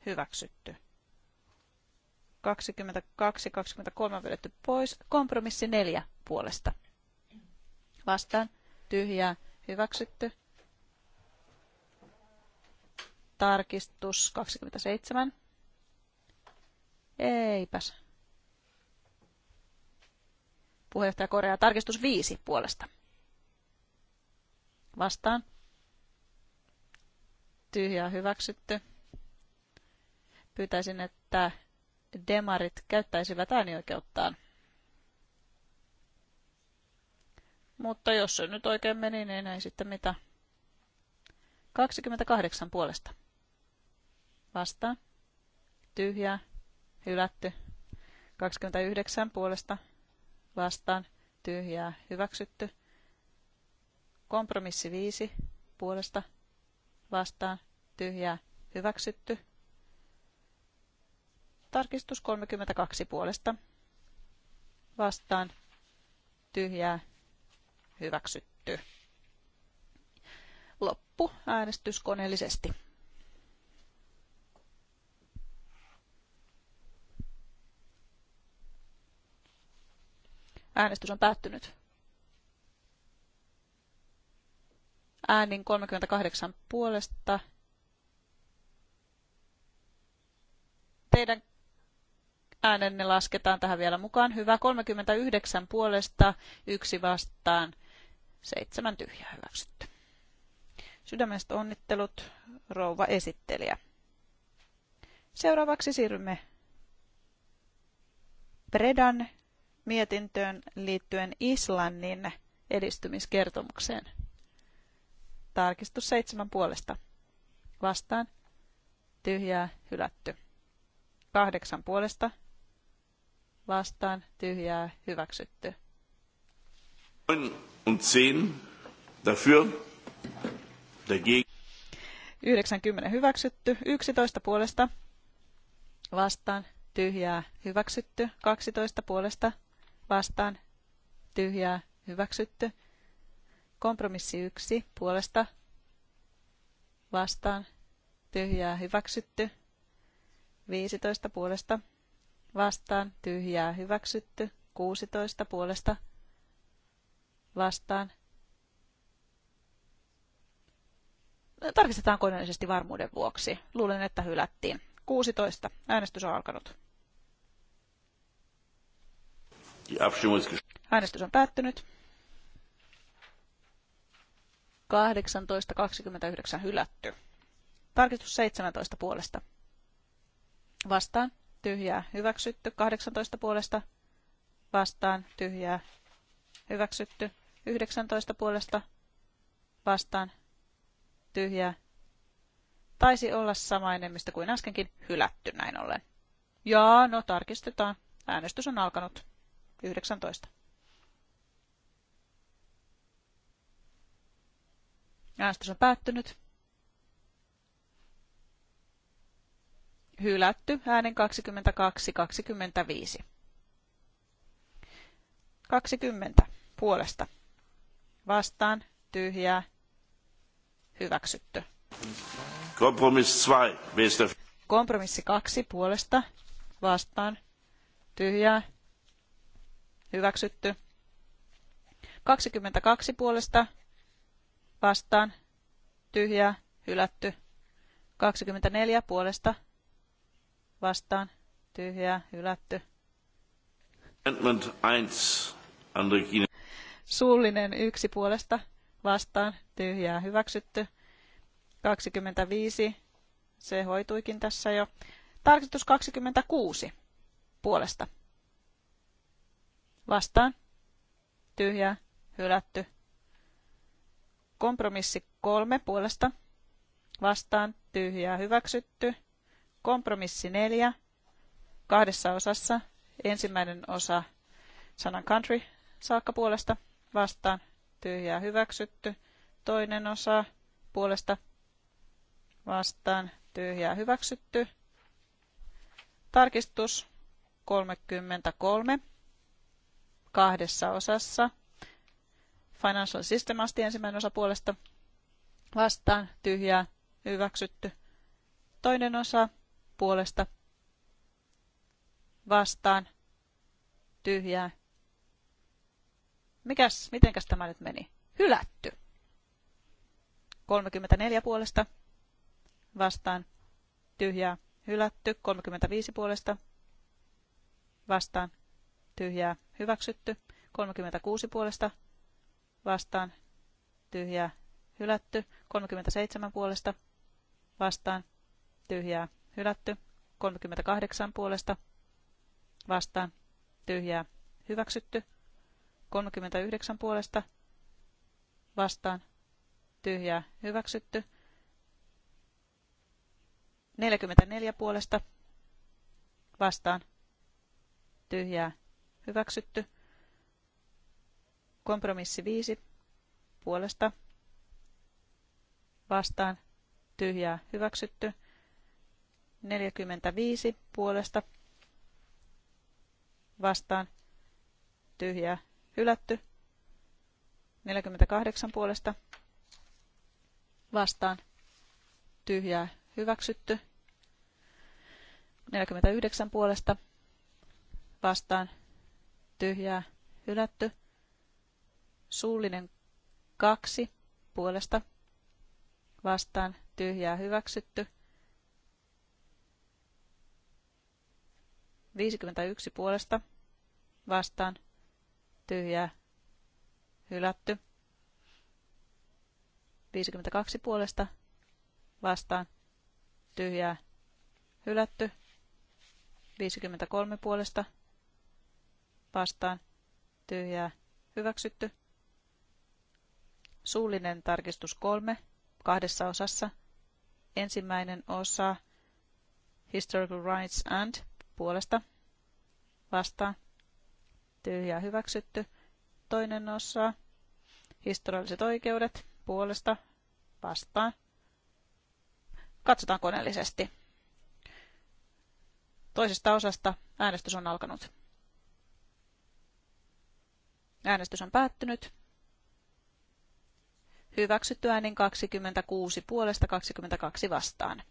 hyväksytty. 22, 23 vedetty pois. Kompromissi 4 puolesta. Vastaan tyhjää hyväksytty tarkistus 27. Eipäs. Puheenjohtaja Korea tarkistus 5 puolesta. Vastaan. Tyhjää hyväksytty. Pyytäisin, että demarit käyttäisivät äänioikeuttaan. Mutta jos se nyt oikein meni, niin ei sitten mitä. 28 puolesta. Vastaan. Tyhjää. Hylätty. 29 puolesta. Vastaan. Tyhjää. Hyväksytty. Kompromissi 5 puolesta. Vastaan. Tyhjää. Hyväksytty. Tarkistus 32 puolesta. Vastaan. Tyhjää. Hyväksytty. Loppu äänestys koneellisesti. Äänestys on päättynyt. Äänin 38 puolesta. Teidän äänenne lasketaan tähän vielä mukaan. Hyvä, 39 puolesta, yksi vastaan, seitsemän tyhjää hyväksytty. Sydämestä onnittelut, rouva esittelijä. Seuraavaksi siirrymme Predan mietintöön liittyen Islannin edistymiskertomukseen. Tarkistus seitsemän puolesta. Vastaan. Tyhjää hylätty. Kahdeksan puolesta. Vastaan. Tyhjää hyväksytty. 9 und 10 dafür. Dagegen. 90 hyväksytty. 11 puolesta. Vastaan. Tyhjää hyväksytty. 12 puolesta vastaan tyhjää hyväksytty. Kompromissi yksi puolesta vastaan tyhjää hyväksytty. 15 puolesta vastaan tyhjää hyväksytty. 16 puolesta vastaan. Tarkistetaan koneellisesti varmuuden vuoksi. Luulen, että hylättiin. 16. Äänestys on alkanut. Äänestys on päättynyt. 18.29 hylätty. Tarkistus 17 puolesta. Vastaan. Tyhjää. Hyväksytty. 18 puolesta. Vastaan. Tyhjää. Hyväksytty. 19 puolesta. Vastaan. Tyhjää. Taisi olla sama enemmistö kuin äskenkin. Hylätty näin ollen. Jaa, no tarkistetaan. Äänestys on alkanut. 19. Äänestys on päättynyt. Hylätty äänen 22-25. 20 puolesta. Vastaan tyhjää. Hyväksytty. Kompromiss 2. Kompromissi 2 puolesta. Vastaan tyhjää hyväksytty. 22 puolesta vastaan tyhjää hylätty. 24 puolesta vastaan tyhjää hylätty. Suullinen yksi puolesta vastaan tyhjää hyväksytty. 25, se hoituikin tässä jo. Tarkistus 26 puolesta Vastaan. Tyhjää. Hylätty. Kompromissi kolme puolesta. Vastaan. Tyhjää. Hyväksytty. Kompromissi neljä. Kahdessa osassa. Ensimmäinen osa sanan country saakka puolesta. Vastaan. Tyhjää. Hyväksytty. Toinen osa puolesta. Vastaan. Tyhjää. Hyväksytty. Tarkistus 33 kahdessa osassa. Financial System asti ensimmäinen osa puolesta vastaan tyhjää hyväksytty. Toinen osa puolesta vastaan tyhjää. Mikäs, mitenkäs tämä nyt meni? Hylätty. 34 puolesta vastaan tyhjää hylätty. 35 puolesta vastaan tyhjää, hyväksytty. 36 puolesta vastaan, tyhjää, hylätty. 37 puolesta vastaan, tyhjää, hylätty. 38 puolesta vastaan, tyhjää, hyväksytty. 39 puolesta vastaan, tyhjää, hyväksytty. 44 puolesta vastaan, tyhjää, Hyväksytty. Kompromissi 5. Puolesta. Vastaan. Tyhjää. Hyväksytty. 45. Puolesta. Vastaan. Tyhjää. Hylätty. 48 puolesta. Vastaan. Tyhjää. Hyväksytty. 49 puolesta. Vastaan tyhjää, hylätty. Suullinen kaksi puolesta vastaan tyhjää hyväksytty. 51 puolesta vastaan tyhjää hylätty. 52 puolesta vastaan tyhjää hylätty. 53 puolesta vastaan tyhjää hyväksytty. Suullinen tarkistus kolme kahdessa osassa. Ensimmäinen osa Historical Rights and puolesta vastaan tyhjää hyväksytty. Toinen osa Historialliset oikeudet puolesta vastaan. Katsotaan koneellisesti. Toisesta osasta äänestys on alkanut. Äänestys on päättynyt. Hyväksytty äänin 26 puolesta 22 vastaan.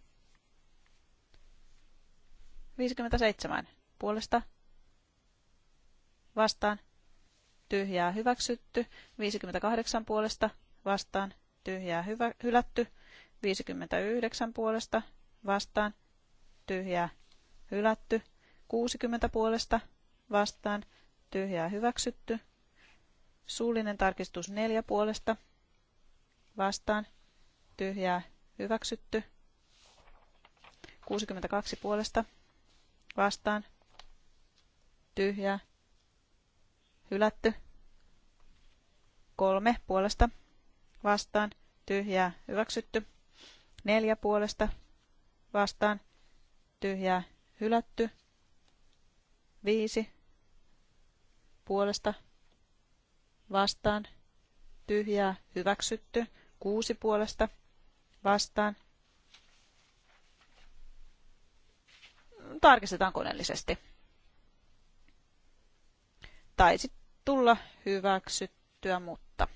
57 puolesta vastaan. Tyhjää hyväksytty. 58 puolesta vastaan. Tyhjää hyvä, hylätty. 59 puolesta vastaan. Tyhjää hylätty. 60 puolesta vastaan. Tyhjää hyväksytty. Suullinen tarkistus neljä puolesta. Vastaan. Tyhjää. Hyväksytty. 62 puolesta. Vastaan. Tyhjää. Hylätty. Kolme puolesta. Vastaan. Tyhjää. Hyväksytty. Neljä puolesta. Vastaan. Tyhjää. Hylätty. Viisi puolesta vastaan, tyhjää, hyväksytty. Kuusi puolesta, vastaan. Tarkistetaan koneellisesti. Taisi tulla hyväksyttyä, mutta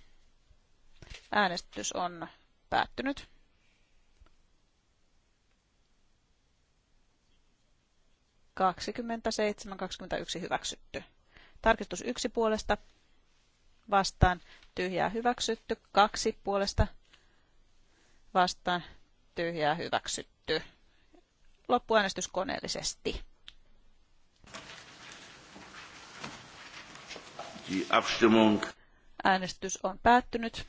äänestys on päättynyt. Kaksikymmentäseitsemän, kaksikymmentäyksi hyväksytty. Tarkistus yksi puolesta vastaan tyhjää hyväksytty. Kaksi puolesta vastaan tyhjää hyväksytty. Loppuäänestys koneellisesti. Äänestys on päättynyt.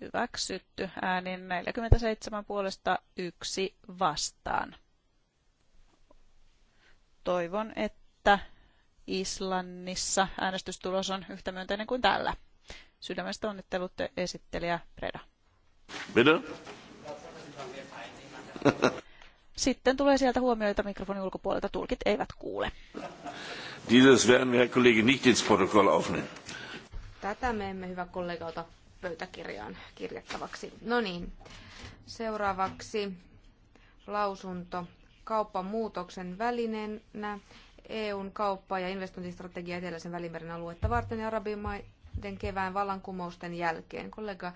hyväksytty äänin 47 puolesta yksi vastaan. Toivon, että Islannissa äänestystulos on yhtä myönteinen kuin täällä. Sydämestä onnittelut esittelijä Preda. Minä? Sitten tulee sieltä huomioita mikrofonin ulkopuolelta. Tulkit eivät kuule. Dieses werden wir, Herr Kollege, nicht ins Protokoll aufnehmen. Tätä me emme, hyvä kollega, ota pöytäkirjaan kirjattavaksi. No niin, seuraavaksi lausunto Kaupan muutoksen välineenä EUn kauppa- ja investointistrategia eteläisen välimeren aluetta varten ja arabimaiden kevään vallankumousten jälkeen. Kollega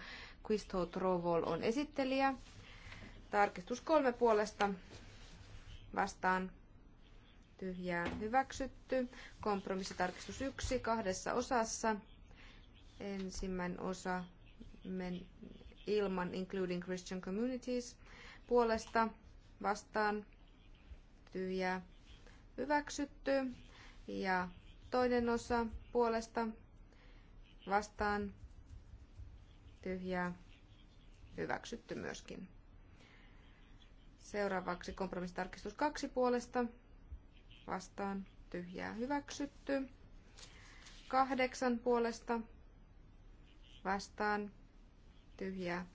Quistot Trovol on esittelijä. Tarkistus kolme puolesta vastaan tyhjää hyväksytty. Kompromissitarkistus yksi kahdessa osassa. Ensimmäinen osa men, ilman Including Christian Communities puolesta vastaan tyhjää hyväksytty ja toinen osa puolesta vastaan tyhjää hyväksytty myöskin. Seuraavaksi kompromissitarkistus kaksi puolesta vastaan tyhjää hyväksytty. Kahdeksan puolesta vastaan tyhjää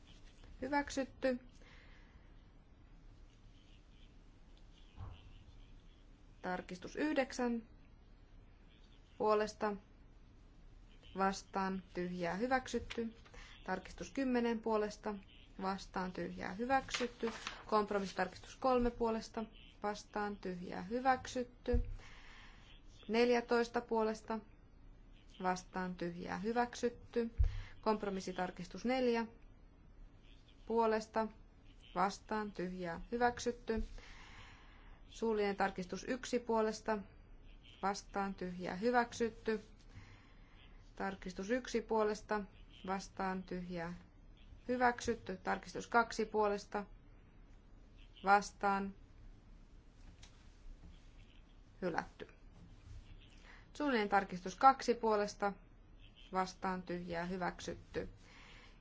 hyväksytty. Tarkistus 9 puolesta vastaan tyhjää hyväksytty. Tarkistus 10 puolesta vastaan tyhjää hyväksytty. Kompromissitarkistus 3 puolesta vastaan tyhjää hyväksytty. 14 puolesta vastaan tyhjää hyväksytty. Kompromissitarkistus 4. Puolesta vastaan tyhjää hyväksytty. Suullinen tarkistus 1 puolesta vastaan tyhjää hyväksytty. Tarkistus 1 puolesta vastaan tyhjää hyväksytty. Tarkistus 2 puolesta vastaan hylätty. Suullinen tarkistus 2 puolesta vastaan tyhjää hyväksytty.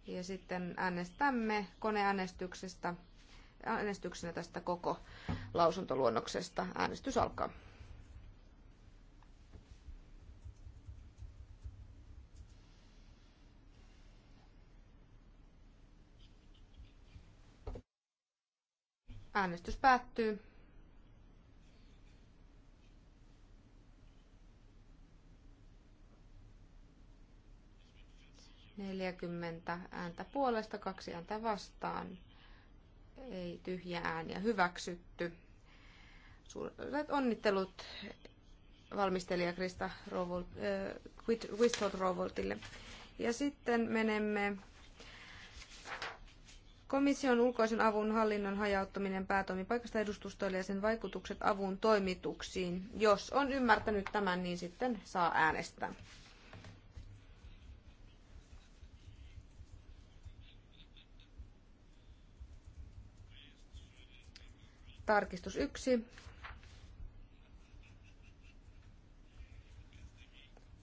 Ja sitten äänestämme koneäänestyksestä äänestyksenä tästä koko lausuntoluonnoksesta. Äänestys alkaa. Äänestys päättyy. 40 ääntä puolesta, kaksi ääntä vastaan. Ei tyhjä ääniä hyväksytty. Suuret onnittelut valmistelija Krista Rovolt, äh, Rovoltille. Ja sitten menemme komission ulkoisen avun hallinnon hajauttaminen päätoimipaikasta edustustoille ja sen vaikutukset avun toimituksiin. Jos on ymmärtänyt tämän, niin sitten saa äänestää. Tarkistus yksi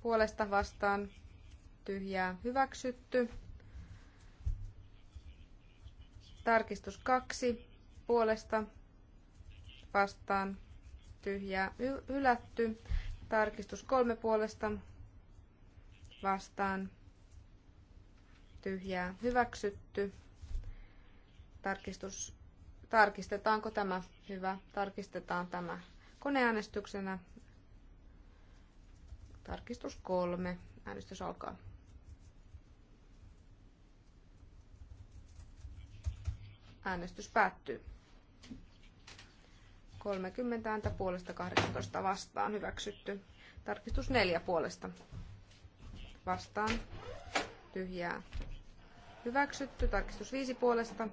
Puolesta vastaan tyhjää hyväksytty. Tarkistus kaksi Puolesta vastaan tyhjää hylätty. Tarkistus kolme puolesta vastaan tyhjää hyväksytty. Tarkistus Tarkistetaanko tämä? Hyvä. Tarkistetaan tämä koneäänestyksenä. Tarkistus kolme. Äänestys alkaa. Äänestys päättyy. 30 ääntä puolesta 18 vastaan hyväksytty. Tarkistus 4 puolesta vastaan tyhjää hyväksytty. Tarkistus 5 puolesta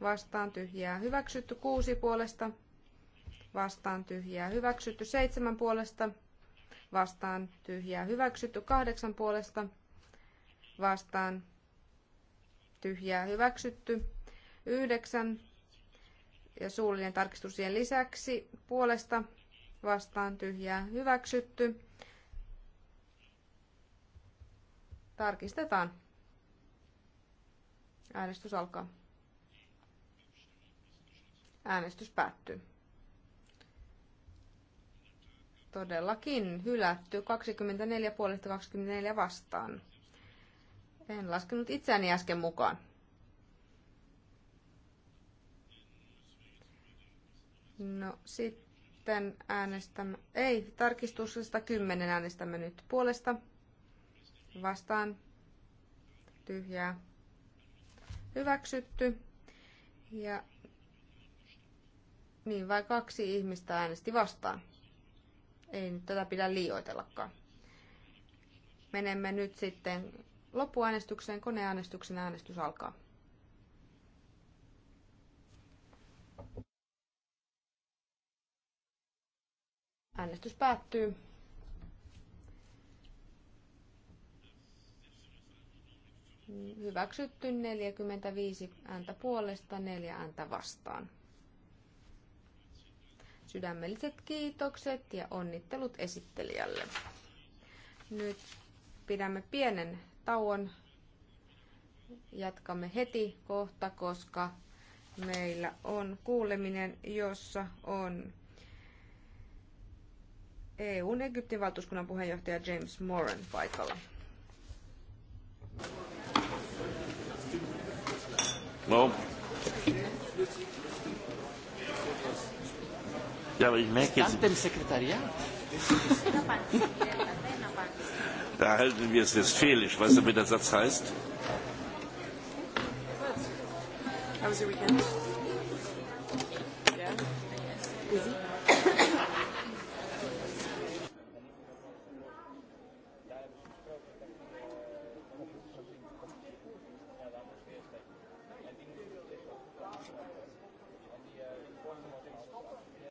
vastaan tyhjää hyväksytty kuusi puolesta, vastaan tyhjää hyväksytty seitsemän puolesta, vastaan tyhjää hyväksytty kahdeksan puolesta, vastaan tyhjää hyväksytty yhdeksän ja suullinen tarkistus siihen lisäksi puolesta, vastaan tyhjää hyväksytty. Tarkistetaan. Äänestys alkaa. Äänestys päättyy. Todellakin hylätty 24 puolesta 24 vastaan. En laskenut itseäni äsken mukaan. No sitten äänestämme, ei, tarkistuksesta 10 äänestämme nyt puolesta. Vastaan. Tyhjää. Hyväksytty. Ja niin, vai kaksi ihmistä äänesti vastaan. Ei nyt tätä pidä liioitellakaan. Menemme nyt sitten loppuäänestykseen. Koneäänestyksen äänestys alkaa. Äänestys päättyy. Hyväksytty 45 ääntä puolesta, 4 ääntä vastaan. Sydämelliset kiitokset ja onnittelut esittelijälle. Nyt pidämme pienen tauon. Jatkamme heti kohta, koska meillä on kuuleminen, jossa on EUn Egyptin valtuuskunnan puheenjohtaja James Moran paikalla. No. Ja, aber ich merke jetzt... Dank dem Sekretariat. da halten wir es westfälisch. Weißt du, wie der Satz heißt? How was your weekend? Yeah. Busy?